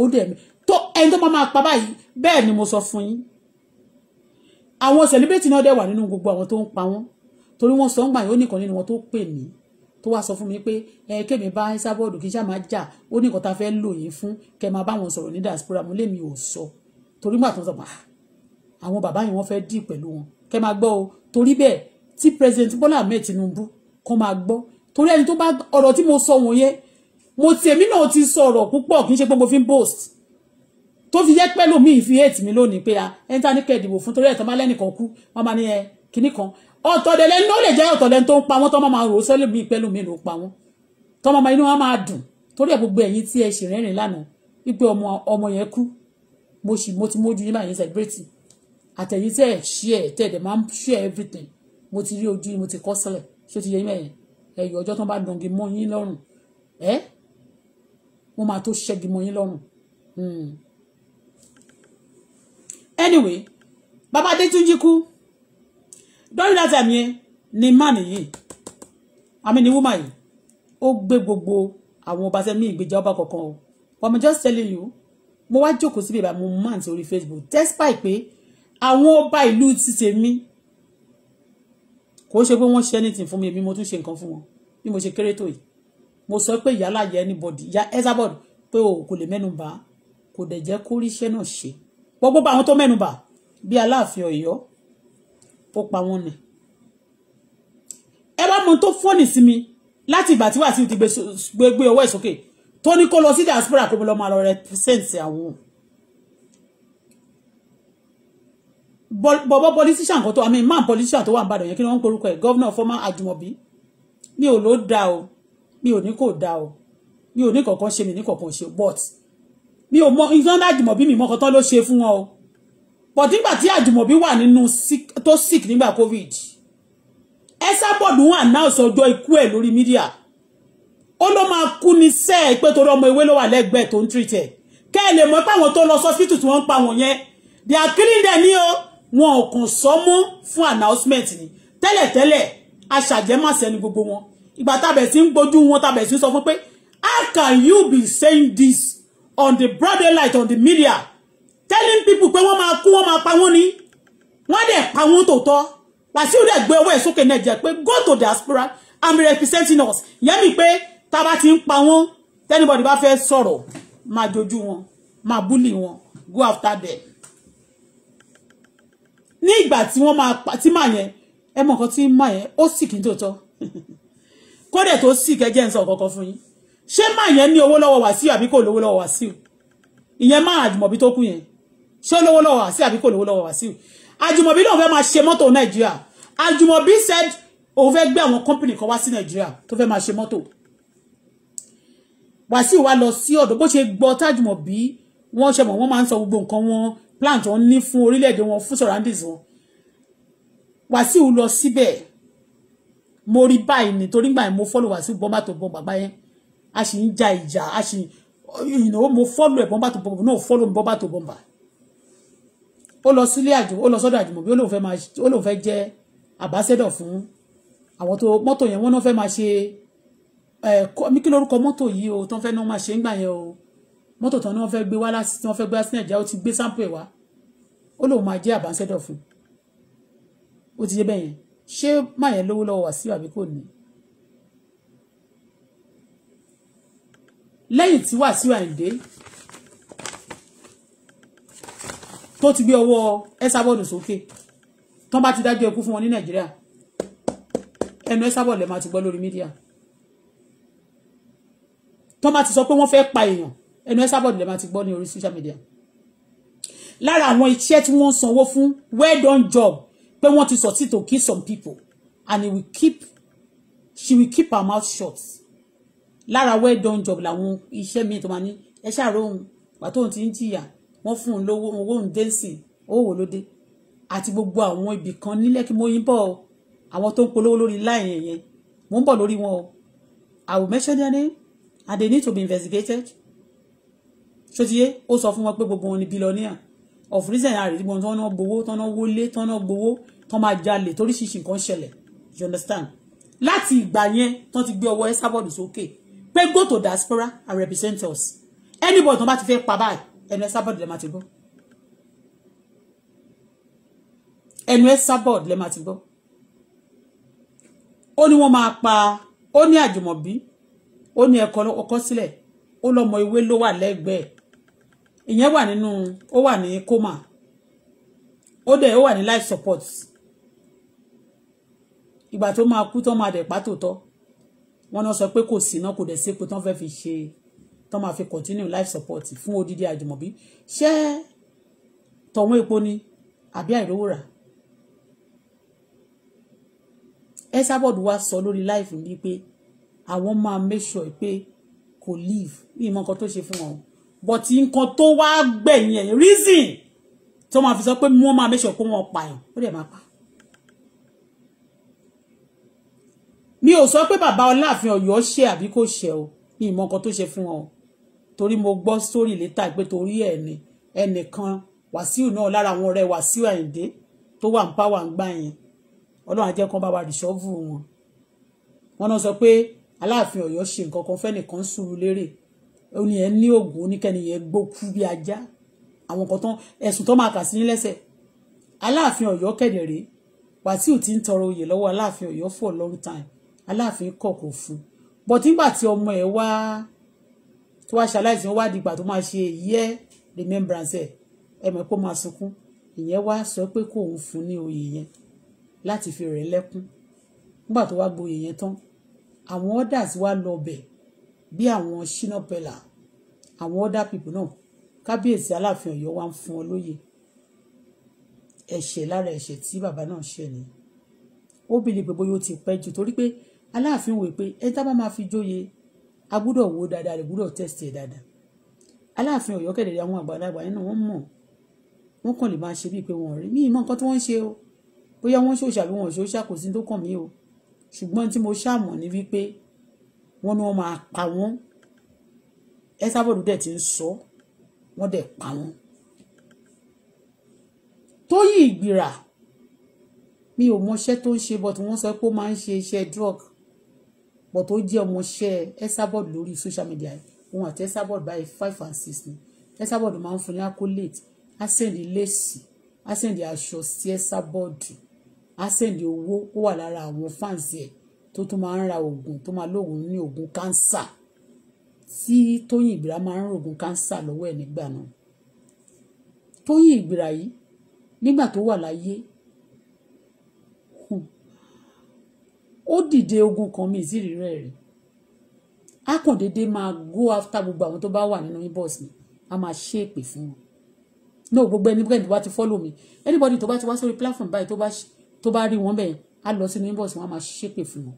ó dẹ̀ tó ẹni tó máa pa báyìí bẹ́ẹ̀ ni mo sọ fún yín àwọn celebrity náà dẹ̀ wà nínú gbogbo àwọn tó ń pa wọn torí wọ́n sọ ń gbà yóò nìkan nínú wọn tó pè mí tó wá sọ fún mi pé ẹ kémi bá Esabod kí n ṣáà máa jà ó ní nǹkan tá a fẹ́ lò yín fún kẹ máa bá wọn sọ̀rọ̀ ní diaspora mo lè mi ò sọ torí mọ́ àtúntò bá àwọn bàbá yìí wọ́n fẹ́ dì pẹ̀lú wọn kẹ máa gbọ́ o torí bẹ́ẹ̀ tí President Bola Ahmed Tinubu kọ́ máa gbọ́ torí ẹni tó bá ọ̀rọ̀ tí mo sọ wọ̀nyẹn mo tèmi náà ti sọ̀rọ̀ púpọ̀ kì í ṣe pé fi ń post tó fi jẹ́ pẹ́ lómi ìfi hate mi lónìí pé ah, a ẹni tá ní kẹ́ ìdìbò fún torí ẹ̀ tán bá lẹ́nìkan kú wọ́n máa ní ẹ kinní kan ọ̀tọ̀dẹ̀lẹ́ ló lè jẹ́ ọ̀tọ̀dẹ̀ tó ń pa wọ́n tọ́ máa rò ó sọ́lé bíi pẹ́lú mi ló pa wọ́n tọ́ máa inú wọn máa dùn torí ẹ̀ gbogbo ẹ̀yin tí ẹ ṣì rẹ́rìn lánàá wípé ọmọ ọmọ yẹn kú mo sì mo ti mójú yín báyìí celebrate àtẹ̀yìn tẹ́ ẹ̀ share tẹ́ ẹ̀ dẹ̀ máa ń share everything mo ti rí ojú yín mo ti kọ́ sílẹ̀ ṣé ti yẹ yín mẹ́yìn ẹ̀yọ̀ ọjọ́ tó bá dọ̀ngi mọ́ yín lọ́rùn ẹ́ wọ́n máa tó ṣẹ́gi mọ́ yín lọ́rùn. Hmm. anyway bàbá adétúnjì kú during that time yẹn ni man yìí àmì ni woman yìí ó gbé gbogbo àwọn ọba sẹ́mi ìgbèjà ọba kankan o but i'm just telling you mo wá jókòó síbi ìbá mo man ti orí Facebook despite pé àwọn ọba ìlú ti tèmi kò ṣe pé wọ́n ṣe anything fún mi èmi mo tún ṣe nǹkan fún wọn bí mo ṣe kéré tó yìí mo sọ pé ìyá láyé anybody ìyá ezabod pé o kò lè mẹ́nu bà kò dẹ̀ jẹ́ kó ríṣẹ́ náà ṣe gbogbo àwọn tó mẹ́nu bà bí aláàfin ọ̀yọ́ ó pa wọ́n ni ẹ wá mọ tó fọ́nì sí mi láti ìgbà tí wàá sí ti gbé owó ẹ̀ sókè tó ní kó lọ sí diaspora kó lọ máa lọ represent àwọn bọ̀bọ̀ politician kan tó àmì man politician tó wà nìbàdàn yẹn kí ni wọ́n ń porúkọ ẹ̀ gọ́vnà former Àjùmọ̀bí mi ò ló da o mi ò ní kò da o mi ò ní kọ̀ọ̀kan ṣe mi ní kọ̀ọ̀kan ṣe but mi ò mọ ìjọba Àjùmọ̀bí mi mọ́kàn tán ló ṣe fún wọn o but nígbà tí àjùmọ̀bí wà nínú tó sick nígbà covid Esabod ń announce ọjọ́ ikú ẹ̀ lórí mídíà ó ló máa kú ní sẹ́ẹ̀ pé torí ọmọ ewé ló wà lẹ́gbẹ̀ẹ́ tó ń treat ẹ̀ kẹ́ ẹ lè mọ̀ pé àwọn tó lọ hospital tí wọ́n ń pa wọ̀n yẹn they are killing them ní o wọn ò kàn sọ mọ́ fún announcement ni tẹ́lẹ̀tẹ́lẹ̀ aṣàjẹmọ́sẹ̀ ni gbogbo wọn ìgbà tàbẹ̀ sí ń gbójú wọn tàbẹ̀ sí sọ fún pé how can you be saying this on the broad light on the media telling people pé wọ́n máa kú wọ́n máa pa wọ́n ni wọ́n dẹ̀ pa wọ́n tòótọ́ Wàsíù dẹ̀ gbé ọwọ́ ẹ̀ sókè náà jẹ́ pé go to diaspora I'm representing us ìyẹn mi pé tá a bá ti ń pa wọ́n tẹ́nibọ̀dì bá fẹ́ sọ̀rọ̀ máa jojú wọn máa búlì wọn go after them. ní ìgbà tí wọ́n máa pa tí màá yẹn ẹ mọ̀ nǹkan tí màá yẹn ó sì kí n tòótọ́ kódẹ̀ tó sì kẹjẹ́ ń sọ kọ̀ọ̀kan fún yín ṣé màá yẹn ní si. lọ́wọ́ Wàsíù àbí kò lówó lọ́wọ́ Wàsíù ìyẹn máa àjùmọ̀bí tó kù yẹn ṣé ó lówó lọ́wọ́ Wasiu àbí kò lówó lọ́wọ́ Wasiu Àjùmọ̀bí lòun fẹ́ máa ṣe mọ́tò Nàìjíríà Àjùmọ̀bí said òun fẹ́ gbé àwọn company kan wá sí Nàìjíríà tó fẹ́ máa ṣe mọ́tò Wasiu wá lọ sí ọ̀dọ̀ bó ṣe gbọ́ tÀjùmọ̀bí wọ́n ṣe mọ̀ wọ́n máa ń sọ gbogbo nǹkan wọn plan tó ń ní fún orílẹ̀-èdè wọn fún surroundings wọn Wasiu lọ síbẹ̀ mo rí báyìí nítorí gbà mo follow Wasiu bọ́mbà tó bọ́ bàbá yẹn a sì ń ja ìjà a sì you mo follow ẹ̀ bọ́mbà tó bọ́mbà náà follow bọ́mbà tó bọ́mbà ó lọ sílé àjò ó lọ sọ́dọ̀ àjùmọ̀bí ó lóun fẹ́ máa ó lóun fẹ́ jẹ́ àbáṣẹ́dọ̀ fún àwọn tó mọ́tò yẹn wọ́n náà fẹ́ máa ṣe ẹ̀ kí lórúkọ mọ́tò yìí o tán fẹ́ náà máa ṣe ń gbà yẹn o mọ́tò tán náà fẹ́ gbé wá láti tí wọ́n fẹ́ gbé wá sí nàìjíríà ó ti gbé sáǹpù ẹ̀ wá ó lóun máa jẹ́ àbáṣẹ́dọ̀ fún ó ti yé bẹ́ẹ̀ yẹn ṣé máyẹn lówó lọ́wọ́ wá sí àbí kò ní. lẹ́yìn tí Wàsíù Àyìndé tó ti gbé ọwọ́ ẹsàbọ̀dù sókè tó bá ti dájọ́ ikú fún wọn ní nàìjíríà ẹnu ẹsàbọ̀ lẹ́ẹ̀ máa ti gbọ́ lórí mídíà tó bá ti sọ pé wọ́n fẹ́ pa èèyàn ẹnu ẹsàbọ̀dù lẹ́ẹ̀ máa ti gbọ́ ní orí social media lára àwọn iṣẹ́ tí wọ́n sanwó fún well done job pé wọ́n ti sọ̀tì to kill some people and he will keep she will keep her mouth shut lára well done job làwọn iṣẹ́ míì tó máa ní ẹ ṣàrò òun pàtó òun ti ń jìyà wọ́n fún un lówó owó ń dé sí owó ló dé àti gbogbo àwọn ibì kan nílẹ̀ kí mo yín bọ̀ ọ́ àwọn tó ń polówó lórí line yẹn mo ń bọ̀ lórí wọn o I will mention their name and they need to be investigated ṣòtíyé ó sọ fún wọn pé gbogbo wọn ni billionaire of reason àrètí wọn tọ́nà gbowó tọ́nà wọlé tọ́nà gbowó tọ́n máa jalè toríṣiríṣi nǹkan ṣẹlẹ̀ you understand láti ìgbà yẹn tọ́n ti gbé ọwọ́ ẹ sábọ̀dù sókè pé go to diaspora and represent us anybody tọ́n bá ti fẹ́ pa báyìí ẹnu ẹ sábọ̀dì lẹ́ẹ̀ máa ti gbọ́ ẹnu ẹ sábọ̀dì lẹ́ẹ̀ máa ti gbọ́ ó ní wọ́n máa pa ó ní àjùmọ̀bí ó ní ẹ̀kọ́ ọkọ sílẹ̀ ó lọ́mọ ewé ló wà lẹ́gbẹ̀ẹ́ ìyẹn wà nínú ó wà ní coma ó dẹ̀ ó wà ní life support ìgbà tó máa kú tán máa dẹ̀ pátòótọ́ wọ́n náà sọ pé kò sí náà kò dẹ̀ sí pé tán fẹ́ fi ṣe tó máa fi continue life support fún odidi àjùmọ̀bí ṣé tọ̀wọ́n epo ni àbí àìrówóra ẹ sábọ̀dù wa sọ lórí life ní pé àwọn máa make sure pé kò leave ní ìmọ̀ nǹkan tó ṣe fún wọn but nǹkan tó wá gbẹ̀yìn ẹ̀yìn reason tó máa fi sọ pé wọ́n máa make sure pé wọ́n pààyàn ó dẹ̀ máa pa. mi ò sọ pé bàbá Ọláàfin Ọ̀yọ́ ṣe àbí kò ṣe o ní ìmọ̀ nǹkan tó ṣe fún wọn o torí mo gbọ́ sórí létà pé torí ẹ̀ ni ẹnìkan wàsíù náà lára àwọn ọ̀rẹ́ wàsíù àyìndé tó wà ń páwà ń gbà yẹn ọlọ́run á jẹ́ kán bá wa rìṣọ́ọ̀fù wọn wọn náà sọ pé aláàfin ọ̀yọ́ ṣe nǹkan kan fẹ́nìkan sùúrù lérè ó ní ẹ ní oògùn oníkẹ́niyẹ gbókú bí ajá àwọn kan tán ẹ̀sùn tó máa kà sí nílẹ́sẹ̀ aláàfin ọ̀yọ́ kẹ̀dẹ̀rẹ́ wàsíù ti ń tọrọ oyè lọ́wọ́ aláàfin ọ̀yọ́ for long time aláàfin kọ̀ kò fún bọ̀tí nígbà tí ọmọ ẹ̀ wá. Wa tó wá ṣaláìsí wọn wá di ìgbà tó máa ṣe year remembrance ẹ̀ ẹ mọ̀ pé ó máa sunkún ìyẹn wá sọ pé kò ń fún ní oyè yẹn láti fi rẹ̀ lẹ́kún nígbà tó wá gboyè yẹn tán àwọn ọ́dàs wá lọ bẹ̀ bí àwọn ṣínà pẹ̀là àwọn ọ́dà pìpù náà kábíyèsí aláàfin ọ̀yọ́ wá ń fún ọ lóyè ẹ̀ṣẹ̀ lára ẹ̀ṣẹ̀ tí bàbá náà ṣẹ̀ ni ó bìlì bóyá ó ti pẹ́ jù torí pé aláàfin wò pé ẹ tá máa fi jóye a gbúdọ̀ wo dáadáa rẹ̀ gbúdọ̀ tẹ̀sí ẹ̀ dáadáa aláàfin ọ̀yọ́ kẹ̀dẹ̀rẹ̀ àwọn àgbàlagbà yẹn náà wọ́n mọ̀ wọ́n kàn lè máa ṣe bíi pé wọ́n rí mí ìmọ̀ nǹkan tí wọ́n ń ṣe o bóyá wọ́n ṣòṣà bí wọ́n ṣòṣà kò sí tó kàn mí o ṣùgbọ́n tí mo ṣàmọ̀ ni wípé wọ́n ní wọ́n máa pa wọ́n ẹ sábọ̀dù dẹ̀ ti ń sọ wọ́n dẹ̀ pa wọ́n Tóyìn Ìgbìrà mi ò mọṣẹ́ tó ń ṣe but wọ́n sọ pé ó máa ń ṣe iṣẹ́ drug but ó jẹ́ ọmọọṣẹ́ Esabod lórí social media òun àti Esabod báyìí five and six ni Esabod máa ń fún ní accolade á sẹ́ndì lẹ́sì á sẹ́ndì aṣọ sí Esabod á sẹ́ndì owó ó wà lára àwọn fans ẹ̀ tó tún máa ń ra oògùn tó máa lóògùn ní oògùn cancer tí Tóyìn Ìgbìrà máa ń rògùn cancer lọ́wọ́ ẹ̀ nígbà náà Tóyìn Ìgbìrà yìí nígbà tó wà láyé ó dìde ogun kan mi ìtì rírẹ́ rẹ̀ á kàn déédéé máa go after gbogbo àwọn tó bá wà nínú inbox mi á máa ṣe èpè e fún wọn no gbogbo anybody tó bá ti follow me. anybody tó bá ti wá sórí platform báyìí tó bá rí wọn bẹ́ẹ̀ á lọ sínú inbox wọn á máa ṣépè e fún wọn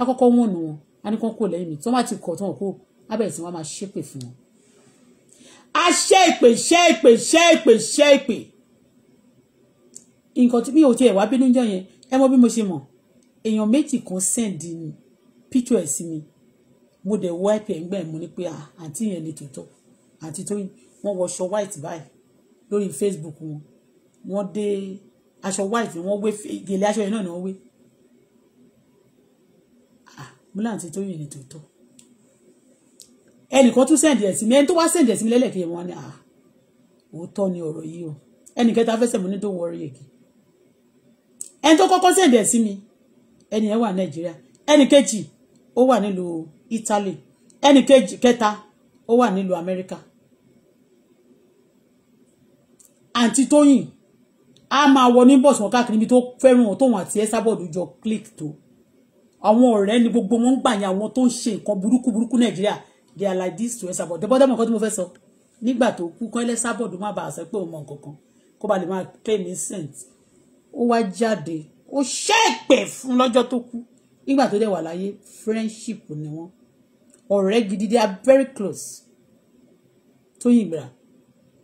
á kọ́kọ́ wọ̀n nù wọn á ní kán kó lẹ́yìn mi tí wọ́n bá ti kọ̀ tí wọ́n kó á bẹ̀rẹ̀ sí wọn á máa ṣépè e fún wọn. a ṣe ìpè ṣe ìpè ṣe ìpè ṣe ìpè nǹkan tí mi ò tiẹ̀ wá bínú jọ yẹn ẹ mọ bí mo ṣe mọ̀ èèyàn méjì kan ni, píkṣọ ẹ̀ sí mi mo dẹ̀ wáìpì ẹ̀ ń gbà mo ní pé ah, àǹtí yẹn ni tòótọ́ àǹtí tó wọ́n wọṣọ white báyìí lórí Facebook wọn wọ́n dé aṣọ white wọ́n wé gèlè aṣọ yẹn náà ni wọ́n wé ah, mo láǹtí tó yẹn ni tòótọ́ ẹnìkan tún sẹ́ǹdì ẹ̀ sí mi ẹni tó wá sẹ́ǹdì ẹ̀ sí mi lẹ́lẹ̀kẹ́ wọn ni ah, òótọ́ ni ọ̀rọ̀ yìí o ẹnìkẹta fẹsẹ̀ mo ní tó wọrí èkì ẹni tó kọ́kọ́ sẹ́ǹdì ẹ̀ sí mi ẹni ẹ wà nàìjíríà ẹni kejì ó wà nílùú italy ẹni kejì kẹta ó wà nílùú amẹ́ríkà àǹtí tóyìn a máa wọ ní bọ̀sùn káàkiri níbi tó fẹ́ràn tóun àti ẹ sábọ̀dù jọ click tó àwọn ọ̀rẹ́ ni gbogbo wọn ń gbà yẹn àwọn tó ń ṣe nǹkan burúkú burúkú nàìjíríà they are like this to ẹ sábọ̀dù bọ́dọ̀ mọ̀ nǹkan tí mo fẹ́ sọ nígbà tó kú kọ́ ẹ sábọ̀dù má bàa sọ pé òun mọ̀ nǹkan kan kó ba lè máa claim innocent ó wá jáde ó ṣẹ́ẹ̀pẹ̀ fún lọ́jọ́ tó kú nígbà tó dẹ̀ wà láyé friendship ni wọ́n ọ̀rẹ́ gidi they are very close Tóyìn Ìgbìrà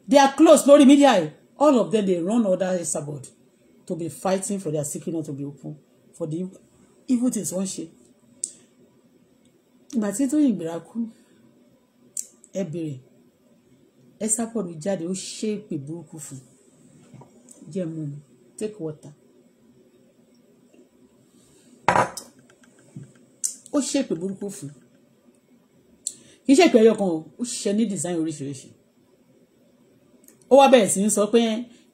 they are close lórí media yìí all of them dey run other sabod to be fighting for their secret not to be open for the evil things wọ́n ṣe ìgbà tí Tóyìn Ìgbìrà kú ẹ bèrè ẹ sápọ̀ mi jáde ó ṣe é burúkú fún jẹ́ mú mi take water ó ṣèpè burúkú fún kì í ṣèpè ẹyọ kan o ó ṣiṣẹ́ ní design oríṣiríṣi ó wá bẹ̀rẹ̀ sí ń sọ pé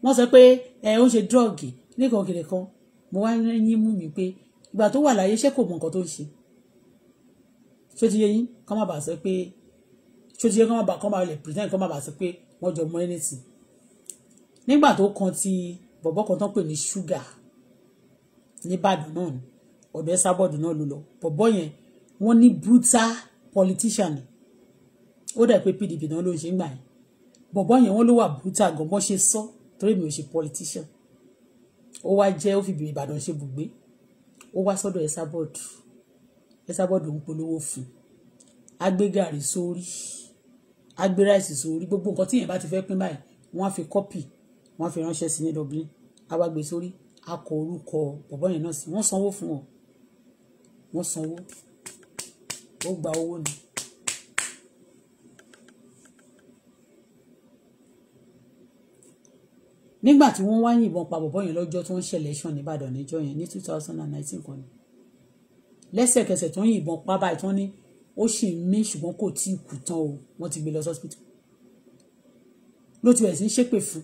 wọ́n sọ pé ẹ ó ń ṣe dírọ́ọ̀gì nìkan òkèlè kan mo wá yín mú mi pé ìgbà tó wà láyé ṣé kò mọ nǹkan tó ń ṣe ṣó ti yé yín kọ́ má bàa sọ pé ṣó kọ́ má bàa kọ́ má lè pretend kọ́ má bàa sọ pé wọ́n jọ mọ anything nígbà tó kan ti bọ̀bọ́ kan tán pè ní ṣúgà níbàdàn náà ni ọ̀dọ̀ ẹ sábọ̀dù náà ló lọ bọ̀bọ̀ yẹn wọ́n ní brutal politician ó dà pé pdp náà ló ń ṣe ń gbà yẹn bọ̀bọ̀ yẹn wọ́n ló wà brutal gan ṣe sọ torí mi ò ṣe politician ó wá jẹ́ ó fi bèrè ìbàdàn ṣe bùgbé ó wá sọ́dọ̀ ẹ sábọ̀dù ẹ sábọ̀dù ń polówó fún agbé gàrí sórí agbé ráìsì sórí gbogbo nǹkan tí bá ti fẹ́ pín báyìí wọ́n á fi kọ́pì wọ́n á fi ránṣẹ́ sí ní dublin á wá gbé sórí akọ orúkọ bọ̀bọ̀ yẹn náà sí wọ́n sanwó fún ọ wọ́n sanwó ó gba owó ni. nígbà tí wọ́n wá yìnbọn pa bọ̀bọ́ yẹn lọ́jọ́ tó ń ṣẹlẹ̀ ṣàn nìbàdàn níjọ́ yẹn ní two thousand and nineteen kan ni lẹ́sẹ̀kẹsẹ̀ tó ń yìnbọn pa báyìí tán ni ó sì ń mí ṣùgbọ́n kò tí ì kú tán o wọ́n ti gbé lọ hospital ló ti bẹ̀rẹ̀ sí ń ṣépè fún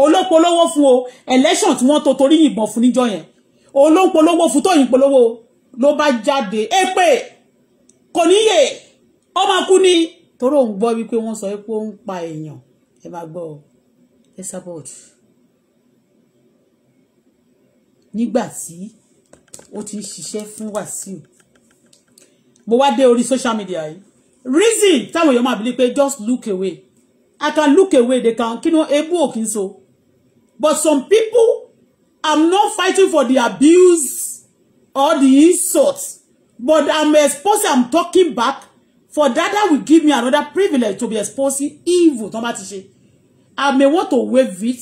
olópolówó fún o election tí wọ́n tó torí yìnbọn fún níjọ́ yẹn olópolówó fún tó yìnbọn polówó o ló bá jáde èpè kò níyè ó máa kú ni torí òun gbọ́ wípé wọ́n sọ pé ó ń pa èèyàn ẹ máa gbọ́ Esabod nígbà tí ó ti ń ṣiṣẹ́ fún Wàsíù mo wá dé orí social media yìí reason táwọn èèyàn máa bí pé just look away I can look away they can kí ni ebú òkín so but some people I'm not fighting for the abuse All the insults. But I'm exposing, I'm talking back. For that, that will give me another privilege to be exposing evil. I may want to wave it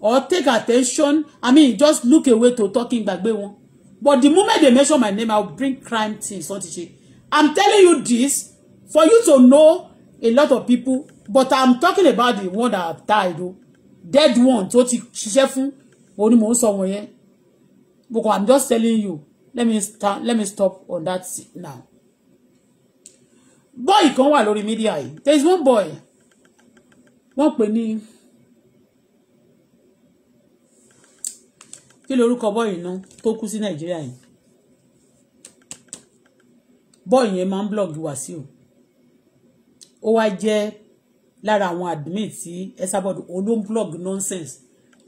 or take attention. I mean, just look away to talking back. But the moment they mention my name, I'll bring crime things. I'm telling you this for you to know a lot of people. But I'm talking about the one that have died. Dead one. Tó ti ṣiṣẹ́ fún. Onímọ̀ sọ wọ̀nyẹn. I'm just telling you let me start let me stop on that now boy kan wà lórí media yìí there is one boy wọ́n pè ní kí lorúkọ boy yìí náà tó kú sí nàìjíríà yìí boy yẹn máa ń blog Wàsíù ó wá jẹ́ lára àwọn admin tí Esabod olóńblog nonsense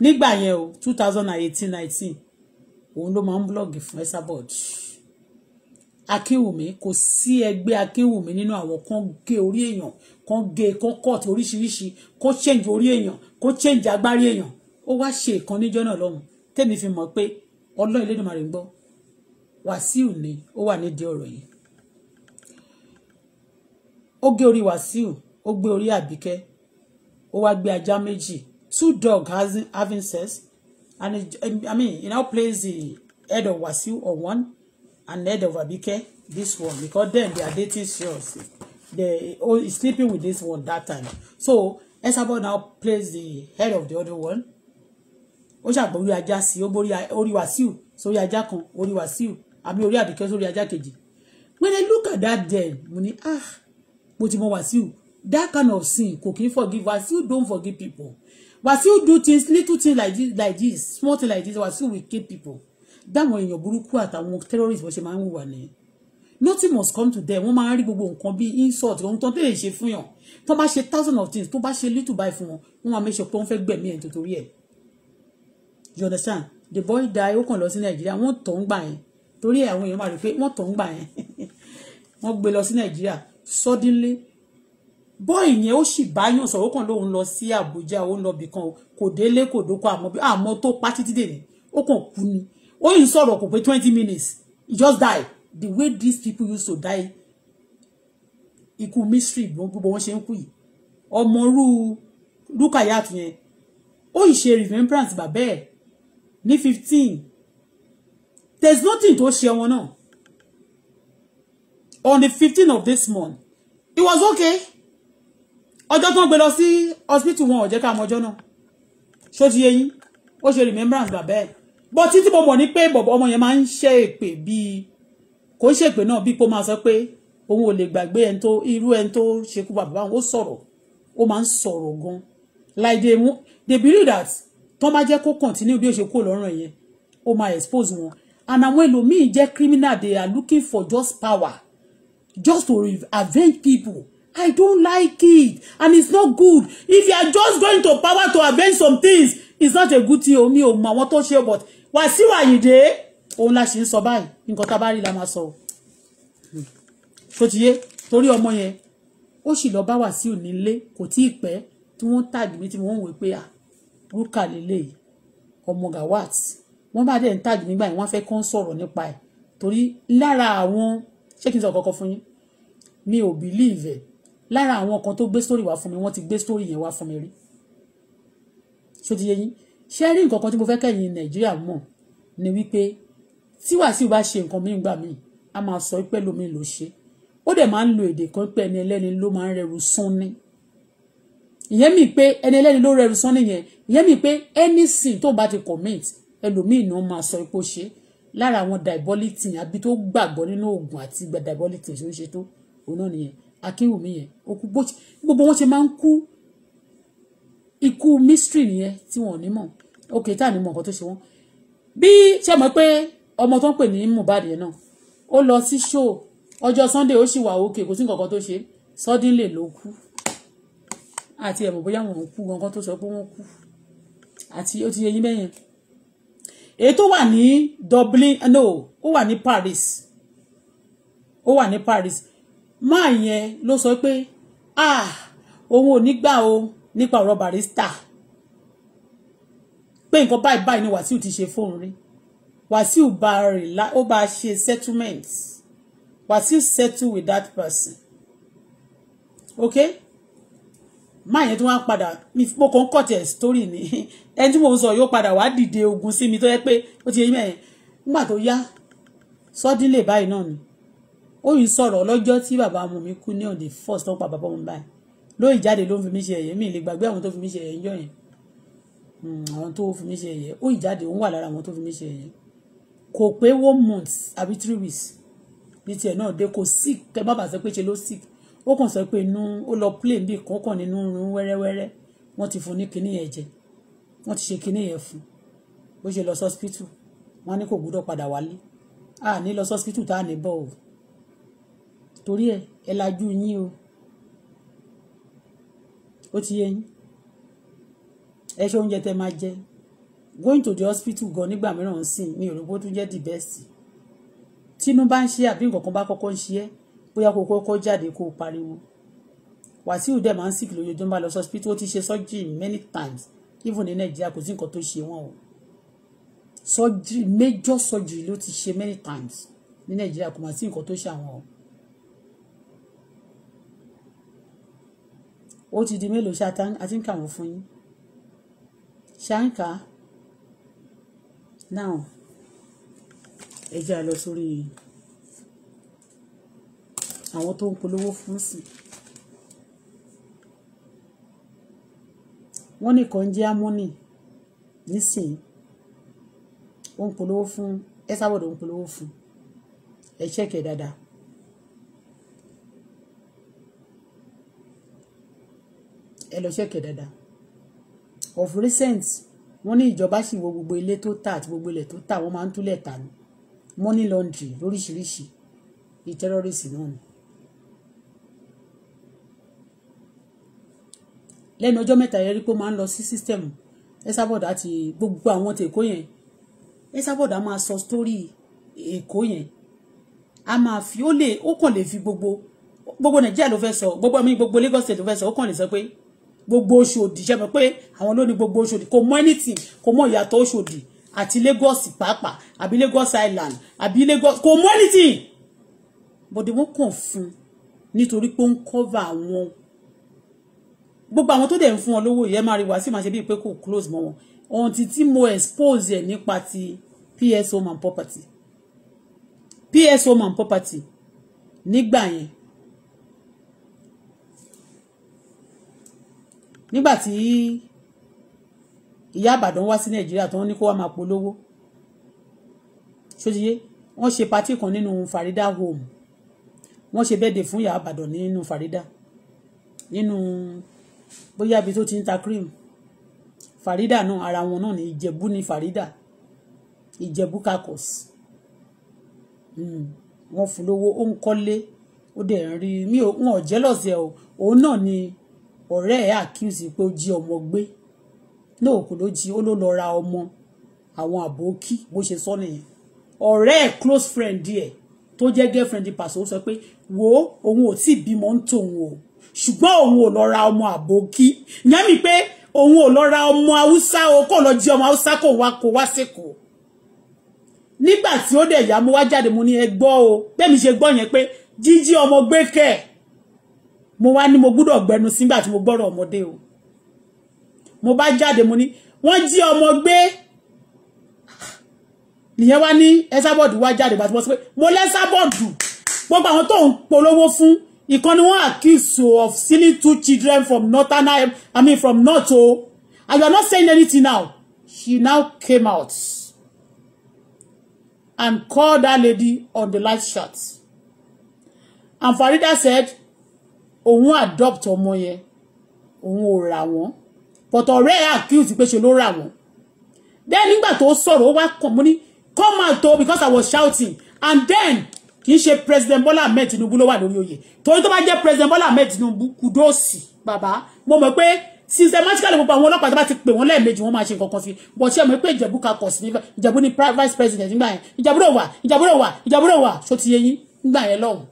nígbà yẹn o two thousand and eighteen nineteen òun ló máa ń blọ́ọ̀gì fún Esabod akínwùmí kò sí ẹgbẹ́ akínwùmí nínú àwọn kan gé orí èèyàn kan gé kan cut oríṣiríṣi kan change orí èèyàn kan change agbárí èèyàn ó wá ṣe ìkan níjọ́ náà lọ́hùn tẹ́mi fi mọ̀ pé ọlọ́ ilé ìdùnmọ̀ rẹ̀ ń gbọ́ wàsíù ni ó wà nídìí ọ̀rọ̀ yìí ó gé orí wàsíù ó gbé orí àbíkẹ́ ó wá gbé ajá méjì two dogs having sex and it, um, I mean he now plays the head of Wasiu on one and head of Abike this one because then they are dating seriously they oh sleeping with this one that time so Esabod now plays the head of the other one ó ṣàgbọ́ orí ajá sí ó borí orí Wasiu sórí ajá kan orí Wasiu àbí orí Abike sórí ajá kejì when I look at that then mo ah mo ti Wasiu that kind of sin kò kí forgive Wasiu Don't forgive people While still do things little things like this like this small things like this Wasiu will kill people that dáwọn èèyàn burúkú àtàwọn terrorists wọ́n ṣe máa ń hùwà nìyẹn nothing must come to them wọ́n máa ń rí gbogbo nǹkan bíi insult ohun tó ń tẹ̀lé ṣe fún yàn tó thousand of things tó bá ṣe little buy fún wọn make your mẹ́sọ̀ pé wọ́n fẹ́ gbẹ̀mí ẹ̀ nítorí you understand the boy die ó kàn lọ sí nàìjíríà wọ́n tọ̀ ń gbà yẹn torí àwọn èèyàn máa tongue by? wọ́n tọ̀ ń gbà yẹn suddenly bọ́ọ̀ì yẹn ó sì báyàn sọ ó kàn lóun lọ sí Àbújá ó ń lọ bìkan kò délé kò dóko àmọ́ àmọ́ tó pa títí dè ní ó kàn kú ni ó yìí sọ̀rọ̀ kò pé twenty minutes he just die the way these people used to die ikú mystery gbogbo wọn ṣe ń kú yìí ọmọ rú Rukayat yẹn ó yìí ṣe remembrance bàbá ẹ̀ ní fifteen There's nothing to ṣe wọn náà on the fifteen of this month it was okay ọjọ́ tó ń gbé lọ sí hospital wọn ò jẹ́ ká mọ ọjọ́ náà ṣó ti yé yín ó ṣe remembrance bàbá ẹ̀ bọ́ títí mo mọ̀ ní pé bọ̀bọ̀ ọmọ yẹn máa ń ṣe èpè bíi kò ń ṣèpè náà bíi kó máa sọ pé òun ò lè gbàgbé ẹni tó irú ẹni tó ṣekú bàbá òun ó sọ̀rọ̀ ó máa ń sọ̀rọ̀ gan like they, they believe that tó máa jẹ́ kó continue bí ó ṣe kú lọ́rùn yẹn ó máa expose wọn and àwọn ẹlòmíì jẹ́ criminal they are looking for just power just to avenge people I don't like it and it's not good if you are just going to power to avenge some things it's not a good thing omi ò mọ àwọn tó ṣe but Wàsíù Àyìndé òun la ṣe ń sọ báyìí nǹkan tá a bá rí la máa sọ o tó ti yé torí ọmọ yẹn ó sì lọ bá Wàsíù nílé kò tí ì pẹ́ tí wọ́n tàgì mí tí wọ́n ń wò pé à ah, rúkà lélẹ́yìí ọmọ Gawat wọ́n bá dẹ̀ ń tàgì nígbà yẹn wọ́n fẹ́ kàn sọ̀rọ̀ nípa ẹ̀ torí lára àwọn ṣé kí n sọ kọ́kọ́ fún yín mi ò bìlíìvẹ̀ lára àwọn kan tó gbé story wá fún mi wọ́n ti gbé story yẹn wá fún mi rí ṣó ti yé yín ṣé rí nǹkan kan tí mo fẹ́ kẹ́yìn nàìjíríà mọ̀ ni wípé tí Wàsíù bá ṣe nǹkan míì gbà míì a máa sọ pé lómi ló ṣe ó dẹ̀ máa ń lo èdè kan pé ẹni ẹlẹ́ni ló máa ń rẹrù sún ní ìyẹn mi pé ẹni ẹlẹ́ni ló rẹrù sún nìyẹn ìyẹn mi pé any sin tó bá ti commit ẹlòmíì náà máa sọ pé ó ṣe lára àwọn diabolitin àbí tó gbàgbọ́ nínú oògùn àti diabolitin tó ń ṣe tó òun náà nìyẹn akínwùmí yẹn òkú gbogbo wọn ṣe máa ń kú ikú mystery nìyẹn tí wọn ò ní mọ̀ òkè tá à ní mọ̀ nǹkan tó ṣe wọn bí ṣe mọ̀ pé ọmọ tó ń pè ní Mohbad yẹn náà ó lọ sí show ọjọ́ Sunday ó sì wà òkè kò sí nǹkan kan tó ṣe suddenly ló kú àti ẹ̀mọ̀ bóyá wọn ò kú gangan tó sọ pé wọ́n kú àti ó ti yẹ yín bẹ́yẹn èyí tó wà ní Dublin no ó wà ní Paris ó wà ní Paris máa yẹn ló sọ pé ah òun ò ní gbà o nípa ọ̀rọ̀ barista. pé nǹkan báyìí báyìí ni Wàsíù ti ṣe fóun rí Wàsíù bá rìn lá ó bá ṣe settlement Wàsíù settle with that person ok máa yẹn tó wá padà mo kàn ń kọ̀tẹ̀ story ni ẹni tí mo ń sọ yóò padà wá dìde ogun sí mi tó yẹ pé ó ti yẹ mẹ́rin nígbà tó yá sọ́dínlẹ̀ báyìí náà ni ó yìí sọ̀rọ̀ lọ́jọ́ tí bàbá ọmọ mi kú ní on the first tó pa bàbá ọmọ mi báyìí lóyìn jáde ló ń fi mí ṣe ẹ̀yẹ mi lè gbàgbé àwọn tó fi mí ṣe ẹ̀yẹ yọ̀ yẹn hmm, àwọn tó fi mí ṣe ẹ̀yẹ ó yìí jáde òun wà lára àwọn tó fi mí ṣe ẹ̀yẹ kò pé one month àbí three weeks ní tiẹ̀ náà dé kò sick kẹ bàbá sọ pé ṣe ló sick ó kàn sọ pé inú ó lọ plane bíi kọ́kàn nínú rún wẹ́rẹ́wẹ́rẹ́ wọ́n ti fún ní kinní yẹn jẹ wọ́n ti ṣe kinní yẹn fún bó ṣe lọ sọ́spítù wọ́n á ní kò gbúdọ̀ padà wálé à ní lọ sọ́spítù tá à ní bọ̀ o torí ẹ̀ ẹ lajú yín o ó ti yé yín ẹ ṣe oúnjẹ tẹ máa jẹ going to the hospital gan nígbà mìíràn sìn mi ò rò pé ó tún jẹ́ the best tínú bá ń ṣe àbí nǹkan kan bá kọ́kọ́ ń ṣe ẹ́ bóyá kó kọ́kọ́ jáde kó o pariwo wàsíù dẹ̀ máa ń sìkì lójoojúmọ́ bá lọ sí hospital ó ti ṣe surgery many times even ní nàìjíríà kò sí nǹkan tó ṣe wọ́n o surgery major surgery ló ti ṣe many times ní nàìjíríà kò mà sí nǹkan tó ṣe àwọn o ó ti di mélòó ṣe àti ń kà wọ́n fún yín ṣáǹkà now ẹ jẹ́ a lọ sórí àwọn tó ń polówó fún sí wọ́n nìkan jẹ́ amúnì nísìnyí ó ń polówó fún ẹ sábọ̀dọ̀ ń polówó fún ẹ ṣẹ́kẹ̀ dáadáa. ẹ lọ of recent wọ́n ní ìjọba sì wo gbogbo ilé tó tà àti gbogbo ilẹ̀ tó tà wọ́n máa ń túlẹ̀ tà ní money laundry lóríṣiríṣi ìtẹ́rọ́rìsì náà ni. lẹ́nu ọjọ́ mẹ́ta yẹn rí pé ó máa ń lọ sí system ẹ́sàbọ̀dà ti gbogbo àwọn tèkó yẹn ẹ́sàbọ̀dà máa sọ story èkó yẹn a máa fi ó lè ó kàn lè fi gbogbo gbogbo nàìjíríà ló fẹ́ sọ gbogbo àmì gbogbo Lagos state ló fẹ́ sọ ó kàn lè sọ pé gbogbo Oṣòdì ṣe mọ̀ pé àwọn ló ní gbogbo Oṣòdì kò mọ anything kò mọ ìyàtọ̀ Oṣòdì àti Lagos pàápàá àbí Lagos Island àbí Lagos kò mọ anything bọ̀dé wọ́n kàn fún nítorí pé ó ń cover àwọn gbogbo àwọn tó dẹ̀ ń fún wọn lówó ìyẹn máa rí wá sí máa ṣe bíi pé kò close mọ́ wọn ohun ti tí mo expose ẹ̀ nípa ti PSO man property PSO man property nígbà yẹn nígbà tí ìyá àbàdàn wá sí nàìjíríà tó ń ní kó wá máa polówó ṣótiyé wọ́n ṣe patí kan nínú farida home wọ́n ṣe bẹ́ẹ̀dẹ̀ fún ìyá àbàdàn nínú farida nínú bóyá ibi tó ti ń ta cream farida náà ara wọn náà ní ìjẹ̀bú ní farida ìjẹ̀bú kakos hmm, wọ́n fún lówó ó ń kọ́lé ó dẹ̀ ń rí mi ò ń ọ̀ jẹ́lọ̀sì ẹ̀ o òun náà ni ọ̀rẹ́ ẹ̀ accuse pé ó jí ọmọ gbé lóòkù ló jí ó ló lọ ra ọmọ àwọn àbókí bó ṣe sọ nìyẹn ọ̀rẹ́ ẹ̀ close friend ẹ̀ tó jẹ́ girlfriend pàṣẹ ó sọ pé wo òun ò tí ì bímọ ń tòun o ṣùgbọ́n òun ò lọ ra ọmọ àbókí ìyẹn mi pé òun ò lọ ra ọmọ haúsá o kò lọ jí ọmọ haúsá kò wá kó wá sẹ́kọ̀ọ́ nígbà tí ó dẹ̀ yá mo wá jáde mo ní ẹ gbọ́ o bẹ́ẹ̀ mi ṣe gbọ́ yẹn pé jíjí ọmọ gbé kẹ́ẹ̀ mo wá ní mo gbọ́dọ̀ gbẹnu sígbà tí mo gbọ́rọ̀ ọmọdé o mo bá jáde mo ní wọ́n jí ọmọ gbé nìyẹn wá ní ẹsábọọdù wá jáde bàtí mo sọ pé mo lẹsábọọdù gbogbo àwọn tó ń polówó fún ìkan ni wọ́n accuse of stealing two children from northern i mean from north o and you are not saying anything now she now came out and called that lady on the live chat and Farida said òun adopt ọmọ yẹn òun ò rà wọ́n but ọ̀rẹ́ ẹ̀ accuse pé ṣe ló rà wọ́n then nígbà tó sọ̀rọ̀ ó wá kàn mú ní come out o because I was shouting and then kì í ṣe president Bola Ahmed Tinubu ló wà lórí oyè torí tó bá jẹ́ president Bola Ahmed Tinubu kùdóòsì baba. mo mọ̀ pé systematically gbogbo àwọn ọlọ́pàá tó bá ti pè wọ́n lẹ́ẹ̀mejì wọ́n máa ṣe nǹkan kan sí but ṣé ọmọ pé ìjẹ̀bú ka kọ̀ sí ní ìjẹ̀bú ni vice president nígbà yẹn ìjẹ̀bú rẹ̀ wà ìjẹ̀bú rẹ̀ wà ìjẹ̀bú rẹ̀ wà ṣó ti yẹ yín nígbà yẹn lọ́hùn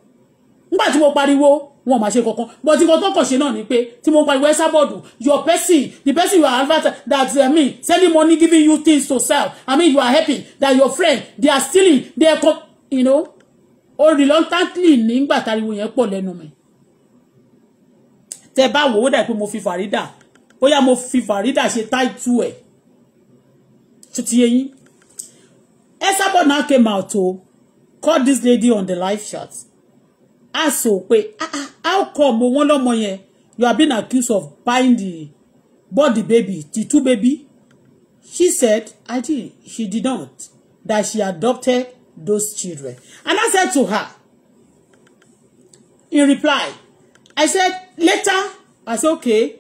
nígbà tí mo pariwo wọn máa ṣe kankan but nǹkan tó kàn ṣe náà ni pé tí mo pariwo Esabod your person the person you are advert that uh, mean sending money giving you things to sell i mean you are helping that your friend they are stealing they are you know o reluctantly nígbà tariwo yẹn pọ̀ lẹ́nu mi tẹ bá wò ó dà pé mo fi fàrídà bóyá mo fi fàrídà ṣe táìtù ẹ̀ tó ti yẹ yín Esabod now came out to call this lady on the live chat ask o ah, ah, how come o wọ́n lọ́mọ you have been accused of buying the bought the baby the two baby she said i did she did not that she adopted those children and i said to her in reply i said later i said okay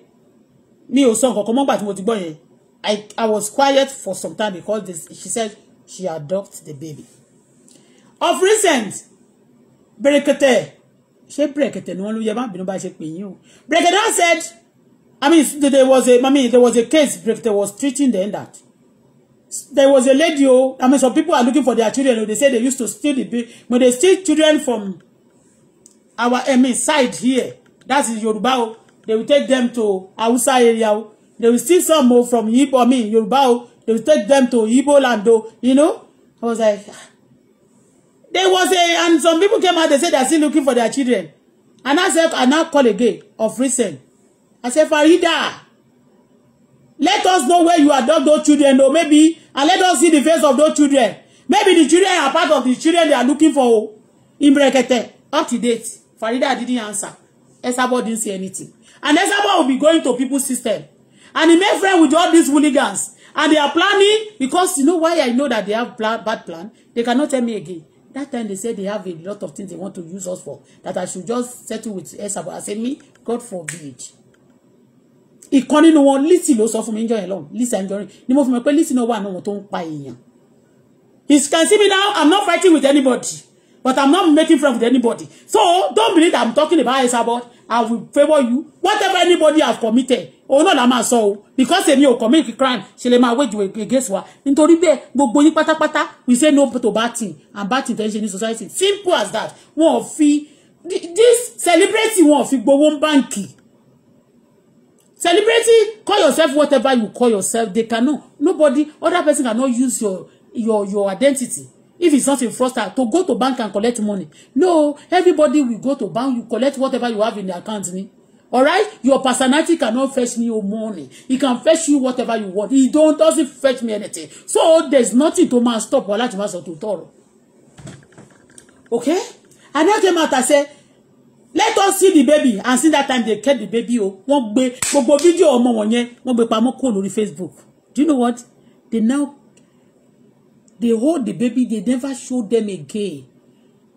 Me ò sọ nǹkankan mọ́gbà tí mo ti gbọ́ yẹn i i was quiet for some time because this, she said she adopted the baby of recent berekete ṣé brèkètè No wọ́n ló yẹ má bínú bá ṣe pè yín o brèkètè said i mean there was a i mean there was a case brèkètè was treating them that there was a lady o oh, i mean some people are looking for their children oh, they say they used to steal the when they steal children from our i side here that is Yoruba o oh. they will take them to Hausa area o they will steal some o from Igbo i mean Yoruba o they will take them to Igbo land o you know i was like. Ah. There was a, and some people came out, they said they are still looking for their children. And I said, I now call again of recent. I said, Farida, let us know where you adopt those children, or maybe, and let us see the face of those children. Maybe the children are part of the children they are looking for oh. in Brekete. Up to date, Farida didn't answer. Esabod didn't say anything. And Esabod will be going to people's system. And he made friends with all these hooligans. And they are planning, because you know why I know that they have plan, bad plan? They cannot tell me again that time they said they have a lot of things they want to use us for that I should just settle with Esabod I say me God forbid ìkan nínú wọn Lizzy ló sọ fún mi níjọ́ yẹn lọ́hùn Lizzy Anjorin ni mo fi mọ̀ pé Lizzy no wà náà wọn tó ń pa èèyàn can see me now I'm not fighting with anybody But I'm not making friends with anybody. So don't believe I'm talking about Esabod. I will favor you. Whatever anybody has committed. Oh no, I'm ma sọ. Because èmi ò commit crime. Ṣé lè máa wage against wa. Nítorí bẹ́ẹ̀ gbogbo pata pata. We say no to bad thing. And bad intention in society. Simple as that. One ò fi this celebrity one ò fi one banky. Celebrity, call yourself whatever you call yourself. They cannot. Nobody, other person cannot use your your your identity if it's not in fraudster to go to bank and collect money no everybody will go to bank you collect whatever you have in the account ni right, your personality cannot fetch me your money e can fetch you whatever you want e don doesn't fetch me anything so there's nothing to man stop wàhálà tí ma sọ tòótọ́ ọ̀rọ̀ okay and then came out and say let us see the baby and since that time they kept the baby Oh, one gbé gbogbo video ọmọ wọn yẹn wọ́n gbé pamọ́ kúrò lórí Facebook do you know what they now they hold the baby they never show them again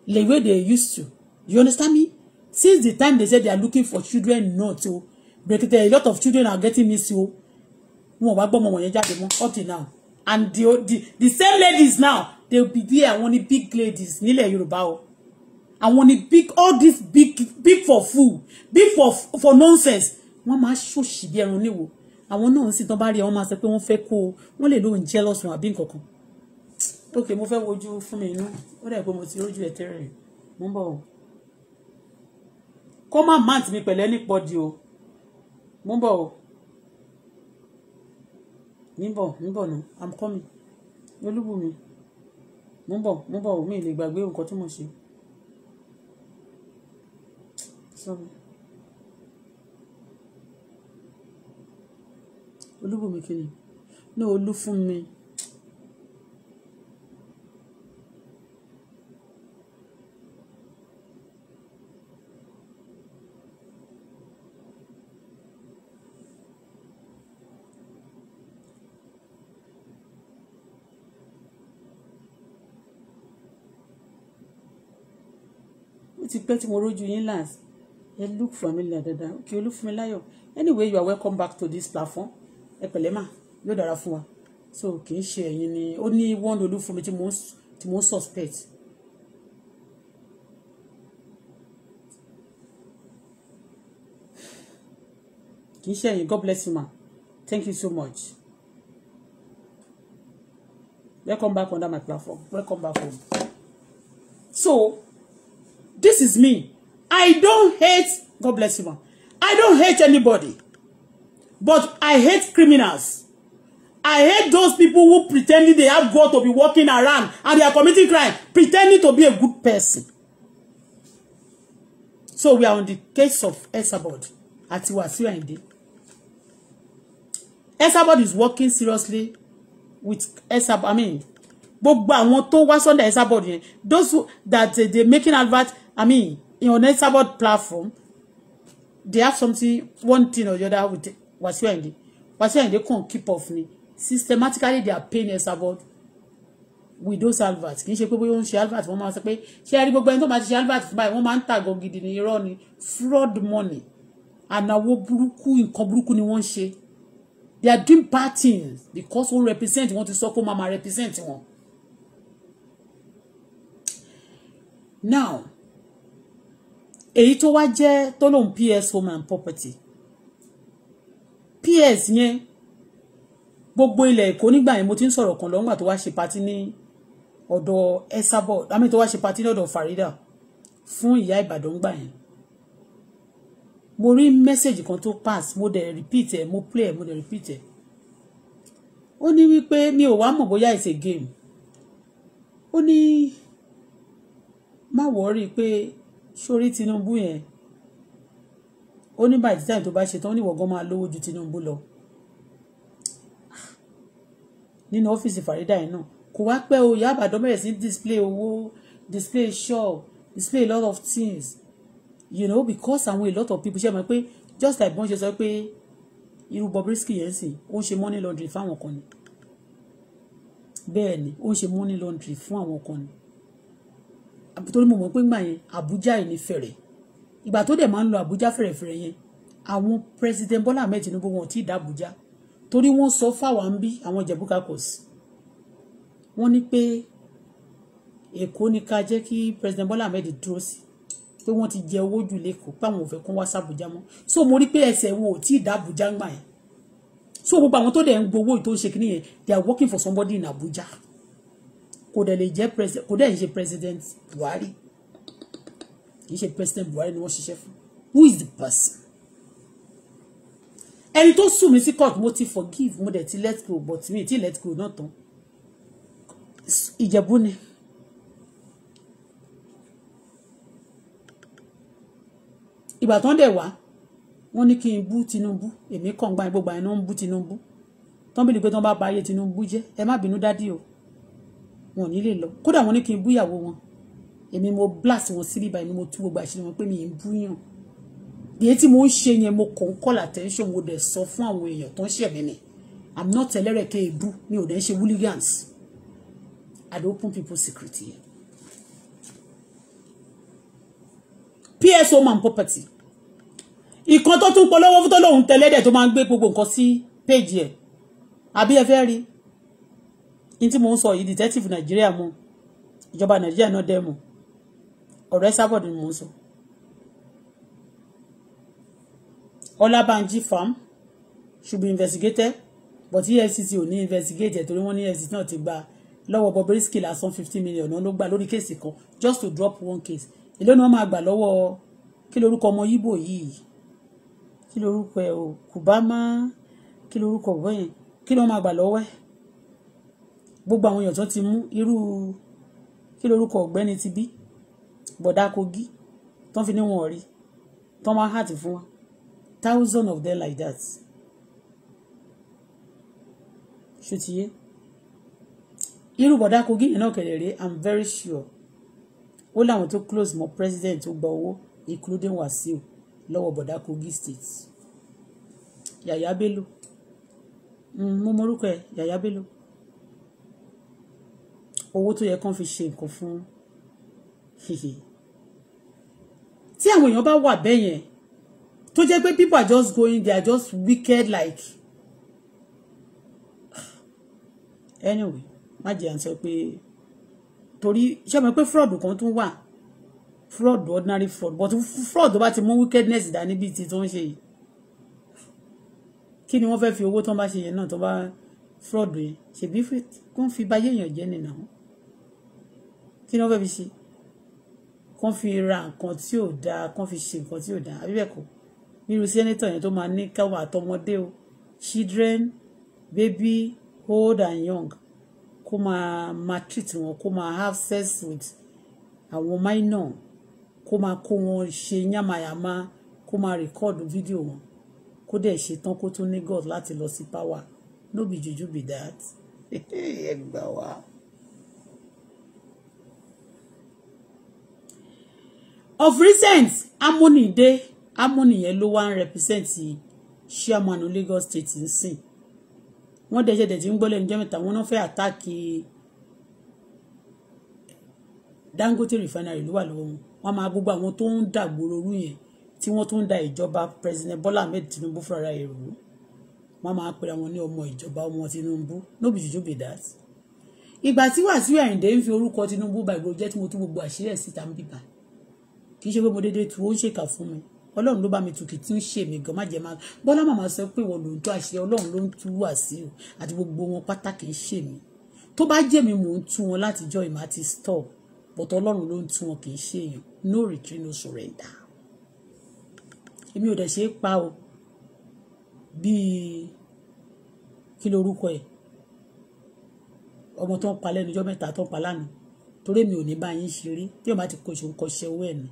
like the way they used to you understand me since the time they said they are looking for children not o oh. but a lot of children are getting missed o oh. wọn ò bá gbọ́ ọmọ wọ̀nyẹn jáde mọ́ up till now and the, the, the same ladies now they be there want ni big ladies nílẹ̀ Yorùbá o oh. àwọn big all this big big for food, big for for nonsense wọ́n máa ṣòṣì bí ẹran níwò àwọn náà sì tán bá rí ẹ wọ́n máa sọ pé wọ́n fẹ́ kó jealous wọn àbí nǹkan kan ok mo fẹ́ wojú fún mi inú ó dẹ̀ pé mo ti rójú ẹ̀ tẹ́rẹ̀ mo ń bọ̀ o kó má mount mi pẹ̀lẹ́ ní pọ́dì o mo ń bọ̀ o níbọ̀ níbọ̀ nù i'm coming olúbu mi mo ń bọ̀ mo ń bọ̀ o mi ì lè gbàgbé nǹkan tí mo ṣe sorry mi kí ni olú fún mi. No, ti pẹ́ tí mo rójú yín last ẹ look familiar dáadáa kí Olúfúnmiláyọ̀ anyway you are welcome back to this platform ẹ pẹ̀lẹ́ mà yóò dára fún wa so kì í ṣe ẹ̀yin ni ó ní one Olúfúnmi tí mo ń suspect kì í ṣe ẹ̀yin God bless you ma thank you so much welcome back under my platform welcome back home so this is me I don't hate God bless you ma I don't hate anybody but I hate criminals I hate those people who pretending they have God to be walking around and they are committing crime pretending to be a good person so we are on the case of Esabod àti Wasiu Ayinde Esabod is working seriously with Esabod I mean gbogbo àwọn tó wá Sunday Esabod those who, that uh, they making advert I mean, in on Sabot platform, they have something, one thing or the other with What's your What's your Wasiu They can't keep off me. Systematically, they are paying El Sabot with those adverts. Kì í ṣe pé bóyá ó ń ṣe advert, wọ́n máa sọ pé ṣé ẹ rí gbogbo ẹni tó máa ti ṣe advert fún gidi ní ni fraud money. and Ànáwó burúkú, nǹkan burúkú ni wọ́n ń ṣe. They are doing bad things because who represent wọ́n ti sọ mama wọ́n máa represent wọn. Now, èyí tó wá jẹ́ tọ́lọ́hún PS home and property PS yẹn gbogbo ilẹ̀ èkó nígbà yẹn mo ti ń sọ̀rọ̀ kan lọ́ngbà tó wá ṣe patí ní ọ̀dọ̀ ẹ̀sàbọ̀ àmì tó wá ṣe patí ní ọ̀dọ̀ Farida fún ìyá Ìbàdàn gbà yẹn mo rí mẹ́sẹ̀gì kan tó pass mo dẹ̀ repeat ẹ̀ mo play ẹ̀ mo dẹ̀ repeat ẹ̀ ó ní wípé mi ò wá mọ̀ bóyá it's a game ó ní má wọ́ọ́rì pé sórí Tinubu yẹn ó ní by the time tó bá ṣe tán ó ní ìwọ̀gán máa lówó ju Tinubu lọ nínú ọ́fíìsì Farida yẹn náà kò wá pẹ́ o Ìyá Ìbàdàn bẹ̀rẹ̀ sí display owó display shop display a lot of things you know because àwọn a lot of people ṣe mọ̀ pé just like bọ́n ṣe sọ pé irú Bobrisky yẹn sì ó ń ṣe money laundry fáwọn kan ni bẹ́ẹ̀ ni ó ń ṣe money laundry fún àwọn kan ni torí mo mọ̀ pé ńgbà yẹn Àbújá yìí ni fẹ̀rẹ̀ ìgbà tó dẹ̀ máa ń lọ Àbújá fẹ̀rẹ̀fẹ̀rẹ̀ yẹn àwọn president Bọ́lá Ahmed Tinubu wọn ò tí ì dá Àbújá torí wọ́n sọ fáwọn ń bí àwọn jẹ̀búkà kò sí wọ́n ní pé Èkó ni ká jẹ́ kí president Bọ́lá Ahmed dúró sí pé wọ́n ti jẹ owó jù lẹ́kọ̀ọ́ pé àwọn ò fẹ́ wá sàbújá mọ́ so mo rí pé ẹsẹ̀ wọn ò tí ì dá Àbújá ńgbà yẹn so gbogbo àwọn tó dẹ̀ ń gbowó tó they are working for somebody in Abuja kò dẹ̀ lè jẹ́ president kò dẹ̀ ń ṣe president Buhari kì í ṣe president Buhari ni wọ́n ṣiṣẹ́ fún who is the person ẹni tó sùn mí sí court mo ti forgive mo dẹ̀ ti let go but mi ti let go náà tán ìjẹ̀bú ni. ìgbà tán dẹ̀ wá wọ́n ní kí n bú Tinubu èmi kàn gba gbogbo àyìn náà ń bú Tinubu tán pé tán bá ayé Tinubu jẹ́ ẹ má bínú dádì o wọn ò ní lè lọ kódà wọn ní kí n bú ìyàwó wọn èmi mo blast wọn sí bíbá èmi mo tú gbogbo àṣírí wọn pé mi ń búyàn èyí tí mo ń ṣe yẹn mo kàn ń call attention mo dẹ̀ sọ fún àwọn èèyàn tó ń ṣẹ̀ mí ni i'm not ẹlẹ́rẹ̀kẹ́ èbú mi ò dẹ̀ ń ṣe hooligans i dey open people secret here pso man property ìkan tó tún polówó fún tó lóun tẹ̀lẹ́dẹ̀ tó máa ń gbé gbogbo nǹkan sí péjì ẹ̀ àbí ẹ fẹ́ rí i ní tí mo ń sọ yìí detective nàìjíríà mọ̀ ìjọba nàìjíríà náà dẹ̀ mọ̀ ọ̀rẹ́ sábọ̀dù ni mo ń sọ. ọlábànjí farm should be investigated but efcc ò ní investigate ẹ̀ torí wọ́n ní efcc náà ti gba lọ́wọ́ Bobrisky lásán fifty million náà ló gbà lórí kéèsì kan just to drop one case èló ni wọ́n máa gbà lọ́wọ́ kí lorúkọ ọmọ yíbò yìí kí lorúkọ ẹ̀ o kùbámá kí lorúkọ ọ̀bọ̀n yẹn kí ló máa gbà lọ́wọ́ ẹ̀ gbogbo àwọn èèyàn tó ti mú irú kí lorúkọ ọ̀gbẹ́ni ti bí bọ̀dá Kogi tó fi níwọ̀n rí tó máa hàtì fún wa thousand of them like that ṣùtìyẹ irú bọ̀dá Kogi yẹn náà kẹ̀lẹ̀ rèé i'm very sure ó láwọn tó close mọ́ president tó gba owó including Wasiu lọ́wọ́ bọ̀dá Kogi state Yàyà Bello hmm, mo mọ orúkọ ẹ̀ Yàyà Bello owó tó yẹ kán fi ṣe nǹkan fún tí àwọn èèyàn bá wà bẹ́ẹ̀ yẹn tó jẹ́ pé people are just going they are just wicked like anyway má jẹ́ à ń sọ pé torí ṣé mo pé fraud kan tún wà fraud ordinary fraud but fraud bá ti mú wickedness dání bíi ti tó ń ṣe yìí kí ni wọ́n fẹ́ fi owó tó ń bá ṣe yẹn náà tó bá fraud yẹn ṣèbí kó ń fi báyé èèyàn jẹ́ nìyàwó kí ni wọ́n fẹ́ fi ṣe kán fi ra nǹkan tí ò dáa kán fi ṣe nǹkan tí ò dáa àbí bẹ́ẹ̀ kọ́ nírú sẹ́nẹ́tọ̀ yẹn tó máa ní káwọn àtọmọdé o children baby old and young kó máa máa treat wọn kó máa have sex with àwọn minor kó máa kó wọn ṣe yàmàyàmá kó máa rìkọ́ọ̀dù fídíò wọn kó dẹ̀ ṣe tán kó tún ní god láti lọ sí power no be juju be that ẹ gbà wá. of recent Harmony dé Harmony yẹn ló wá ń represent chairman Lagos state ń sìn wọ́n dẹ̀ ṣẹ̀dẹ̀ tí ń gbọ́ lẹ́nu jẹ́ mẹ́ta wọ́n náà fẹ́ àtàkì Dangote refinery ló wà lọ́wọ́ wọn wọ́n máa gbogbo àwọn tó ń dàgbòrò orú yẹn tí wọ́n tó ń da ìjọba president Bola Ahmed Tinubu fúnra ẹ̀ rò wọ́n máa pera wọn ní ọmọ ìjọba ọmọ Tinubu no be juju be that ìgbà tí Wàsíù Àyìndé ń fi orúkọ Tinubu bá ìgbòjẹ́ tí mo tú gbogbo àṣírí ẹ̀ síta ń bìbà kì í ṣe pé mo déédéé tu ó ń ṣèkà fún mi ọlọ́run ló bá mi tukì tí ń ṣe mí gan má jẹ má bọ́lá màmá sọ pé ìwọ ló ń tó àṣẹ ọlọ́run ló ń tú wà sí o àti gbogbo wọn pátá kì í ṣe mí tó bá jẹ́ mi mò ń tú wọn látijọ́ ìmá ti stop but ọlọ́run ló ń tú wọn kì í ṣe èèyàn no retreat no surrender èmi ò dẹ̀ ṣe é pa o bíi kí lorúkọ ẹ̀ ọmọ tó ń pa lẹ́nu ọjọ́ mẹ́ta tó ń pa lánàá torí mi ò ní bá yín ṣeré tí yóò bá ti kọṣẹ́ ń kọṣẹ́ owó ẹ̀ nù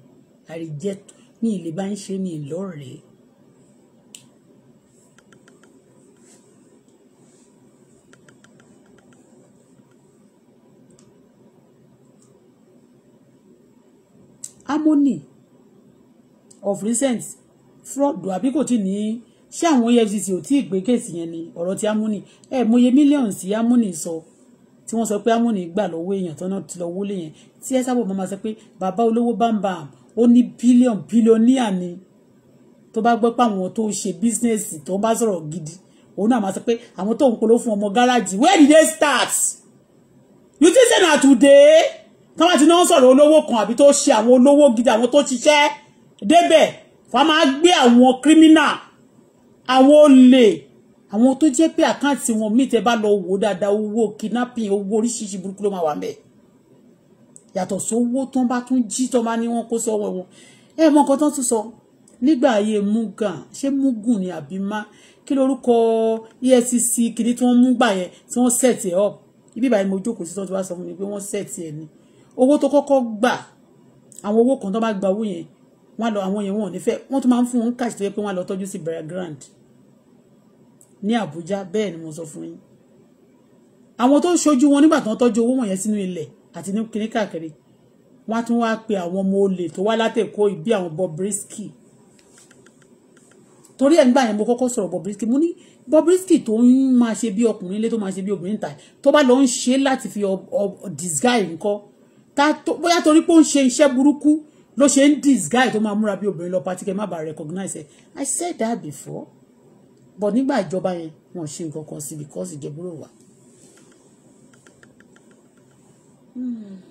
àríjẹ mi ì lè bá ń ṣe mi ì lọ́rẹ̀ẹ́. harmony of recent fraud àbí kò tí ní ṣé àwọn efcc ò tí ì gbé kéèsì yẹn ni ọ̀rọ̀ ti harmony ẹ̀ eh, mòye mílíọ̀nù sí harmony sọ. So tí wọ́n sọ pé amúnì gbà lọ́wọ́ èèyàn tọ́nà tí lọ́wọ́ lè yẹn tí ẹ sábà máa sọ pé bàbá olówó bámbàm ó ní bílíọ̀n bílíọ̀níà ni tó bá gbọ́ pé àwọn tó ń ṣe bísínẹ́sì tó bá sọ̀rọ̀ gidi òun náà máa sọ pé àwọn tó ń polówó fún ọmọ gáràjì where did they start you think say na today táwọn àti náà ń sọ̀rọ̀ olówó kan àbí tó ṣe àwọn olówó gidi àwọn tó ṣiṣẹ́ débẹ̀ wọ́n máa gbé àwọn kírímínà àwọn olè àwọn tó jẹ́ pé àkáǹtì wọn míì tẹ́ bá lọ wò dáadáa owó kidnapping owó oríṣiríṣi burúkú ló máa wà mẹ́ẹ̀ yàtọ̀ sówó tán bá tún jí tán bá ní wọn kó sọ́wọ́ wọn ẹ mọ nǹkan tán tún sọ nígbà ayé muga ṣé mugun ni àbí má kí lorúkọ efcc kìíní tí wọ́n mú gbà yẹn tí wọ́n set ẹ̀ up ibi ìbàyẹn mo jókòó sí tí wọ́n ti wá sọ fún mi pé wọ́n set ẹ̀ ni owó tó kọ́kọ́ gbà àwọn owó kan tó bá gba owó yẹn wọ́n lọ àwọn yẹn wọ́n ò ní fẹ́ wọ́n tún máa ń fún wọn cash tó yẹ pé wọ́n lọ tọ́jú sí Burial Ground ní Àbújá bẹ́ẹ̀ ni mo sọ fún yín àwọn tó ń ṣojú wọn nígbà tó ń tọ́jú owó wọ̀nyẹn sínú ilẹ̀ àti ní kiri káàkiri wọ́n á tún wá pe àwọn ọmọ olè tó wá látẹ̀kọ́ ìbí àwọn Bobrisky torí ẹ̀ nígbà yẹn mo kọ́kọ́ sọ̀rọ̀ Bobrisky mo ní Bobrisky tó ń máa ṣe bí ọkùnrin ilé tó máa ṣe bí obìnrin ta tó bá lọ ń ṣe láti fi disguise nǹkan bóyá torí pé ó ń ṣe iṣẹ́ burúkú ló ṣe ń disguise tó máa múra bí obìnrin lọ pàtí má bàa recognize ẹ̀ I said that before but nígbà ìjọba yẹn wọn ṣe nǹkan kan sí because ìjẹ́búrò wà 嗯。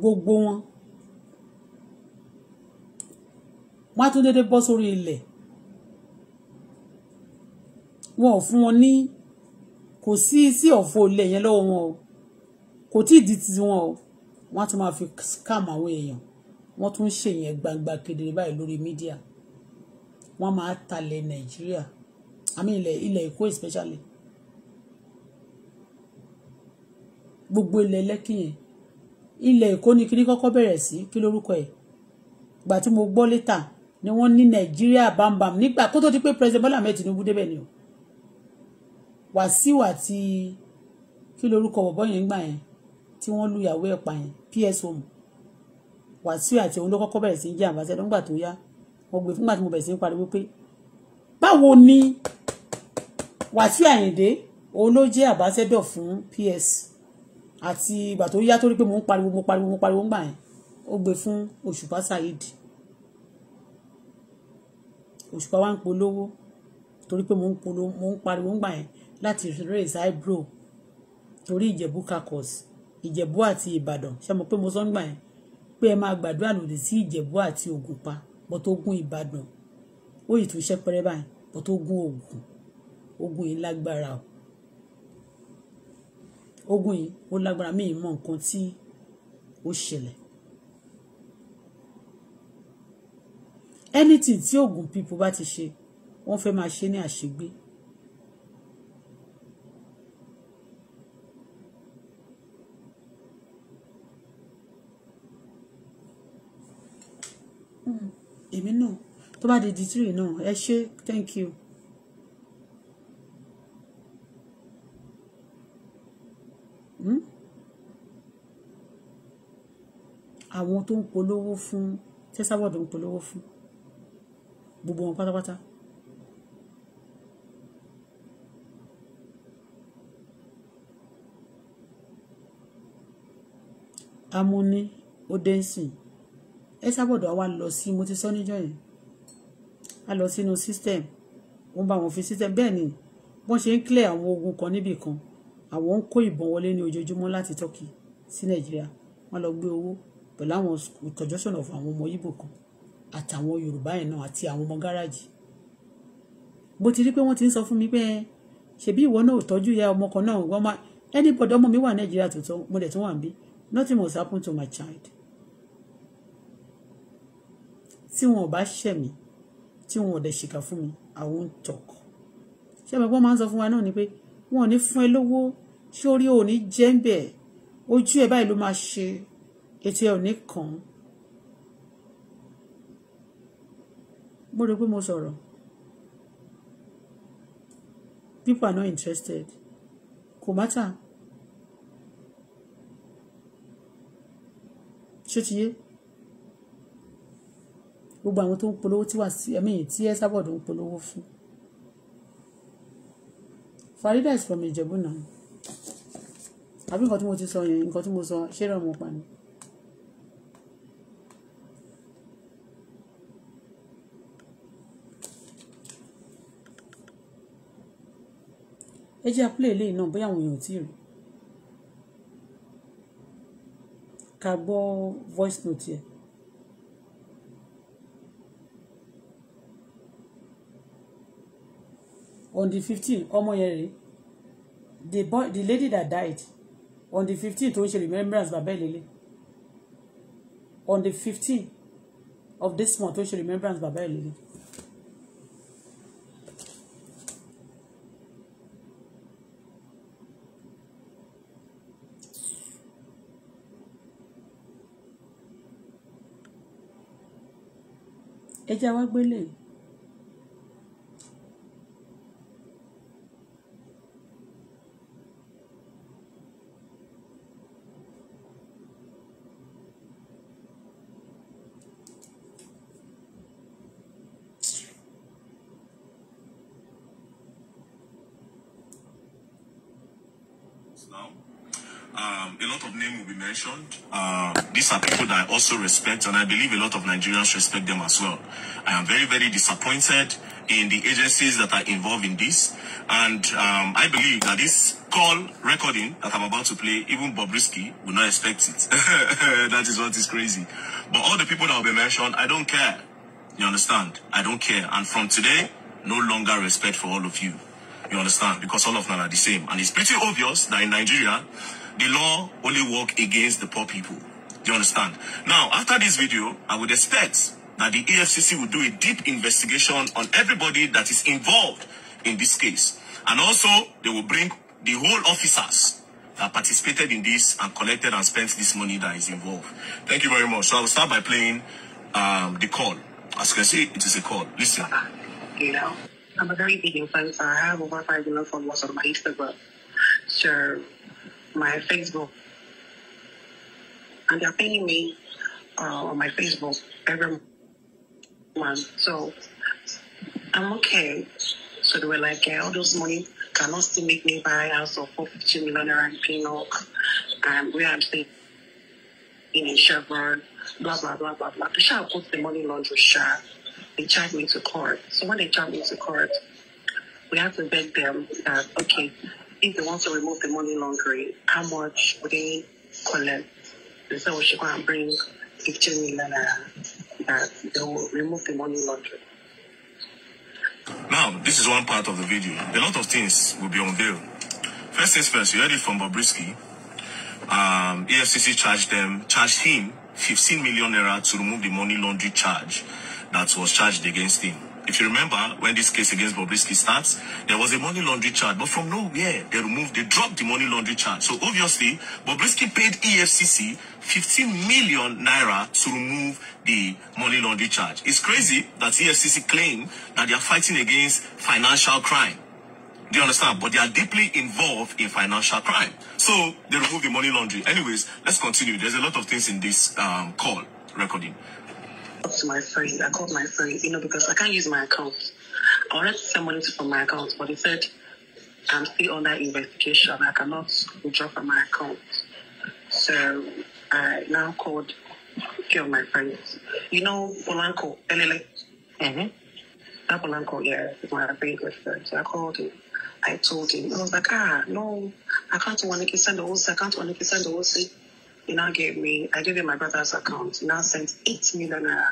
gbogbo wọn wọn á tún déédéé bọ́ sórí ilẹ̀ wọn ò fún wọn ní kò sí sí ọ̀fọ̀ olè yẹn lọ́wọ́ wọn o kò tí ì di tiwọn o wọ́n tún máa fi scam àwọn èèyàn wọ́n tún ń ṣèyẹn gbangba kedere báyìí lórí mídíà wọ́n máa talẹ̀ nàìjíríà àmì ilẹ̀ ilẹ̀ èkó especially gbogbo ilẹ̀ lẹ́kì yẹn ilẹ̀ èkó ni kíní kọ́kọ́ bẹ̀rẹ̀ sí kí lórúkọ ẹ̀ gbà tí mo gbọ́ létà ni wọ́n ní nàìjíríà bámbam nígbà kó tó di pé president Bọ́lá Ahmed Tinubu débẹ̀ ni o wàsíù àti kí lorúkọ bọ̀bọ́ yẹn ń gbà yẹn tí wọ́n lu ìyàwó ẹ̀ pa yẹn pso wàsíù àti òun ló kọ́kọ́ bẹ̀rẹ̀ sí í jẹ́ àbáṣẹ́dọ́ nígbà tó yá wọ́n gbé fúngbà tí mo bẹ̀rẹ̀ sí í pariwo pé báwo ni wàsíù àyìndé òun ló jẹ́ àbáṣẹ́dọ̀ fún ps àti ìgbà tó yá tó rí pé mo ń pariwo mo pariwo mo pariwo ńgbà yẹn ó gbé fún òṣùpá saheed òṣùpá wa ń polówó torí pé mo ń pariwo ńgbà yẹn láti raise eyebrow torí ìjẹ̀bú kakọ̀s ìjẹ̀bú àti ìbàdàn ṣe mo pé mo sọ nígbà yẹn pé ẹ máa gbàdúrà lòdì sí ìjẹ̀bú àti ògùn pa bọ́t ogun ìbàdàn ó yìí tún ṣẹ́pẹ́rẹ́ báyìí bọ́t ogun ògùn ogun yìí lágbára o ogun yìí ó lágbára míì mọ nǹkan tí ó ṣẹlẹ̀ anything tí ogun pipo bá ti ṣe wọ́n fẹ́ máa ṣe ní àṣegbé èmi náà tó bá di di three náà ẹ ṣé thank you. Hmm? àwọn tó ń polówó fún tẹ́sàbọ̀dù ń polówó fún gbogbo wọn pátápátá. amúní ó dé ń sìn ẹ sábọ̀dọ̀ wa lọ sí mo ti sọ níjọ́ yẹn a lọ sínú system wọ́n bá wọn fi system bẹ́ẹ̀ ni wọ́n ṣe ń clear àwọn ogun kan níbì kan àwọn ń kó ìbọn wọlé ní ojoojúmọ́ láti Turkey sí Nàìjíríà wọ́n lọ gbé owó pẹ̀lú àwọn conjunction of àwọn ọmọ Yíbò kan àtàwọn Yorùbá yẹn náà àti àwọn ọmọ gáràjì bó ti rí pé wọ́n ti ń sọ fún mi pé ṣebí ìwọ náà ò tọ́jú ya ọmọ kan náà wọ́n máa anybody ọmọ mi wà Nàìjíríà tó tọ́ mo dẹ̀ tún wà ń bí nothing must happen to my child tí wọn ò bá ṣẹ̀ mí tí wọn ò dẹ̀ ṣìkà fún mi I won't ṣé ẹ̀mí wọ́n máa ń sọ fún wa náà ni pé wọn ò ní fún ẹ lówó ṣé orí ò ní jẹ́ ń bẹ̀ ojú ẹ báyìí ló máa ṣe ètò ẹ ò ní kàn mo rò pé mo sọ̀rọ̀ people are not interested kò mátà ṣé ti yé gbogbo àwọn tó ń polówó tí wà sí ẹ̀mí tí ẹ sábọ̀ tó ń polówó fún. Farida is from Ìjẹ̀bú náà àbí nǹkan tí mo ti sọ yẹn nǹkan tí mo sọ ṣé rẹ̀ mo pa ni. ẹ jẹ́ àpúlẹ̀ eléyìí náà bóyá àwọn èèyàn tí rí ká gbọ́ voice note yẹn. on the fifteen ọmọ yẹn rèé the boy the lady that died on the fifteen tó ń ṣe remembrance bàbá ẹ̀ on the fifteen of this month tó ń ṣe remembrance bàbá ẹ̀ lélẹ̀. ẹ jẹ́ wá gbélé lot of names will be mentioned. Uh, these are people that I also respect, and I believe a lot of Nigerians respect them as well. I am very, very disappointed in the agencies that are involved in this. And um, I believe that this call recording that I'm about to play, even Bob Risky would not expect it. that is what is crazy. But all the people that will be mentioned, I don't care. You understand? I don't care. And from today, no longer respect for all of you. You understand? Because all of them are the same. And it's pretty obvious that in Nigeria, the law only work against the poor people. Do you understand? Now, after this video, I would expect that the EFCC will do a deep investigation on everybody that is involved in this case. And also, they will bring the whole officers that participated in this and collected and spent this money that is involved. Thank you very much. So I will start by playing um, the call. As you can see, it is a call. Listen. You know, I'm a very big influencer. I have over 5 million followers on my Instagram. So my Facebook. And they're paying me uh, on my Facebook every month. So I'm okay. So they were like, yeah, all those money cannot still make me buy a house of 450 million and Pinnock, And we are am staying in Chevron, blah, blah, blah, blah, blah. The shop put the money laundry shop. They charged me to court. So when they charged me to court, we have to beg them that, okay, if they want to remove the money laundering, how much would they collect? They said we should go and bring 15 million naira. They will remove the money laundering. Now, this is one part of the video. A lot of things will be unveiled. First things first, you heard it from Bobrisky. Um, EFCC charged them, charged him 15 million naira to remove the money laundering charge that was charged against him. If you remember, when this case against Bobrisky starts, there was a money laundering charge, but from nowhere, they removed, they dropped the money laundering charge. So obviously, Bobrisky paid EFCC 15 million naira to remove the money laundering charge. It's crazy that EFCC claim that they are fighting against financial crime. Do you understand? But they are deeply involved in financial crime. So they remove the money laundering. Anyways, let's continue. There's a lot of things in this um, call recording up to my friend. I called my friend, you know, because I can't use my account. I wanted to send money from my account, but he said I'm still under investigation. I cannot withdraw from my account. So I now called few of my friends. You know Polanco, Elele? Mm-hmm. That Polanco, yeah, is my biggest friend. So I called him. I told him. I was like, ah, no, I can't want to send the whole I can't want to send the whole he now gave me, I gave him my brother's account. He now sent 8 million naira.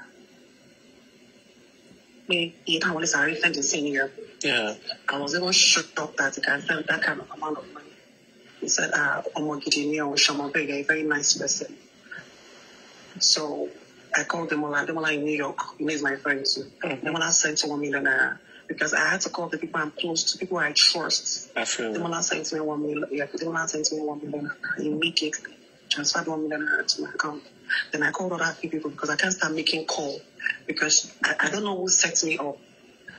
Me, He now was already sent the senior. Yeah. I was even shocked that he can send that kind of amount of money. He said, ah, Omo Gideon Oshomobega, a very nice person. So I called Demola. Demola in New York. he is my friend too. Mm-hmm. Demola sent one million naira because I had to call the people I'm close to, people I trust. I Absolutely. Demola sent me one million. Yeah, Demola sent me one million naira immediately transferred one million naira to my account. Then I called other few people because I can't start making call because I, I don't know who set me up.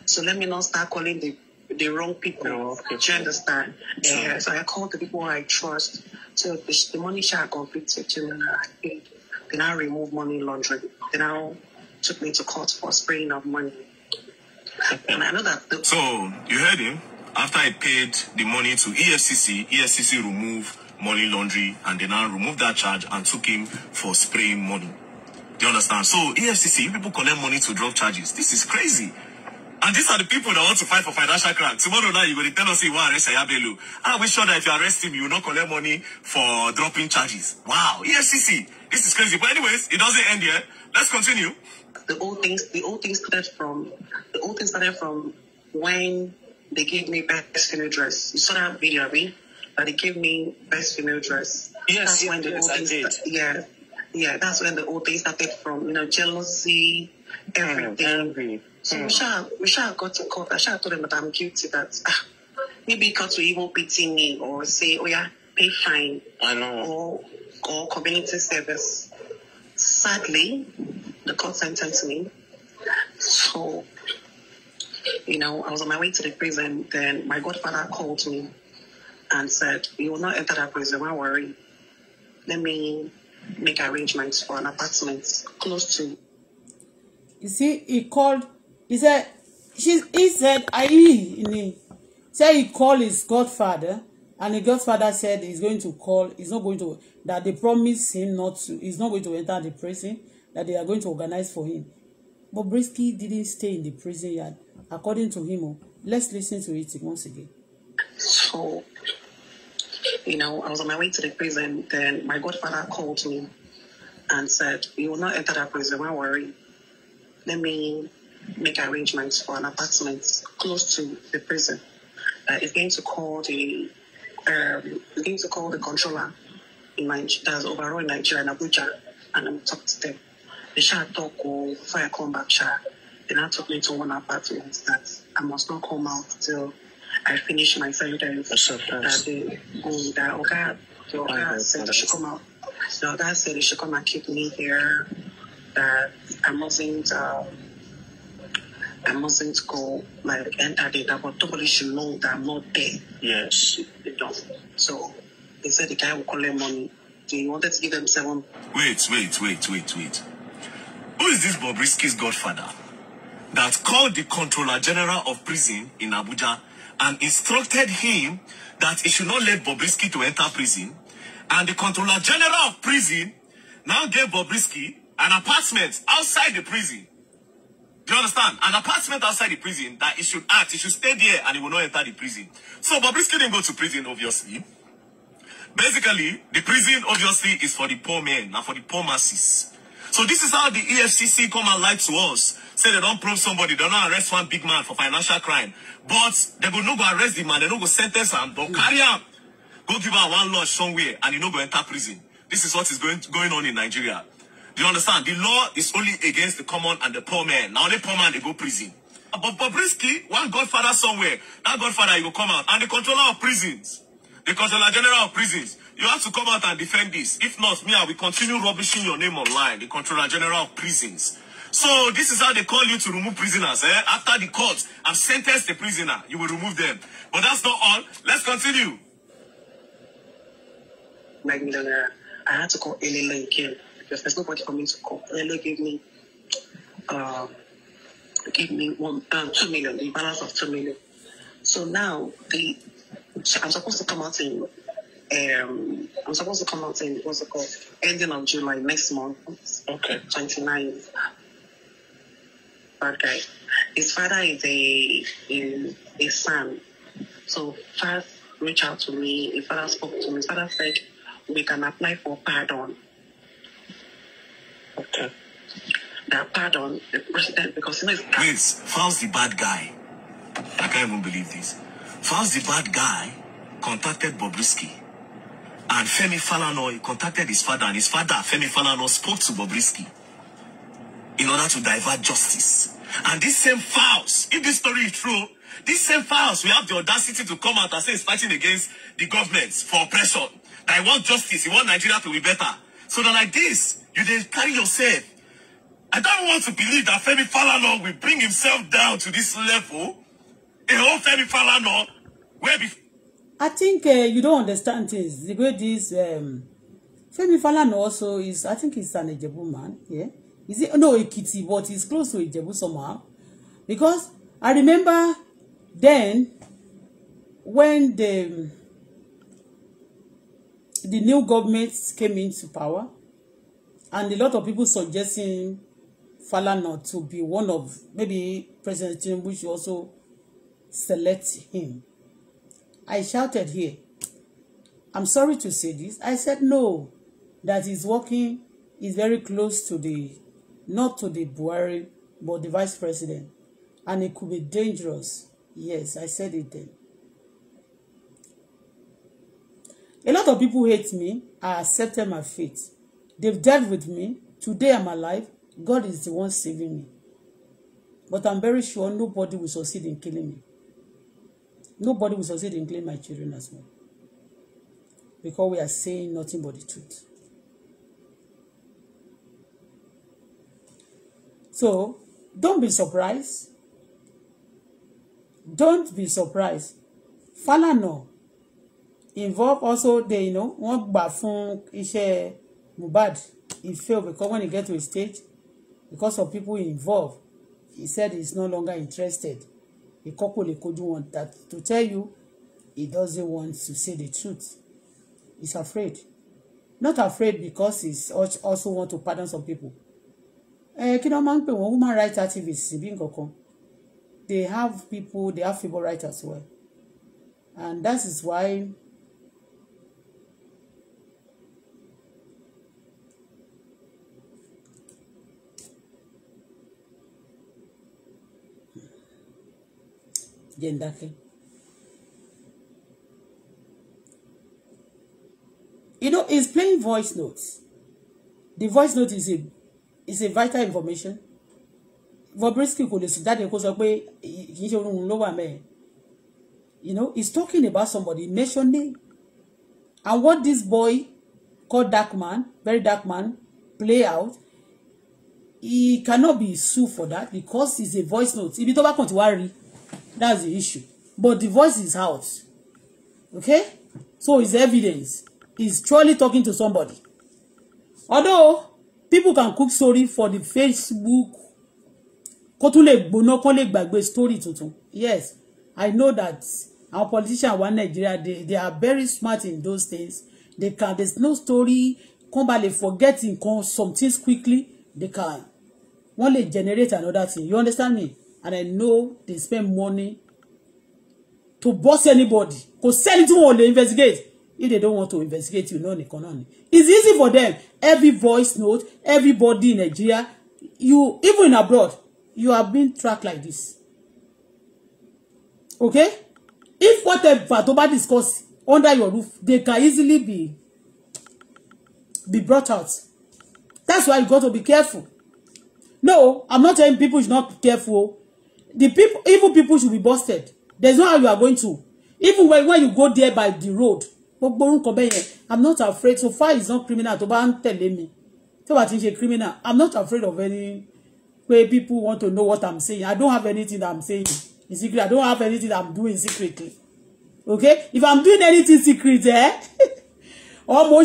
So let me not start calling the the wrong people. No, oh, okay. Do you understand? Yeah. yeah. So I called the people I trust. So the, the money share conflicted to me. I paid. I now remove money laundering. Then I took me to court for spraying of money. And I know that. The- so you heard him. After I paid the money to ESCC, ESCC removed money laundering, and they now removed that charge and took him for spraying money. Do you understand? So EFCC, people collect money to drop charges. This is crazy. And these are the people that want to fight for financial crime. Tomorrow night, you're going to tell us you want to arrest Ayabelu. Are ah, we sure that if you arrest him, you will not collect money for dropping charges? Wow, EFCC, this is crazy. But anyways, it doesn't end here. Let's continue. The old things, the old things started from, the old things started from when they gave me back skin address. You saw that video, I mean? But he gave me best female dress. Yes, that's yes, when the yes, whole I did. yeah, yeah, that's when the old thing started from. You know, jealousy, everything. Mm, so we shall we shall go to court. I shall told them that I'm guilty. That ah, maybe because we to even pity me or say, oh yeah, pay fine. I know. Or or community service. Sadly, the court sentenced me. So you know, I was on my way to the prison. Then my godfather called me and said, You will not enter that prison, don't worry. Let me make arrangements for an apartment close to. You see, he called, he said, she, he said, I, he said he called his godfather, and the godfather said he's going to call, he's not going to, that they promised him not to, he's not going to enter the prison, that they are going to organize for him. But Bobrisky didn't stay in the prison yard, according to him. Oh. Let's listen to it once again. So, you know, I was on my way to the prison. Then my godfather called me and said, You will not enter that prison, don't worry. Let me make arrangements for an apartment close to the prison. Uh, it's going to call the um, it's going to call the controller in Nigeria, that's overall in Nigeria and Abuja, and I'm talking to them. They shall talk or fire combat come back, They now took me to one apartment that I must not come out till I finished my sentence. That the, um, that Oga, the Oga oh, said they come out. The Oga said she come and keep me here. That I mustn't. Uh, I mustn't go like enter the double. Nobody should know that I'm not there. Yes. They do So they said the guy will call them on. They wanted to give them seven. Wait, wait, wait, wait, wait. Who is this Bobrisky's godfather that called the Controller General of Prison in Abuja and instructed him that he should not let Bobrisky to enter prison. And the Controller General of prison now gave Bobrisky an apartment outside the prison. Do you understand? An apartment outside the prison that he should act, he should stay there and he will not enter the prison. So Bobrisky didn't go to prison, obviously. Basically, the prison obviously is for the poor men and for the poor masses. So this is how the EFCC come and lie to us. Say they don't probe somebody, they don't arrest one big man for financial crime. But they go no go arrest the man, they no go sentence him, but carry him. Go give him one lunch somewhere and he no go enter prison. This is what is going going on in Nigeria. Do you understand? The law is only against the common and the poor man. Now only poor man they go prison. But Bobrisky, one godfather somewhere, that godfather he will come out. And the controller of prisons, the controller general of prisons, You have to come out and defend this. If not, me, I will continue rubbishing your name online, the Controller General of Prisons. So this is how they call you to remove prisoners. Eh? After the court have sentenced the prisoner, you will remove them. But that's not all. Let's continue. Magdalena, I had to call Elena again because there's nobody coming to call. Elena gave me, uh, gave me one, um, two million, the balance of two million. So now the, I'm supposed to come out in um, I'm supposed to come out in what's it called? Ending of July next month. Okay. 29th. Okay. His father is a is a son. So first reached out to me. His father spoke to me. His father said we can apply for pardon. Okay. That pardon, the president, because you know, wait, Fowl's the bad guy. I can't even believe this. Fowl's the bad guy contacted Bobrisky And Femi Falana, he contacted his father, and his father, Femi Falana, spoke to Bobrisky in order to divert justice. And these same files, if this story is true, these same files, we have the audacity to come out and say it's fighting against the government for oppression. That I want justice, you want Nigeria to be better. So that like this, you then carry yourself. I don't want to believe that Femi Falana will bring himself down to this level. A whole Femi Falana, where before. I think uh, you don't understand things the way this um, Femi Falana also is I think he's an Ijebu man yeah is it no a kitty, but he's close to Ijebu somehow because I remember then when the um, the new government came into power and a lot of people suggesting Falana to be one of maybe President Tinubu should also select him I shouted here. I'm sorry to say this. I said no, that he's working is very close to the, not to the Buhari, but the vice president. And it could be dangerous. Yes, I said it then. A lot of people hate me. I accepted my fate. They've dealt with me. Today I'm alive. God is the one saving me. But I'm very sure nobody will succeed in killing me. Nobody will succeed in killing my children as well. Because we are saying nothing but the truth. So, don't be surprised. Don't be surprised. Fala no. involve also the you know, one gbà fún iṣẹ́ Mohbad. He failed because when he get to a stage, because of people involved, he said he's no longer interested. The couple they could want that to tell you he doesn't want to say the truth. He's afraid. Not afraid because he's also want to pardon some people. Eh, kí ló máa ń pè wọ́n human rights activists bí nǹkankan. They have people, they have people rights as well. And that is why jẹ́ ń You know, he's playing voice notes. The voice note is a is a vital information. Bobrisky kò lè sùn jáde kó sọ pé kì í You know, he's talking about somebody, he mentioned name. And what this boy called dark man, very dark man, play out, he cannot be sued for that because it's a voice note. If you bá kàn ti wá rí. That's the issue. But the voice is out. Okay? So it's evidence. He's truly talking to somebody. Although people can cook story for the Facebook kó tún lè story tuntun yes i know that our politicians one nigeria they, they are very smart in those things they can there's no story kàn bá lè forget some things quickly they can wọ́n lè generate another thing you understand me and I know they spend money to boss anybody kò sẹ́ni tí wọ́n lè investigate if they don't want to investigate you know, nìkan náà ni it's easy for them every voice note everybody in Nigeria you even in abroad you are being tracked like this okay if whatever tó bá discuss under your roof they can easily be be brought out that's why you got to be careful no i'm not saying people should not be careful the people even people should be busted there's no how you are going to even when, when you go there by the road i'm not afraid so far it's not criminal To ban telling me, so tó bá ti criminal i'm not afraid of any way people want to know what i'm saying i don't have anything that i'm saying in secret i don't have anything that i'm doing secretly okay if i'm doing anything secret eh or mo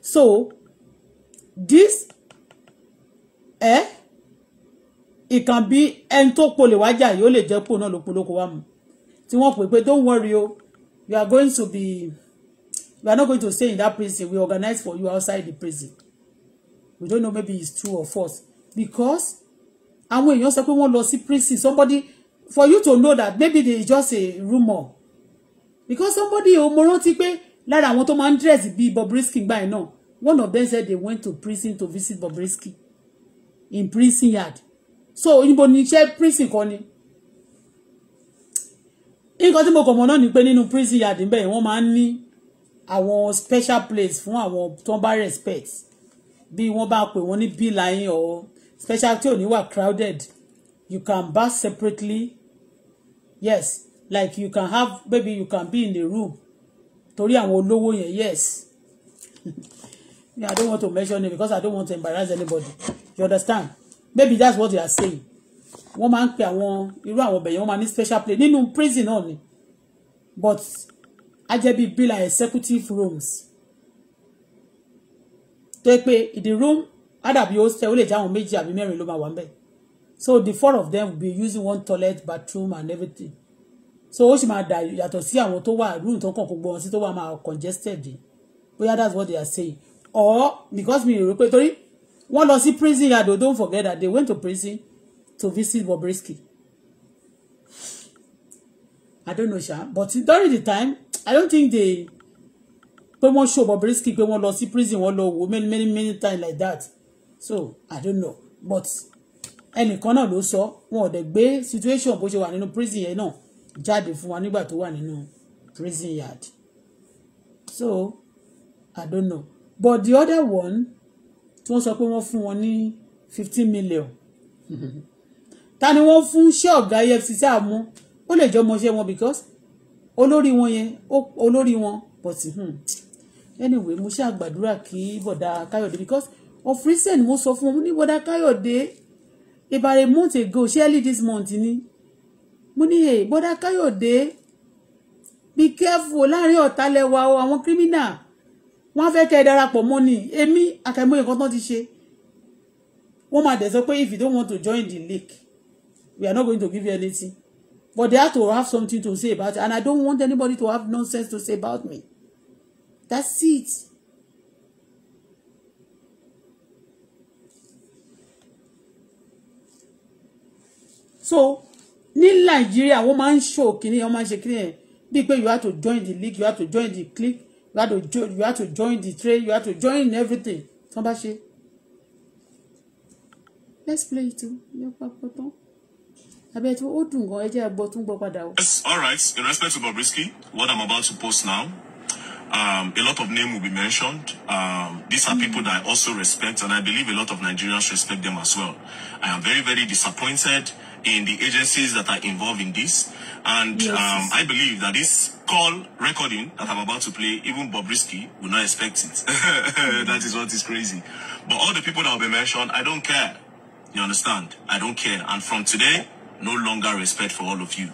so this eh ìkànnbí ẹni tó polè wájà yìí ó lè jẹ́ pò náà ló polóko wá mu tí wọ́n pè pé don't worry o you are going to be you are not going to stay in that prison we organize for you outside the prison we don't know maybe it's true or false because àwọn èèyàn sọ pé wọ́n lọ sí prison somebody for you to know that maybe they just a rumour because somebody o mo rántí pé lára àwọn tó máa ń dress bíi Bobrisky gbà yẹn náà one of them said they went to prison to visit Bobrisky in prison yard so níbo ni iṣẹ́ prison kan ni nǹkan tí mo kàn mọ̀ náà ni pé nínú prison yard ń bẹ̀ wọ́n máa ń ní àwọn special place fún àwọn tó ń bá respect bí wọ́n bá pè wọ́n ní beeline or special tí ò ní wà crowded you can bath separately yes like you can have maybe you can be in the room torí àwọn olówó yẹn yes Yeah, i don't want to mention it because i don't want to embarrass anybody you understand maybe that's what they are saying wọ́n máa ń pe àwọn irú àwọn ọbẹ̀ yẹn wọ́n máa ní special place nínú prison náà ni but á jẹ́ bíi bíi like executive rooms tó yẹ pé the room á dàbí hostel ó lè jẹ́ àwọn méjì àbí mẹ́rin ló máa wà ń bẹ̀ so the four of them be using one toilet bathroom and everything so ó sì máa dà yàtọ̀ sí àwọn tó wà room tó kàn kó gbọ́n sí tó wà máa congested bóyá that's what they are saying or because mi ò rò pé torí wọ́n lọ sí prison yard o don't forget that they went to prison to visit Bobrisky I don't know sha but during the time I don't think they pé wọ́n show Bobrisky pé wọ́n lọ sí prison wọ́n lọ wo many many many times like that so I don't know but ẹnìkan náà ló sọ wọn ò dẹ̀ gbé situation bó ṣe wà nínú prison yẹn náà jáde fún wa nígbà tó wà nínú prison yard so I don't know but the other one tí wọ́n sọ pé wọ́n fún wọn ní fifteen million ta ni wọ́n fún ṣé ọ̀gá EFCC àmọ́ ó lè jọ ọmọọṣẹ́ wọn because olórí wọn yẹn olórí wọn but hmm. anyway mo ṣe àgbàdúrà kí bọ̀dà Káyọ̀dé because of recent mo sọ fún wọn mo ní bọ̀dà Káyọ̀dé about a month ago ṣé early this month ni mo ní hey bọ̀dà Káyọ̀dé be careful láàrin ọ̀tá lẹ́wà o àwọn criminal wọ́n fẹ́ kẹ́ ẹ darapọ̀ mọ́ ni èmi àkàìmọye nǹkan tán ti ṣe wọ́n máa dẹ̀ sọ pé if you don't want to join the league we are not going to give you anything but they have to have something to say about it and I don't want anybody to have nonsense to say about me that's it. so ní nàìjíríà wọ́n máa ń ṣò kíní wọ́n máa ń ṣe kíní yẹn bíi pé you have to join the league you have to join the clique you have to join you have to join the train you have to join everything tó bá ṣe. let's play it o yẹ papọ̀ tán abẹ́ tí ó dùn gan ẹ jẹ́ tún gbọ́ padà o. yes all right in respect to Bobrisky what I'm about to post now Um, a lot of names will be mentioned. Um, these are hmm. people that I also respect, and I believe a lot of Nigerians respect them as well. I am very, very disappointed in the agencies that are involved in this. And yes. um, I believe that this call recording that I'm about to play, even Bob Risky will not expect it. that is what is crazy. But all the people that will be mentioned, I don't care. You understand? I don't care. And from today, no longer respect for all of you.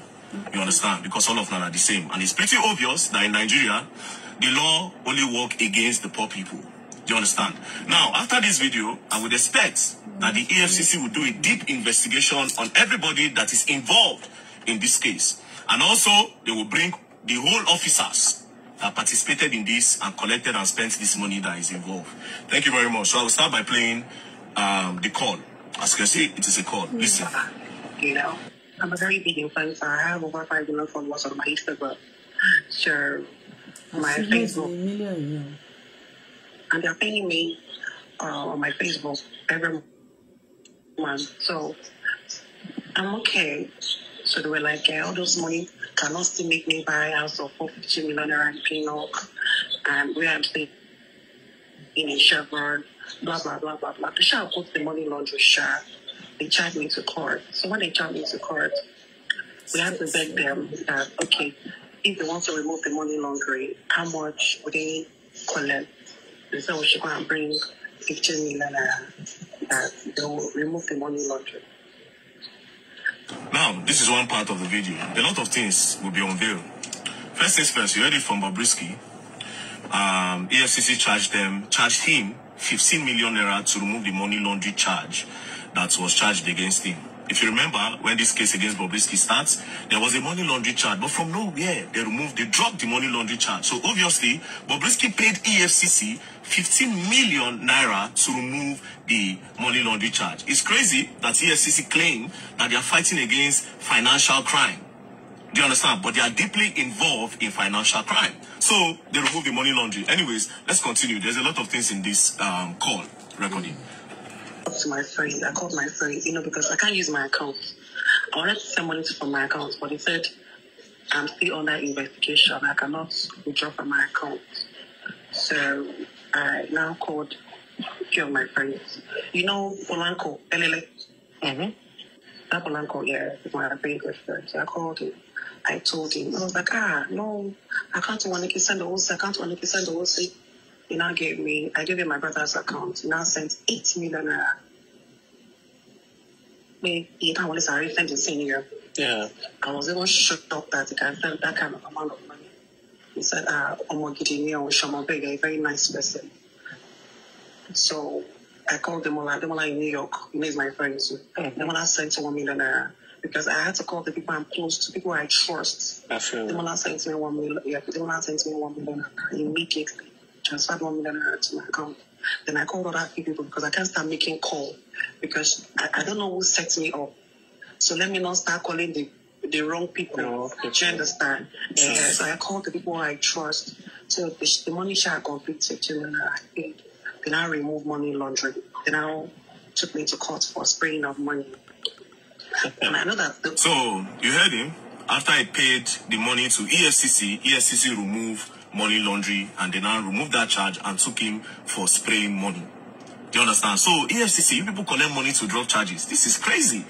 You understand? Because all of them are the same. And it's pretty obvious that in Nigeria, the law only work against the poor people. Do you understand? Now, after this video, I would expect that the EFCC will do a deep investigation on everybody that is involved in this case. And also, they will bring the whole officers that participated in this and collected and spent this money that is involved. Thank you very much. So I will start by playing um, the call. As you can see, it is a call. Listen. You know, I'm a very big influencer. I have over 5 million followers on my Instagram. Sure. My Facebook. And they're paying me uh, on my Facebook every month. So I'm okay. So they were like, yeah, all those money cannot still make me buy a house of 450 million and in Pinok. And we I'm staying in Chevron, blah, blah, blah, blah, blah. The shop goes the money laundry shop. They charged me to court. So when they charged me to court, we had to beg them that, okay, if they want to remove the money laundering, how much would they collect? They said we should go and bring 15 million uh, they will remove the money laundering. Now, this is one part of the video. A lot of things will be unveiled. First things first, you heard it from Bobrisky. Um, EFCC charged them, charged him 15 million naira to remove the money laundry charge that was charged against him. If you remember, when this case against Bobrisky starts, there was a money laundering charge, but from nowhere, they removed, they dropped the money laundering charge. So obviously, Bobrisky paid EFCC 15 million naira to remove the money laundering charge. It's crazy that EFCC claim that they are fighting against financial crime. Do you understand? But they are deeply involved in financial crime. So they remove the money laundering. Anyways, let's continue. There's a lot of things in this um, call recording. Mm -hmm to my friend. I called my friend, you know, because I can't use my account. I wanted to send money from my account, but he said I'm still under investigation. I cannot withdraw from my account. So I now called a few of my friends. You know Polanco, Elele? Mm-hmm. That Polanco, yeah, is my very friend. So I called him. I told him, I was like, ah, no, I can't want to send the whole I can't want to send the whole he now gave me, I gave him my brother's account. He now sent 8 million naira. Me, he can't always already send the senior. Yeah. I was even shocked that he can send that kind of amount of money. He said, ah, Omogidi Neo Shomobega, a very nice person. So I called Demola. Demola in New York. is my friend. So mm-hmm. Demola sent one million naira because I had to call the people I'm close to, people I trust. Absolutely. Demola sent me one million. Yeah, Demola sent me one million naira immediately transferred one million naira to my account. Then I called other people because I can't start making call because I, I don't know who set me up. So let me not start calling the the wrong people. Oh, okay. Do you understand? Yeah. So I called the people I trust. So the, the money share conflicted, you know, I paid. Then I removed money laundering. Then I took me to court for spraying of money. And I know that. The- so you heard him. After I paid the money to ESCC, ESCC removed money laundering, and they now removed that charge and took him for spraying money. Do you understand? So EFCC, people collect money to drop charges. This is crazy.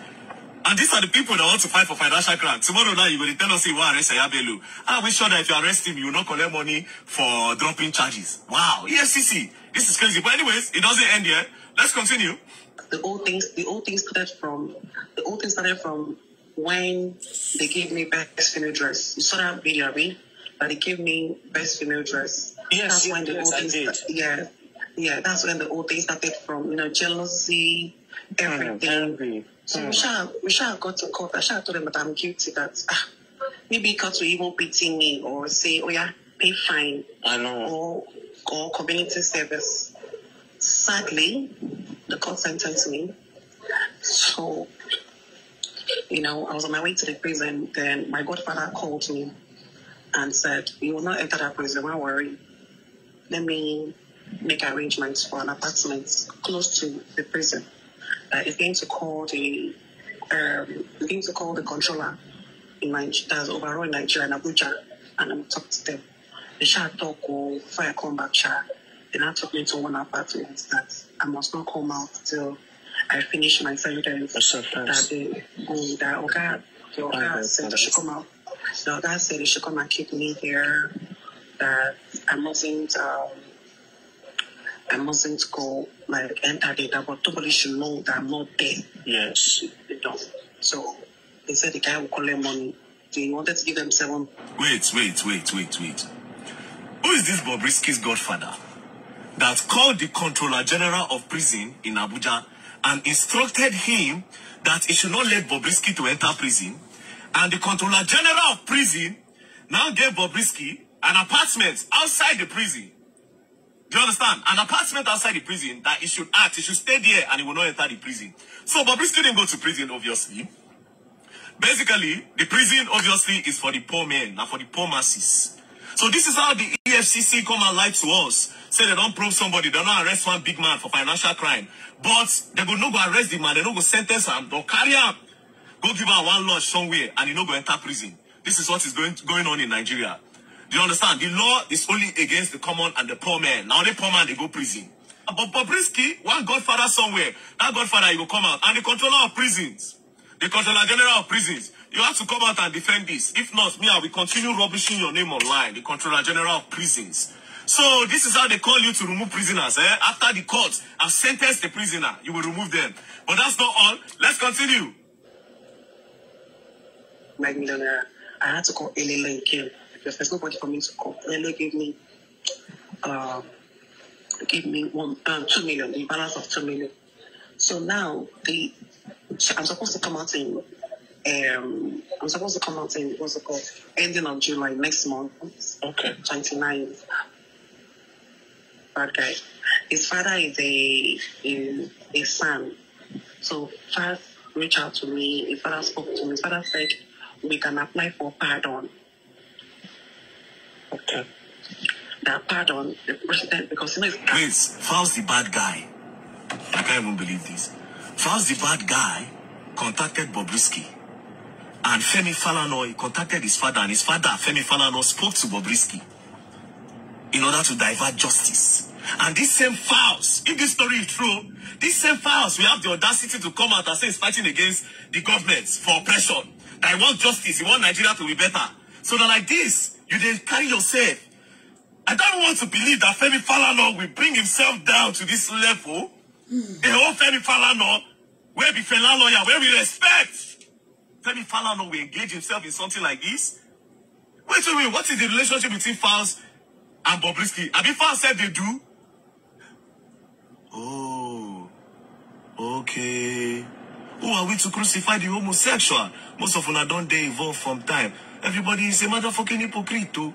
And these are the people that want to fight for financial crime. Tomorrow night, you're going to tell us, well, arrest Ayabelu. Are ah, we sure that if you arrest him, you will not collect money for dropping charges? Wow. EFCC, this is crazy. But anyways, it doesn't end here. Let's continue. The old things, the old things started from, the old things started from when they gave me back this dress. You saw that video, I mean? that he gave me best female dress. Yes, that's yes, when the I did. yeah, yeah, that's when the old things started from. You know, jealousy, hmm, everything. Mm, so mm. we shall got to court. shall told them that I'm guilty. That ah, maybe because we even pity me or say, oh yeah, pay fine. I know. Or or community service. Sadly, the court sentenced me. So, you know, I was on my way to the prison. Then my godfather called me and said, You will not enter that prison, don't worry. Let me make arrangements for an apartment close to the prison. Uh, it's going to call the um, going to call the controller in Nigeria, that's uh, overall in Nigeria and Abuja, and I'm talking to them. The shall talk or fire come back shall. Then I took me to one apartment that I must not come out till I finish my sentence. That the, that okay, the Oga said come out so God said you should come and keep me here. That I mustn't, um, I mustn't go like enter the double. Nobody should know that I'm not there. Yes. They do So they said the guy will call them money. They he wanted to give them seven. Wait, wait, wait, wait, wait. Who is this Bobrisky's godfather that called the controller general of prison in Abuja and instructed him that he should not let Bobrisky to enter prison? and the Controller General of Prison now gave Bobrisky an apartment outside the prison. Do you understand? An apartment outside the prison that he should act, he should stay there and he will not enter the prison. So Bobrisky didn't go to prison, obviously. Basically, the prison obviously is for the poor men and for the poor masses. So this is how the EFCC come and lie to us. Say they don't prove somebody, they don't arrest one big man for financial crime. But they go not go arrest the man, they not go sentence him, they'll carry him. Go give goalkeeper one lodge somewhere and you no go enter prison this is what is going going on in nigeria do you understand the law is only against the common and the poor man Now, the poor man they go prison but bobrisky one godfather somewhere that godfather he go come out and the controller of prisons the controller general of prisons you have to come out and defend this if not me i will continue rubbishing your name online the controller general of prisons So this is how they call you to remove prisoners. Eh? After the court have sentenced the prisoner, you will remove them. But that's not all. Let's continue. Millionaire. I had to call Elena and because there's nobody for me to call. Elena gave me uh, gave me one uh, two million, the balance of two million. So now the so I'm supposed to come out in um I'm supposed to come out in what's it called? Ending of July next month. Okay. 29th. Bad guy. His father is a is a son. So first reach out to me, his father spoke to me, his father said we can apply for pardon. Okay. Now, pardon, the president, because he is. Wait, Faust the bad guy. I can't even believe this. Faust the bad guy contacted Bobrisky. And Femi Falana contacted his father, and his father, Femi Falana, spoke to Bobrisky in order to divert justice. And these same files, if this story is true, these same files, we have the audacity to come out and say it's fighting against the government for oppression. I want justice. You want Nigeria to be better. So that like this, you then carry yourself. I don't want to believe that Femi Falana will bring himself down to this level. Mm. The whole Femi Falana, where be Fela lawyer, where we respect. Femi Falana will engage himself in something like this. Wait a minute, what is the relationship between Fals and Bobrisky? Have you Fals said they do. Oh, okay. Who are we to crucify the homosexual? Most of don't. They evolve from time. Everybody is a motherfucking hypocrite too.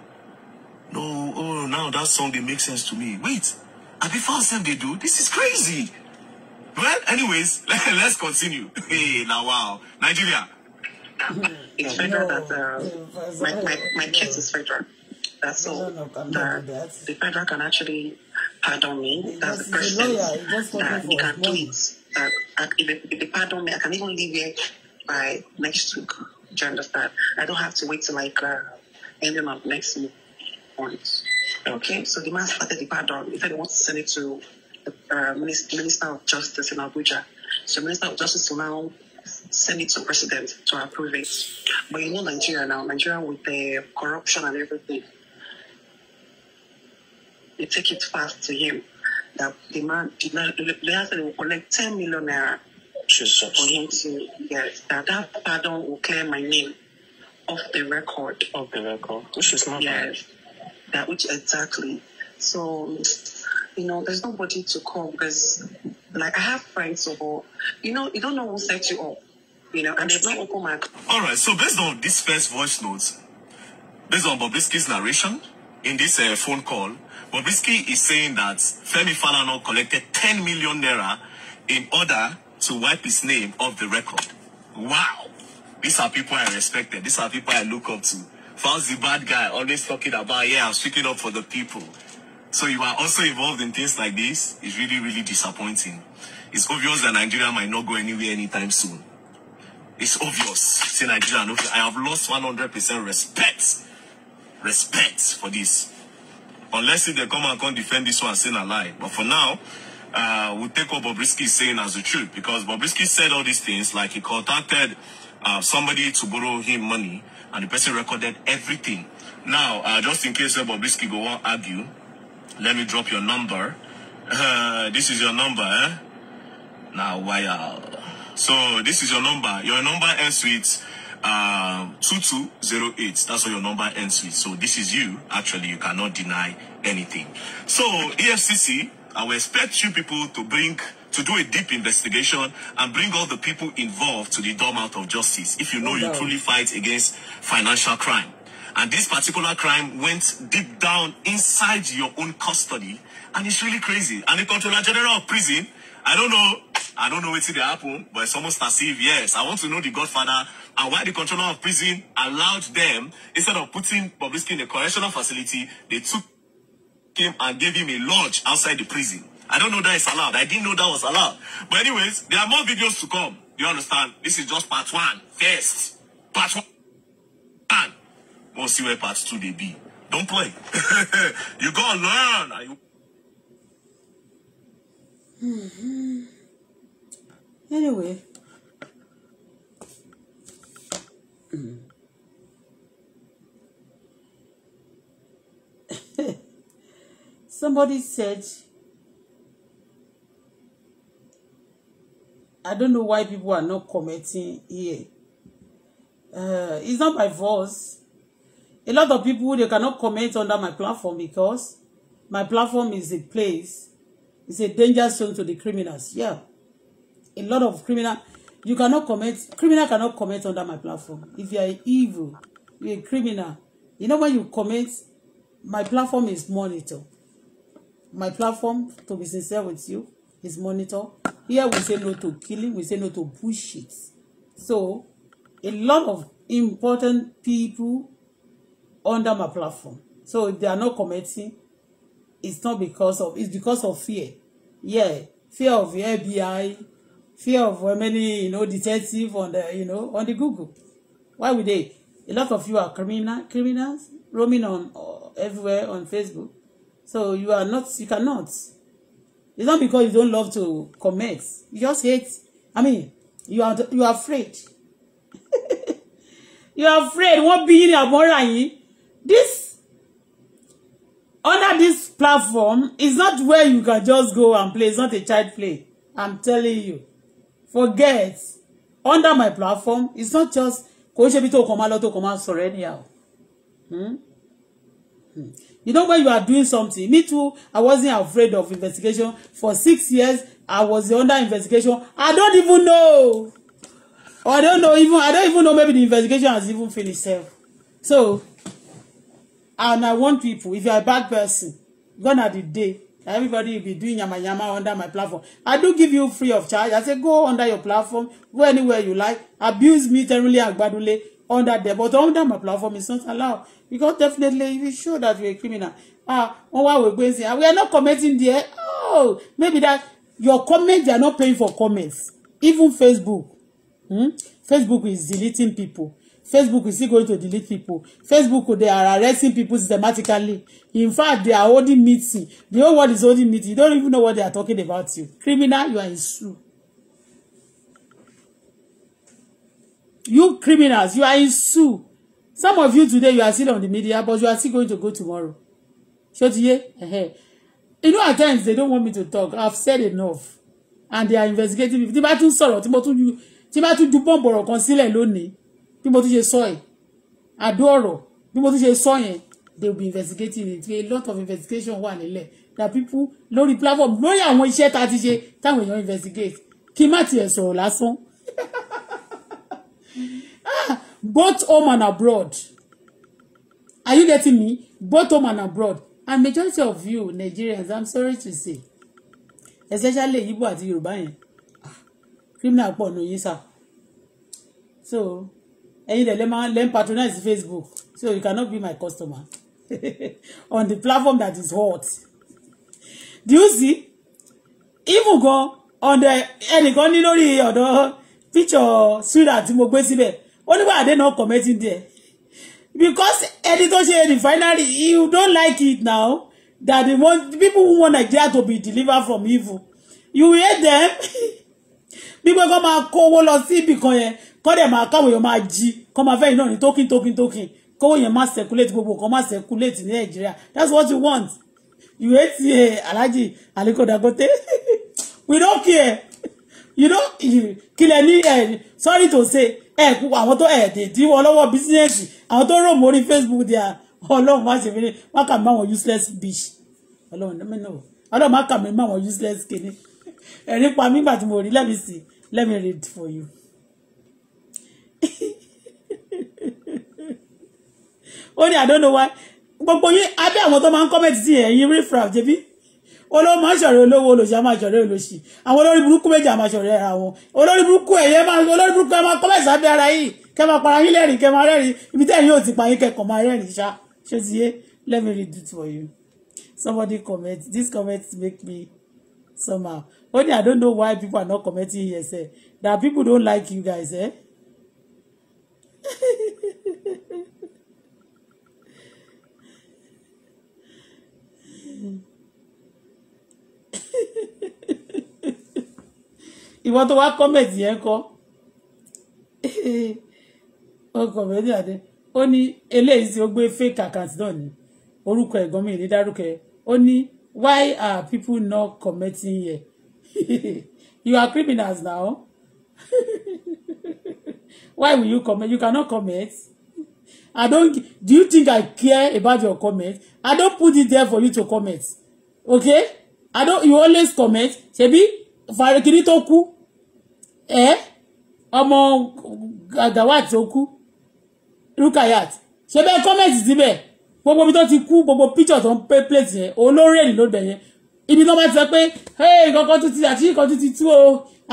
Oh. No, oh, now that song, they make sense to me. Wait, I be found them they do? This is crazy. Well, anyways, let's continue. Hey, now wow. Nigeria. It's better that uh, my, my, my case is federal. That's all. The, the federal can actually pardon me. That's the person That he can do it that if, they, they pardon me, I can even leave here by next week. Do you understand? I don't have to wait till like uh, ending of next month. Okay, so the man started the pardon. He said he wants to send it to the uh, Minister of Justice in Abuja. So Minister of Justice will now send it to President to approve it. But you know Nigeria now, Nigeria with the corruption and everything, you take it fast to him that the man did not, they asked will collect 10 million naira Yes. for him to get that. That pardon will clear my name off the record. Off the record, which is not yes, bad. That which exactly. So, you know, there's nobody to call because, like, I have friends who, you know, you don't know who set you up. You know, and they've not opened my. All right. So based on this first voice note, based on Bobrisky's narration, in this uh, phone call, Bobrisky is saying that Femi Falano collected 10 million naira in order to wipe his name off the record. Wow. These are people I respected. These are people I look up to. Found the bad guy always talking about, yeah, I'm speaking up for the people. So you are also involved in things like this. It's really, really disappointing. It's obvious that Nigeria might not go anywhere anytime soon. It's obvious. See, Nigeria, I have lost 100% respect respect for this. Unless they come and come defend this one saying a lie. But for now, uh, we we'll take what Bobrisky is saying as the truth because Bobrisky said all these things like he contacted uh, somebody to borrow him money and the person recorded everything. Now, uh, just in case Bobrisky go on argue, let me drop your number. Uh, this is your number, eh? Now, why? Uh, so, this is your number. Your number ends with um, 2208. That's what your number ends with. So this is you. Actually, you cannot deny anything. So EFCC, I will expect you people to bring to do a deep investigation and bring all the people involved to the doormat of justice if you know you truly fight against financial crime. And this particular crime went deep down inside your own custody. And it's really crazy. And the Controller General of Prison, I don't know I don't know wetin dey happen, but it's almost as if yes, I want to know the Godfather and why the controller of prison allowed them instead of putting Bobrisky in a correctional facility, they took him and gave him a lodge outside the prison. I don't know that is allowed. I didn't know that was allowed. But anyways, there are more videos to come. You understand? This is just part one. First, part one. And we'll see where part two they be. Don't play. you gotta learn. Mm-hmm anyway somebody said I don't know why people are not commenting here uh, it's not my voice a lot of people they cannot comment under my platform because my platform is a place it's a danger zone to the criminals yeah a lot of criminal you cannot comment criminal cannot comment under my platform if you are evil you a criminal you know when you comment my platform is monitor my platform to be sincere with you is monitor here we say no to killing we say no to bullshit so a lot of important people under my platform so they are not commenting it's not because of it's because of fear yeah fear of the FBI fear of many you know detective on the you know on the Google why would they a lot of you are criminal criminals roaming on uh, everywhere on Facebook so you are not you cannot it's not because you don't love to commit you just hate I mean you are you are afraid you are afraid wọ́n bí yín ní àmọ́ra this under this platform is not where you can just go and play. It's not a child play. I'm telling you forget under my platform it's not just kò ń ṣe bí tó kàn máa lọ tó kàn máa sọ̀rọ̀ anyhow hmm? hmm. you know when you are doing something me too I wasn't afraid of investigation for six years I was under investigation I don't even know or I don't know even I don't even know maybe the investigation has even finished sef so and I warn people if you are a bad person gonna are the Everybody will be doing yama yama under my platform. I do give you free of charge. I say go under your platform, go anywhere you like. Abuse me terribly and badly under there, but under my platform is not allowed because definitely you show that you're a criminal. Ah, one what we're going to say we are not commenting there. Oh, maybe that your comments they are not paying for comments. Even Facebook, hmm? Facebook is deleting people. Facebook is still going to delete people. Facebook, they are arresting people systematically. In fact, they are holding meeting. The whole world is holding meeting. You don't even know what they are talking about you. Criminal, you are in sue. You criminals, you are in sue. Some of you today, you are still on the media, but you are still going to go tomorrow. Shotiye? You know, at times, they don't want me to talk. I've said enough. And they are investigating. Tí bá tún sọ̀rọ̀, tí bá tún ju bọ́ǹbù ọ̀rọ̀ kan sílẹ̀ lónìí bí mo ti ṣe sọ yìí àdó ọ̀rọ̀ bí mo ti ṣe sọ yẹn they will be investigating it a lot of investigation wà nílẹ̀ that people lórí platform lórí àwọn iṣẹ́ tá a ti ṣe táwọn èèyàn investigate kí má tiẹ̀ sọ̀rọ̀ lásán both home and abroad are you getting me both home and abroad and majority of you Nigerians I'm sorry to say especially Igbo àti Yorùbá yẹn criminal pọ̀ nù yín sá so ẹ̀yin dẹ̀ lẹ́ máa patronize Facebook so you cannot be my customer on the platform that is hot do you see even go on the ẹnìkan ní lórí ọ̀dọ̀ picture sweetheart tí mo gbé síbẹ̀ ó nígbà àdé náà commenting there because ẹni tó ṣe refinery you don't like it now that the one people who want Nigeria to be delivered from evil you hate them People pé kó máa kó owó lọ sí ibì yẹn kọ́ dẹ̀ máa káwọn èèyàn máa jí kọ́ máa fẹ́ iná ní tókìn tókìn tókìn kówó yẹn máa circulate gbogbo nǹkan máa circulate ní nàìjíríà that's what you want you hate uh, alhaji aliko dangote we don't care you know kílẹ̀ ní ẹ̀ eh, sorry to say ẹ̀ eh, kú àwọn tó ẹ̀ dè dí wọn lọ́wọ́ bísíǹsì àwọn tó rò mórí facebook dia ọlọ́run má ṣe fẹ́rẹ́ má kà mí àwọn useless bitch ọlọ́run mi náà ọlọ́run má kà mí àwọn useless kìíní ẹ̀rín pa mí gbà tí mo rí let me see let me read for you ó ní i don't know why gbogbo yín abẹ́ àwọn tó máa ń kọ́mẹ̀tì sí ẹ̀yìn refraf jẹ́bí olówó máa ń ṣọ̀rẹ́ olówó olòṣì á máa ṣọ̀rẹ́ olòṣì àwọn olórí burúkú méjì á máa ṣọ̀rẹ́ ara wọn olórí burúkú ẹ̀yẹ máa olórí burúkú ẹ̀ máa kọ́mẹ̀tì sábẹ́ ara yìí kẹ́ máa para yín lẹ́rìn kẹ́ máa rẹ́rìn ibi tẹ́ ẹ̀yìn ò ti pa yín kẹ́kọ̀ọ́ máa rẹ́rìn ṣá ṣé ti yé let me read it for you somebody comment this comment make me somehow only i don't know why people are not commenting here sef that people don't like you guys eh? ìwọ tó wá kọ́mẹ̀tì yẹn kọ́ ọkọ̀ mẹ́rin àdé ó ní eléyìí tí ó gbé fake account náà ní orúkọ ẹ̀gbọ́n mi ní dárúkọ ó ní why are people not committing here you are criminals now. why will you comment you cannot comment i don't do you think i care about your comment i don't put it there for you to comment okay i don't you always comment ṣebí farikiri tó kú ẹ eh? ọmọ gawat tó kú rukayat ṣe bẹ́ẹ̀ comment síbẹ̀ gbogbo ibi tó ti kú gbogbo picture tó ń pé plate yẹn olórí èlì ló bẹ̀ yẹn ibi tó bá ti sọ pé hey kankan tó ti àti kankan tó ti tú o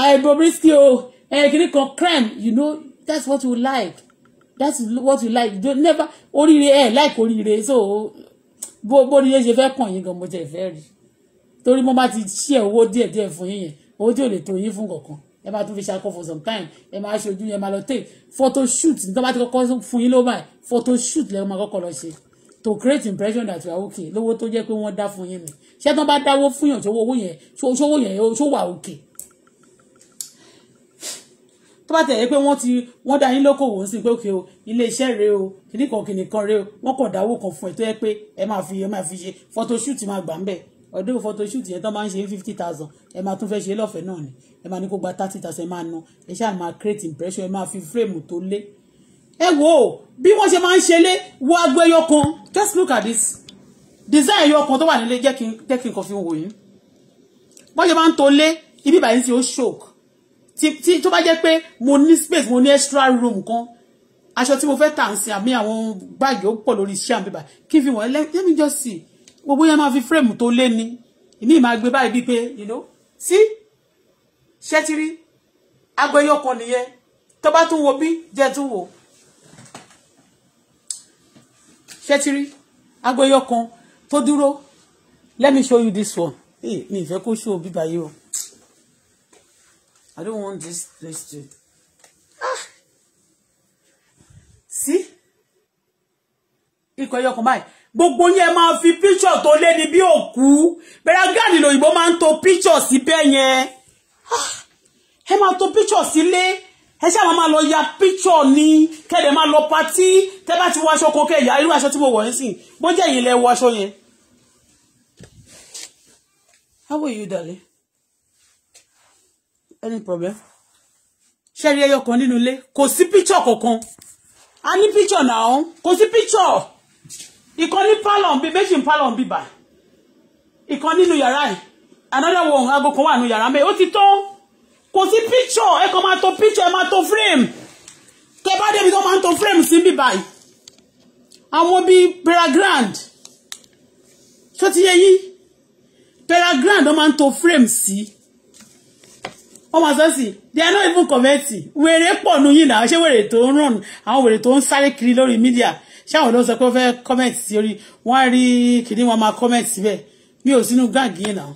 àìbò risky o ẹ̀ẹ́dẹ́gbẹ̀rún eh, kan crime you know that's what you like that's what you like don't never oríire ẹ eh, like oríire so bó bó oríire ṣe fẹ́ kàn yín gan mo jẹ ìfẹ́ rí torí mo bá ti ṣe owó díẹ̀ díẹ̀ fún yín yẹn owó tí ò lè tó yín fún kankan ẹ máa tún fi ṣakọ for some time ẹ máa ṣojú yẹn máa lọ take photo shoot nígbà bá ti kọ́kọ́ fún yín ló báyìí photo shoot lẹ́yìn máa kọ́kọ́ lọ ṣe to create impression that you are okay lówó tó jẹ́ pé wọ́n dá fún yín mi ṣé tí wọ́n bá dáwó fún yàn ṣówó owó yẹn ṣówó yẹn ṣó wà okay bá tẹ̀lé pé wọ́n ti wọ́n dá yín lókòwò sí pé òkè o ilé iṣẹ́ rẹ o kìnnì kan kìnnì kan rẹ o wọ́n kàn dáwó kan fún ẹ tó yẹ pé ẹ máa fi ẹ máa fi ṣe photoshoot máa gbà ń bẹ̀ ọdún photoshoot yẹn tó máa ń ṣe fifty thousand ẹ máa tún fẹ́ ṣe lọ́fẹ̀ẹ́ náà ni ẹ máa ní kó gba thirty thousand ẹ máa nu ẹ ṣáà máa create impression ẹ máa fi frame tó lé ẹ wo bí wọ́n ṣe máa ń ṣe lé wo agbo ẹyọ kan just look at this design ẹyọ kan tó wà nílé jẹ́ kí n kàn fi wò yín wọ́n ṣe máa ń to lé ibi ìbàyẹn ti ó choke tí tó bá jẹ́ pé mo ní space mo ní extra room kan aṣọ tí mo fẹ́ tà ń sin àmì àwọn báàgì ó pọ̀ lórí iṣẹ́ àmì bíbá kí n fi wọ́n let me just see gbogbo yẹn máa fi frame tó lé ni ìmí máa gbé báyìí bíi pé you know see ṣẹ́tírí aago ẹyọ kan nìyẹn tó bá tún wo bí jẹ́ tún wò ṣẹ́tírí aago ẹyọ kan tó dúró let me show you this one mi ìfẹ́ kó ṣó bíbá yìí o. I don't want this place to. Ah! See? Iko yoko mai. báyìí. Gbogbo yẹn máa fi píṣọ̀ tó ni ní bí òkú. Bẹ̀rẹ̀ gáàdì lòyìnbó máa ń to píṣọ̀ síbẹ̀ yẹn. Ah! Ẹ máa to píṣọ̀ sílé. Ẹ ṣáà máa lo ya picture ni. Kẹ̀dẹ̀ ma lo party Tẹ́ bá ti wọ aṣọ kan kẹ̀yà irú aṣọ tí mo wọ̀ yín sìn. Bó jẹ́ ìyìnlẹ̀ wọ aṣọ yẹn. How are you, darling? any problem ṣe rí ẹyọ kan nínú ilé kò sí picture? kankan a ní píchọ náà kò sí píchọ ìkan ní pálọ̀ ń bí méjì ń pálọ̀ ń bí another one aago kan wà nínú yàrá mẹ́ ó ti tó kò sí píchọ ẹ kàn máa to píchọ ẹ máa to frame tẹ bá débi tó máa ń to frame sí bí báyìí àwọn bíi paragrand ṣó ti yẹ yí paragrand ó máa to frame Si wọ́n máa sọ sí they are not even commenting wèrè pọ̀ nu yìí náà ṣé wèrè tó ń ràn àwọn wèrè tó ń sáré kiri lórí mídíà ṣé àwọn ló pé ó fẹ́ comment sí orí wọ́n á rí kìíní wọn máa comment síbẹ̀ mi ò sínú gáàgì yìí náà.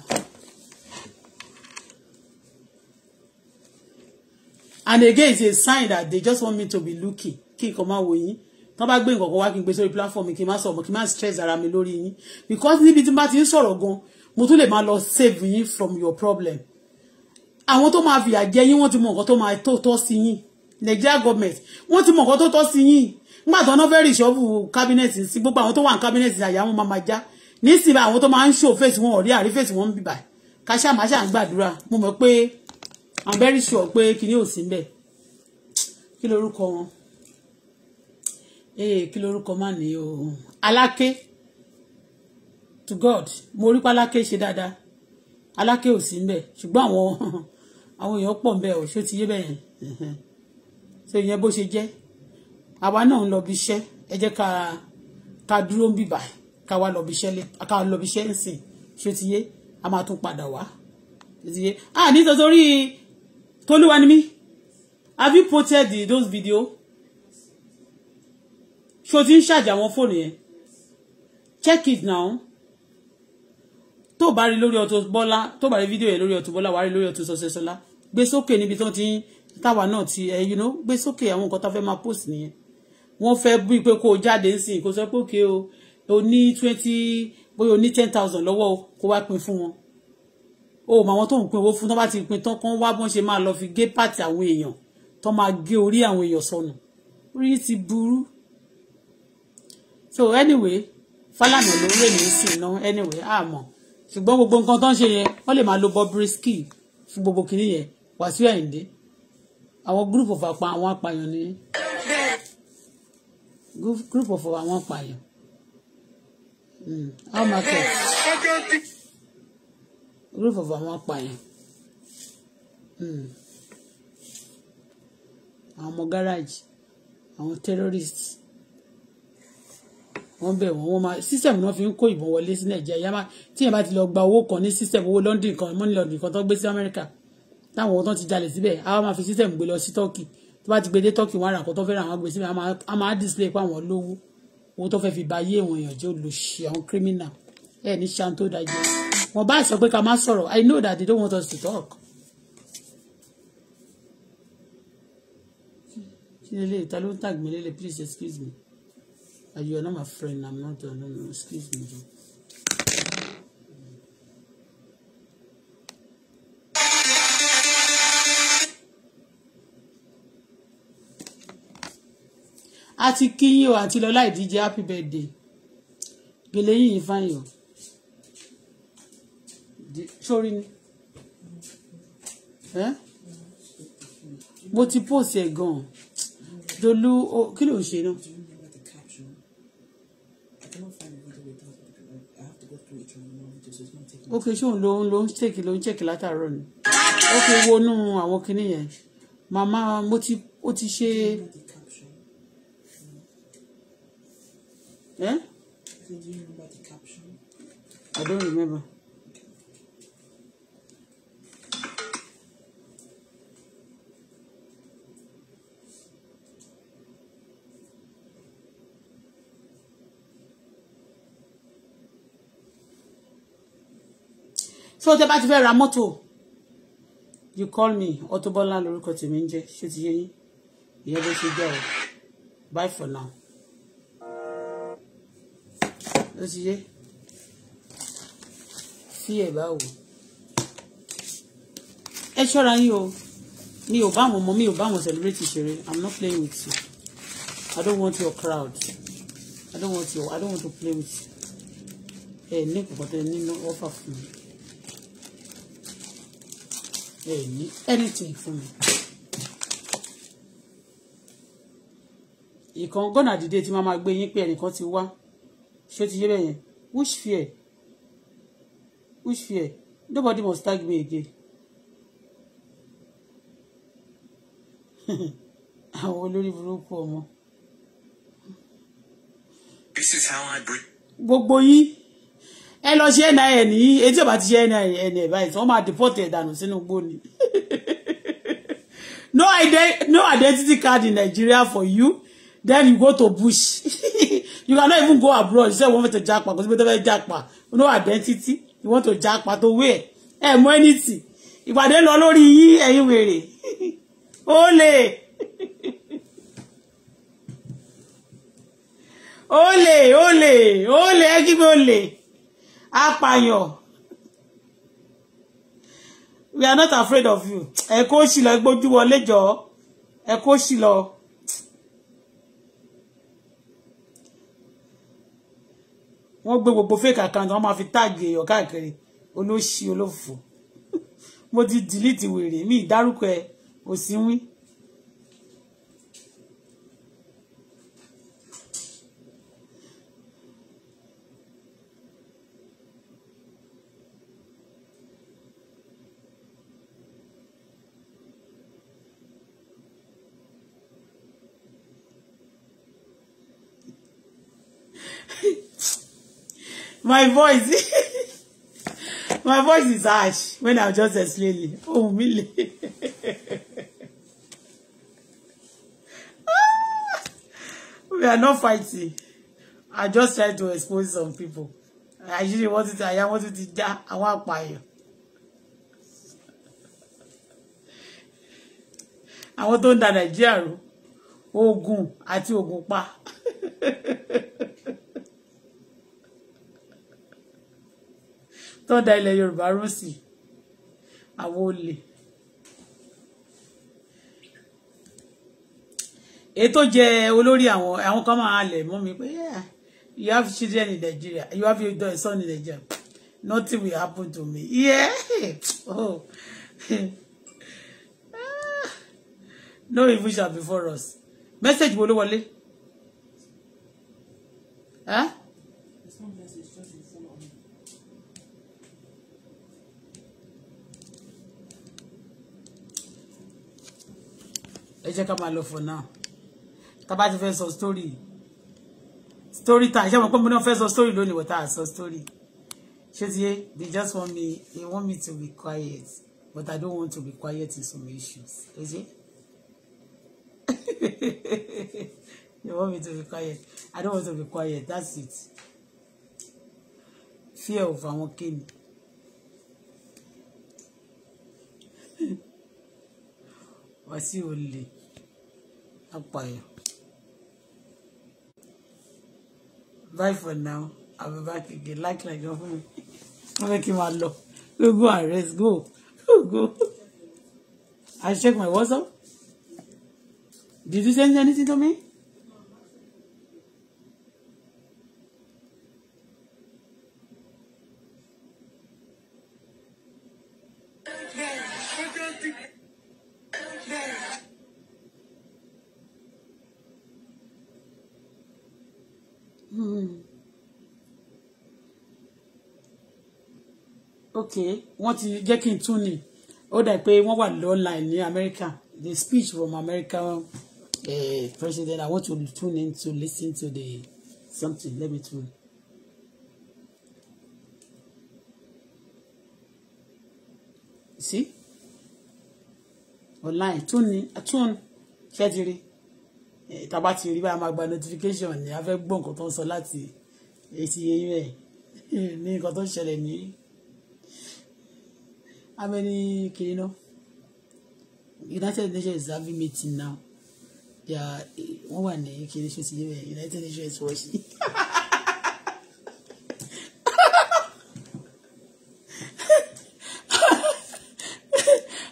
and again it's a sign that they just want me to be looking kí n kò máa wò yín tó bá gbé nǹkan kan wá kí n gbé sórí platform kí n má sọ̀rọ̀ kí n má stress ara mi lórí yín because níbi tí n bá ti ń sọ̀rọ̀ gan mo tún lè máa lọ save yín from your problem àwọn tó máa fìyà jẹ yín wọ́n ti mọ nǹkan tó máa tó tọ́ sí yín Nigeria government wọ́n ti mọ nǹkan tó tọ́ sí yín nígbà tó náà fẹ́ rí ìṣọ́bù cabinet sí gbogbo àwọn tó wà ní cabinet àyà wọn máa máa já nísìnyí àwọn tó máa ń ṣò fèsì wọn ọ̀rí àrí fèsì wọn ń bìbà káṣá máa ṣà ń gbàdúrà mo mọ̀ pé I'm very sure pé kinní ò sí mbẹ̀ kí lorúkọ wọn ee eh, kí lorúkọ má ní o aláké to God mo rí páláké ṣe dáadáa aláké ò sí mbẹ̀ ṣùgbọ́n àwọn àwọn èèyàn pọ̀ ń bẹ ò ṣó ti yé bẹ́yẹn so ìyẹn bó ṣe jẹ́ àwa náà ń lọ bí iṣẹ́ ẹ jẹ́ ká ká dúró ń bìbà ká wá lọ bí iṣẹ́ ká lọ bí iṣẹ́ ń sìn ṣó ti yé a máa tún padà wá ṣó ti yé a ní nítorí tolúwa ni mí have you posted those videos? ṣó ti ń ṣàjà àwọn fóònù yẹn check it now tó bá rí lórí Auto Bola tó bá rí fídíò yẹn lórí Auto Bola wàá rí lórí Auto Success Ola gbé sókè níbi tí wọ́n ti ń táwa náà ti ẹ eh, you know gbé sókè àwọn nǹkan tá a fẹ́ máa post nìyẹn wọ́n fẹ́ bíi pé kó o jáde ń sìn kó sọ pé òkè o ní twenty bóyá o ní ten thousand lọ́wọ́ o kó wá pín fún wọn o mọ àwọn tó ń pín owó fún tó bá ti pín tán kán wá bọ́n ṣe máa lọ fi gé pàtì àwọn èèyàn tó máa gé orí àwọn èèyàn sọnù orí ti burú so anyway Fálànà ló rè ní sìn náà anyway àmọ́ ṣùgbọ́n gbogbo nǹkan tó ń ṣe yẹn wọ́n lè máa lo Bobrisky fún gbogbo kìnìyẹn Wàsíù Àyìndé àwọn group of apa àwọn apààyàn ni group of àwọn apààyàn hmm, how market group of àwọn apààyàn hmm. àwọn ọmọ garage àwọn terrorist wọ́n bẹ̀ wọ́n wọ́n máa system náà fi ń kó ìbọn wọlé sí nàìjíríà yàrá tí yẹn bá ti lọ gba owó kan ní system owó london kan money london kan tó gbé sí America táwọn tó ti jalè síbẹ̀ a máa fi system gbé lọ sí turkey tó bá ti gbé dé turkey wọn àràkọ́ tó fẹ́ àwọn gbé síbẹ̀ a máa display pa àwọn lówó owó tó fẹ́ fi ba ayé àwọn èèyàn jẹ́ olùṣe àwọn criminal ẹ̀ ní ṣan tó dájú wọn bá sọ pé ká má sọ̀rọ̀ I know that they don't want us to talk. kílélé ìta ló ń tag mi lélẹ̀ please excuse me Are you are not my friend i'm not your no no excuse me. a ti kíyìn o àti lọ́lá ìdíje happy birthday gèlè yìí fáyìn o sórí ni mo ti post ẹ̀ gan-an dolú kí ló ń ṣe náà. ok ṣóun ló ń ló ń ṣèkì ló ń ṣèkì látàárọ̀ ni ok wọnú àwọn kinní yẹn màmá mo ti o ti ṣe. She... Eh? So do you remember the caption? I don't remember. so tẹ́ bá ti fẹ́ ra mọ́tò you call me Otobola Bola lórúkọ tèmi ń jẹ́ ṣé ti yé yín ìyẹn bó ṣe bye for now ló ti yé fi ẹ̀ bá wò ẹ ṣọ́ra yín o mi ò bá àwọn ọmọ mi ò bá àwọn celebrate ìṣeré i'm not playing with you i don't want your crowd i don't want your i don't want to play with you ẹ ní kòkòtò ẹ nínú offer fún mi ẹ ní anything fún mi. ìkan gọ́nà dìde tí máa ma gbé yín pé ẹnìkan ti wá ṣé ti yé bẹ́ẹ̀ yẹn which fear which fear nobody must tag me again àwọn olórí burúkú ọmọ. this is how I breathe. gbogbo yín ẹ lọ ṣe nia ní etí ọba ti ṣe nia ẹni ẹ báyìí tí wọn máa deport ẹ dànù sínú igbó ni no, ident no identity card in Nigeria for you then you go to bush. you cannot even go abroad you say you want to japa because you don't japa no identity you want to japa to where? Eh? Money? If I don't lórí yín ẹ̀yin wèrè ó lè ó lè ó lè ó lè ẹ kí we are not afraid of you ẹ kó sì lọ gbójú wọlé jọ ẹ kó sì lọ. wọ́n gbé gbogbo fake account wọ́n máa fi táàgì èèyàn káàkiri olóṣì olófò mo ti dìlítì wèrè mi ìdárúkọ ẹ òsínwín my voice my voice is harsh when i'm just explaining ohun mi we are not fighting i just try to expose some people i usually want to i want to ja àwọn apààyàn àwọn tó ń da nàìjíríà ro ogun àti ogun pa. tó da ilẹ̀ yorùbá rò sí àwọn olè. èyí tó jẹ olórí àwọn àwọn kan máa halẹ̀ mú mi pé you have children in Nigeria you have your daughter, son in Nigeria nothing will happen to me yeah oh no evil shall befall us message wo ló wọlé. Huh? ẹ jẹ́ ká máa lọ for now tá bá ti fẹ́ sọ story story time ṣé mo pé mo náà fẹ́ sọ story lónìí wọ́n tá a sọ story ṣé ti yé they just want me they want me to be quiet but I don't want to be quiet in some issues ẹ ṣe they want me to be quiet I don't want to be quiet that's it fear of àwọn kéènì. wàsíù olè apààyàn. bye for now i'll be back again like like your friend make him alone no go and rest go go go i check my whatsapp did you send anything to me. okay wọ́n ti jẹ́ kí n tún ni ó dà pé wọ́n wà online ní America the speech from American uh, president I want to tune in to listen to the something let me tune. see online tune in. tún ṣé ti rí eh, tàbá ti rí bá a máa gba notification ni a fẹ́ gbọ́ nǹkan tó ń sọ láti etí eyín rẹ̀ ní nǹkan tó ń ṣẹlẹ̀ ní how many You know, United Nations is having meeting now they are wọ́n wà ní kiri ṣe ti yé United Nations is watching.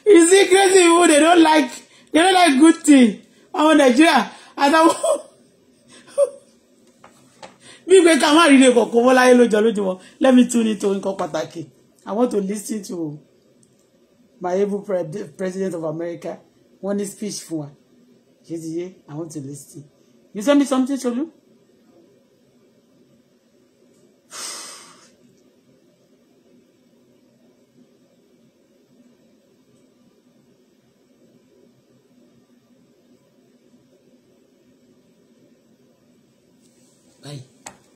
you see crazy people they don't like they don't like good thing ọmọ Nàìjíríà àtàwọn bí pé ká má rí ilé kọ̀ọ̀kan wọ́n láyé lójọ́ let me tune into nǹkan pàtàkì I want to listen to my able pre president of America one speech for wa ṣé ti yé I want to listen you send me something Ṣolú.